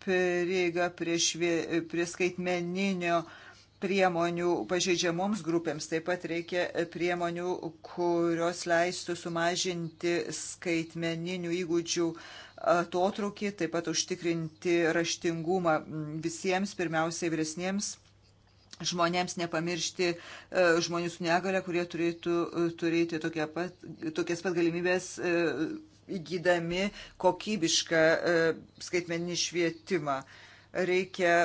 prieigą prie, švie, prie skaitmeninio švietimo priemonių pažeidžiamoms grupėms, taip pat reikia priemonių, kurios leistų sumažinti skaitmeninių įgūdžių atotrukį, taip pat užtikrinti raštingumą visiems, pirmiausiai vyresniems žmonėms nepamiršti e, žmonių su negale, kurie turėtų e, turėti tokia pat, tokias pat galimybės e, įgydami kokybišką skaitmeninį švietimą. Reikia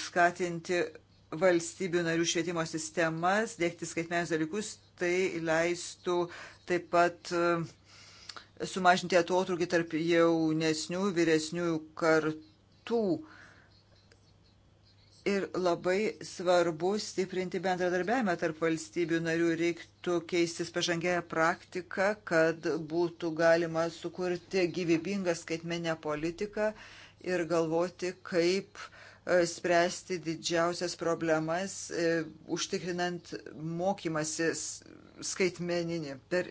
skatinti valstybių narių švietimo sistemas, dėkti skaitmenės dalykus, tai leistų taip pat e, sumažinti atotrukį tarp jaunesnių, vyresnių kartų. Ir labai svarbu stiprinti bendradarbiavimą tarp valstybių narių, reiktų keistis pažangėją praktiką, kad būtų galima sukurti gyvybingą skaitmenę politiką ir galvoti, kaip uh, E, spręsti didžiausias problemas, e, užtikrinant mokymasi skaitmeninį per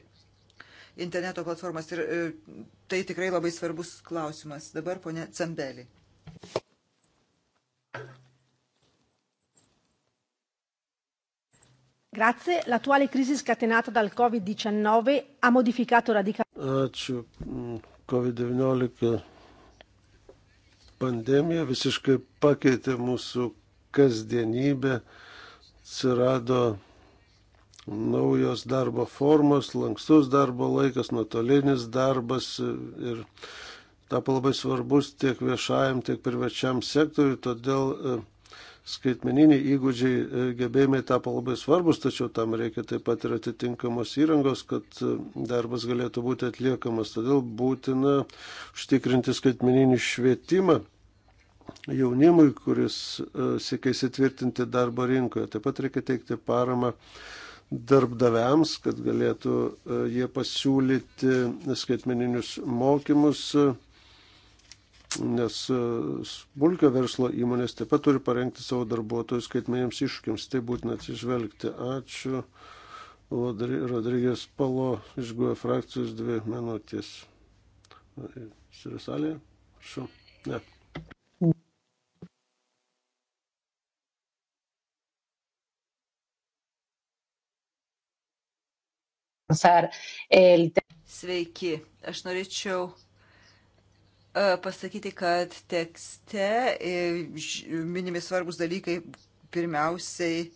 interneto platformas. Ir e, tai tikrai labai svarbus klausimas. Dabar ponė Cambelį. Grazie, l'attuale crisi scatenata dal Covid-19 ha modificato radicalmente. Ačiū. Mm, COVID-19 Pandemija visiškai pakeitė mūsų kasdienybę, atsirado naujos darbo formos, lankstus darbo laikas, nuotolinis darbas ir tapo labai svarbus tiek viešajam, tiek privačiam sektoriui, todėl e, skaitmeniniai įgūdžiai e, gebėjimai tapo labai svarbus, tačiau tam reikia taip pat ir atitinkamos įrangos, kad e, darbas galėtų būti atliekamas. Todėl būtina užtikrinti skaitmeninį švietimą jaunimui, kuris e, siekia įsitvirtinti darbo rinkoje. Taip pat reikia teikti paramą darbdaviams, kad galėtų e, jie pasiūlyti skaitmeninius mokymus, nes e, smulkio verslo įmonės taip pat turi parengti savo darbuotojus skaitmeniniams iššūkiams. Tai būtina atsižvelgti. Ačiū. Rodrygės Palo iš GUE frakcijos dvi minutės. Šiuo salėje? Šiuo? Ne. alcanzar el. Sveiki, aš norėčiau e, pasakyti, kad tekste e, minimi svarbus dalykai. Pirmiausiai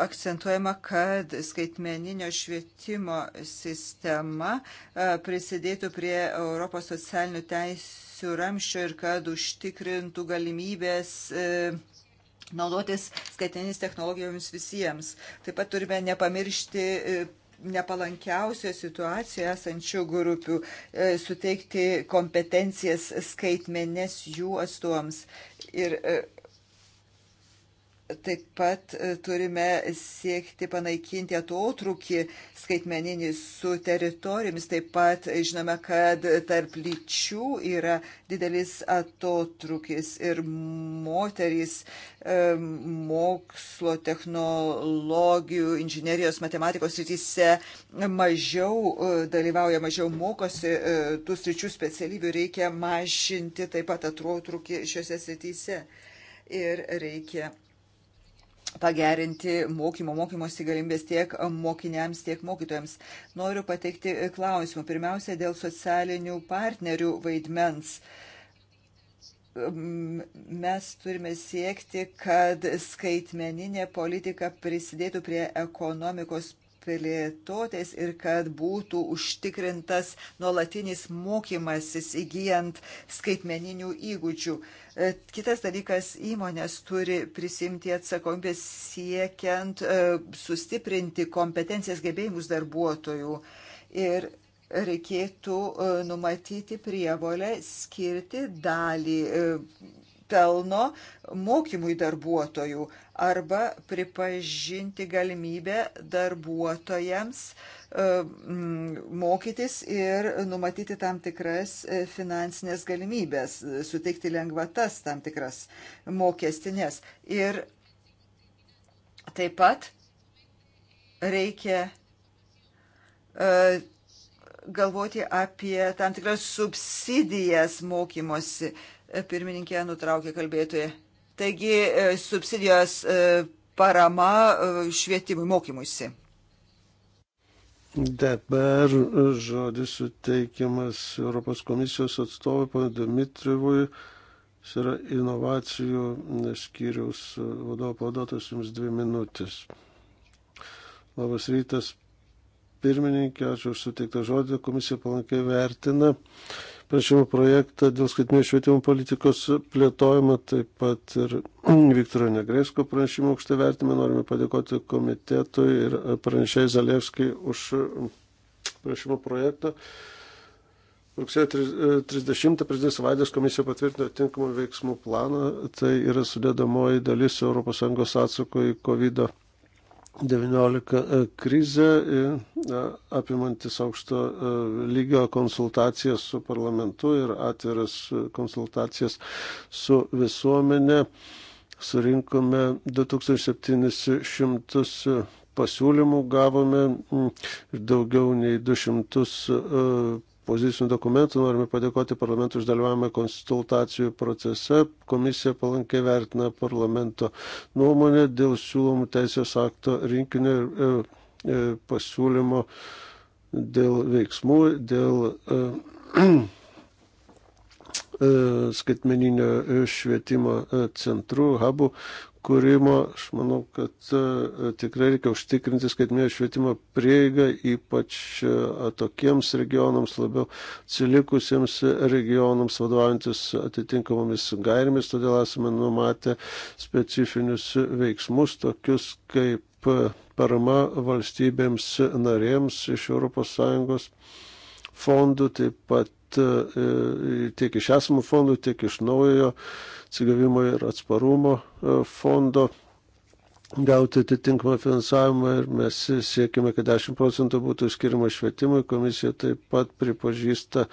akcentuojama, kad skaitmeninio švietimo sistema e, prisidėtų prie Europos socialinių teisių ramščio ir kad užtikrintų galimybės naudotis skaitmeninis technologijomis visiems. Taip pat turime nepamiršti nepalankiausioje situacijoje esančių grupių, e, suteikti kompetencijas skaitmenės jų atstovams. Ir e, Taip pat e, turime siekti panaikinti atotrukį skaitmeninį su teritorijomis. Taip pat žinome, kad tarp lyčių yra didelis atotrukis ir moterys e, mokslo, technologijų, inžinerijos, matematikos rytise mažiau e, dalyvauja, mažiau mokosi tų sričių specialybių. Reikia mažinti taip pat atotrukį šiuose srityse. Ir reikia pagerinti mokymo, mokymosi galimybės tiek mokiniams, tiek mokytojams. Noriu pateikti klausimų. Pirmiausia, dėl socialinių partnerių vaidmens mes turime siekti, kad skaitmeninė politika prisidėtų prie ekonomikos plėtotės ir kad būtų užtikrintas nuolatinis mokymasis įgyjant skaitmeninių įgūdžių. E, kitas dalykas, įmonės turi prisimti atsakomybę siekiant e, sustiprinti kompetencijas gebėjimus darbuotojų. Ir reikėtų e, numatyti prievolę skirti dalį pelno mokymui darbuotojų arba pripažinti galimybę darbuotojams e, mokytis ir numatyti tam tikras e, finansinės galimybės, e, suteikti lengvatas tam tikras mokestinės. Ir taip pat reikia galvoti apie tam tikras subsidijas mokymosi Pirmininkė nutraukė kalbėtoje. Taigi e, subsidijos e, parama e, švietimui, mokymuisi. Dabar žodis suteikiamas Europos komisijos atstovui, pana Dimitrivui. Jis yra inovacijų skyriaus vadovo pavaduotojas jums dvi minutės. Labas rytas, pirmininkė, ačiū už suteiktą žodį. Komisija palankiai vertina pranešimo projektą dėl skaitinio švietimo politikos plėtojimo, taip pat ir Viktoro Negresko pranešimo aukštą vertimą. Norime padėkoti komitetui ir pranešėjai Zalevskai už pranešimo projektą. Rugsėjo 30 e, prezidentės savaitės komisija patvirtino tinkamų veiksmų planą. Tai yra sudėdamoji dalis ES atsako į COVID-19 COVID-19 e, krizė e, apimantis aukšto e, lygio konsultacijas su parlamentu ir atviras konsultacijas su visuomenė. Surinkome 2700 pasiūlymų, gavome daugiau nei 200 pozicinių dokumentų norime padėkoti parlamentui už dalyvavimą konsultacijų procese. Komisija palankiai vertina parlamento nuomonę dėl siūlomų teisės akto rinkinio ir e, e, pasiūlymo dėl veiksmų, dėl e, E, skaitmeninio e, švietimo e, centrų, hubų kūrimo. Aš manau, kad tikrai reikia užtikrinti skaitmeninio švietimo prieigą, ypač tokiems regionams, labiau atsilikusiems regionams, vadovaujantis atitinkamomis gairėmis. Todėl esame numatę specifinius veiksmus, tokius kaip parama valstybėms narėms iš ES fondų, taip pat E, e, tiek iš esamų fondų, tiek iš naujojo atsigavimo ir atsparumo e, fondo gauti atitinkamą finansavimą ir mes siekime, kad 10 procentų būtų skirima švietimui. Komisija taip pat pripažįsta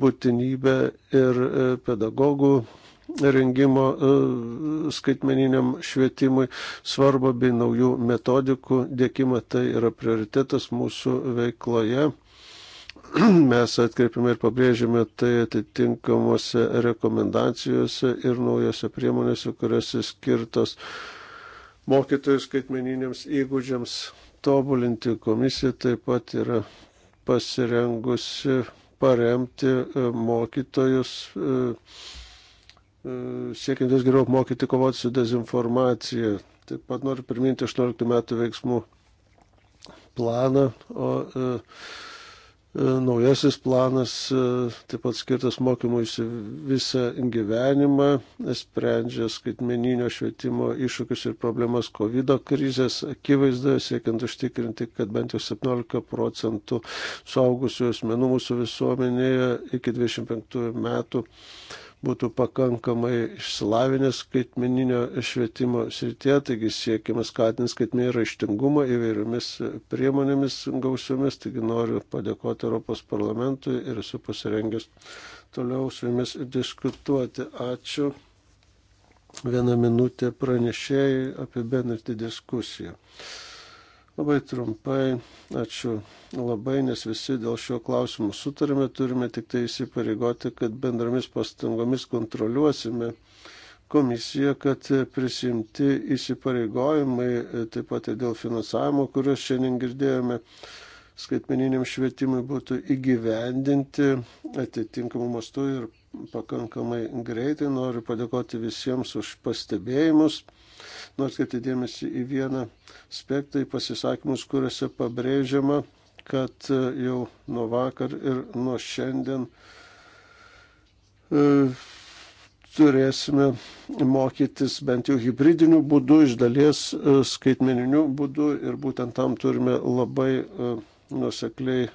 būtinybę ir pedagogų rengimo skaitmeniniam švietimui svarbą bei naujų metodikų dėkimą. Tai yra prioritetas mūsų veikloje. mes atkreipiame ir pabrėžiame tai atitinkamuose rekomendacijose ir naujose priemonėse, kurios skirtos mokytojų skaitmeniniams įgūdžiams tobulinti. Komisija taip pat yra pasirengusi paremti e, mokytojus e, e, siekiantis geriau apmokyti kovoti su dezinformacija. Taip pat noriu priminti 18 metų veiksmų planą, o e, E, naujasis planas e, taip pat skirtas mokymuisi visą gyvenimą, e, sprendžia skaitmeninio švietimo iššūkius ir problemas COVID krizės akivaizdoje, siekiant užtikrinti, kad bent jau 17 procentų suaugusių asmenų mūsų visuomenėje iki 25 metų būtų pakankamai išsilavinęs skaitmeninio švietimo srityje, taigi siekime skatinti skaitmeninį raštingumą įvairiomis priemonėmis gausiomis, taigi noriu padėkoti Europos parlamentui ir esu pasirengęs toliau su jumis diskutuoti. Ačiū. Vieną minutę pranešėjai apibendrinti diskusiją. Labai trumpai, ačiū labai, nes visi dėl šio klausimų sutarėme, turime tik tai įsipareigoti, kad bendromis pastangomis kontroliuosime komisiją, kad prisimti įsipareigojimai, taip pat ir dėl finansavimo, kuriuos šiandien girdėjome, skaitmeniniam švietimui būtų įgyvendinti atitinkamų mastų ir pakankamai greitai. Noriu padėkoti visiems už pastebėjimus nors kaip įdėmėsi į vieną aspektą, į pasisakymus, kuriuose pabrėžiama, kad e, jau nuo vakar ir nuo šiandien e, turėsime mokytis bent jau hybridiniu būdu, iš dalies e, skaitmeniniu būdu ir būtent tam turime labai e, nusekliai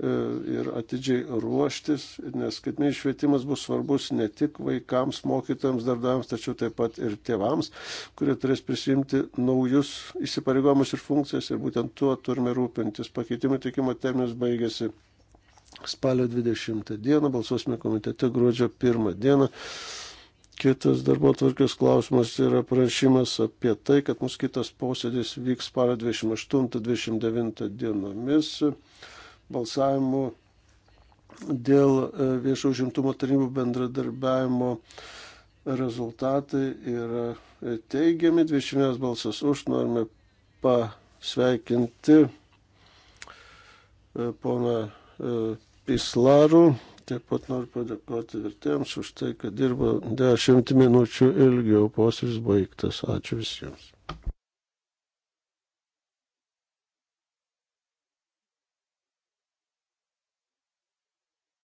E, ir atidžiai ruoštis, nes skaitmeninis švietimas bus svarbus ne tik vaikams, mokytojams, darbdaviams, tačiau taip pat ir tėvams, kurie turės prisimti naujus įsipareigomus ir funkcijas ir būtent tuo turime rūpintis. Pakeitimų teikimo terminas baigėsi spalio 20 dieną, balsuosime komitete gruodžio 1 dieną. Kitas darbo tvarkės klausimas yra prašymas apie tai, kad mūsų kitas posėdis vyks spalio 28-29 dienomis balsavimu dėl e, viešo užimtumo tarnybų bendradarbiavimo rezultatai yra e, teigiami. 21 balsas už norime pasveikinti e, poną Pislarų. Taip pat noriu padėkoti vertėjams už tai, kad dirba 10 minučių ilgiau. Posėdis baigtas. Ačiū visiems.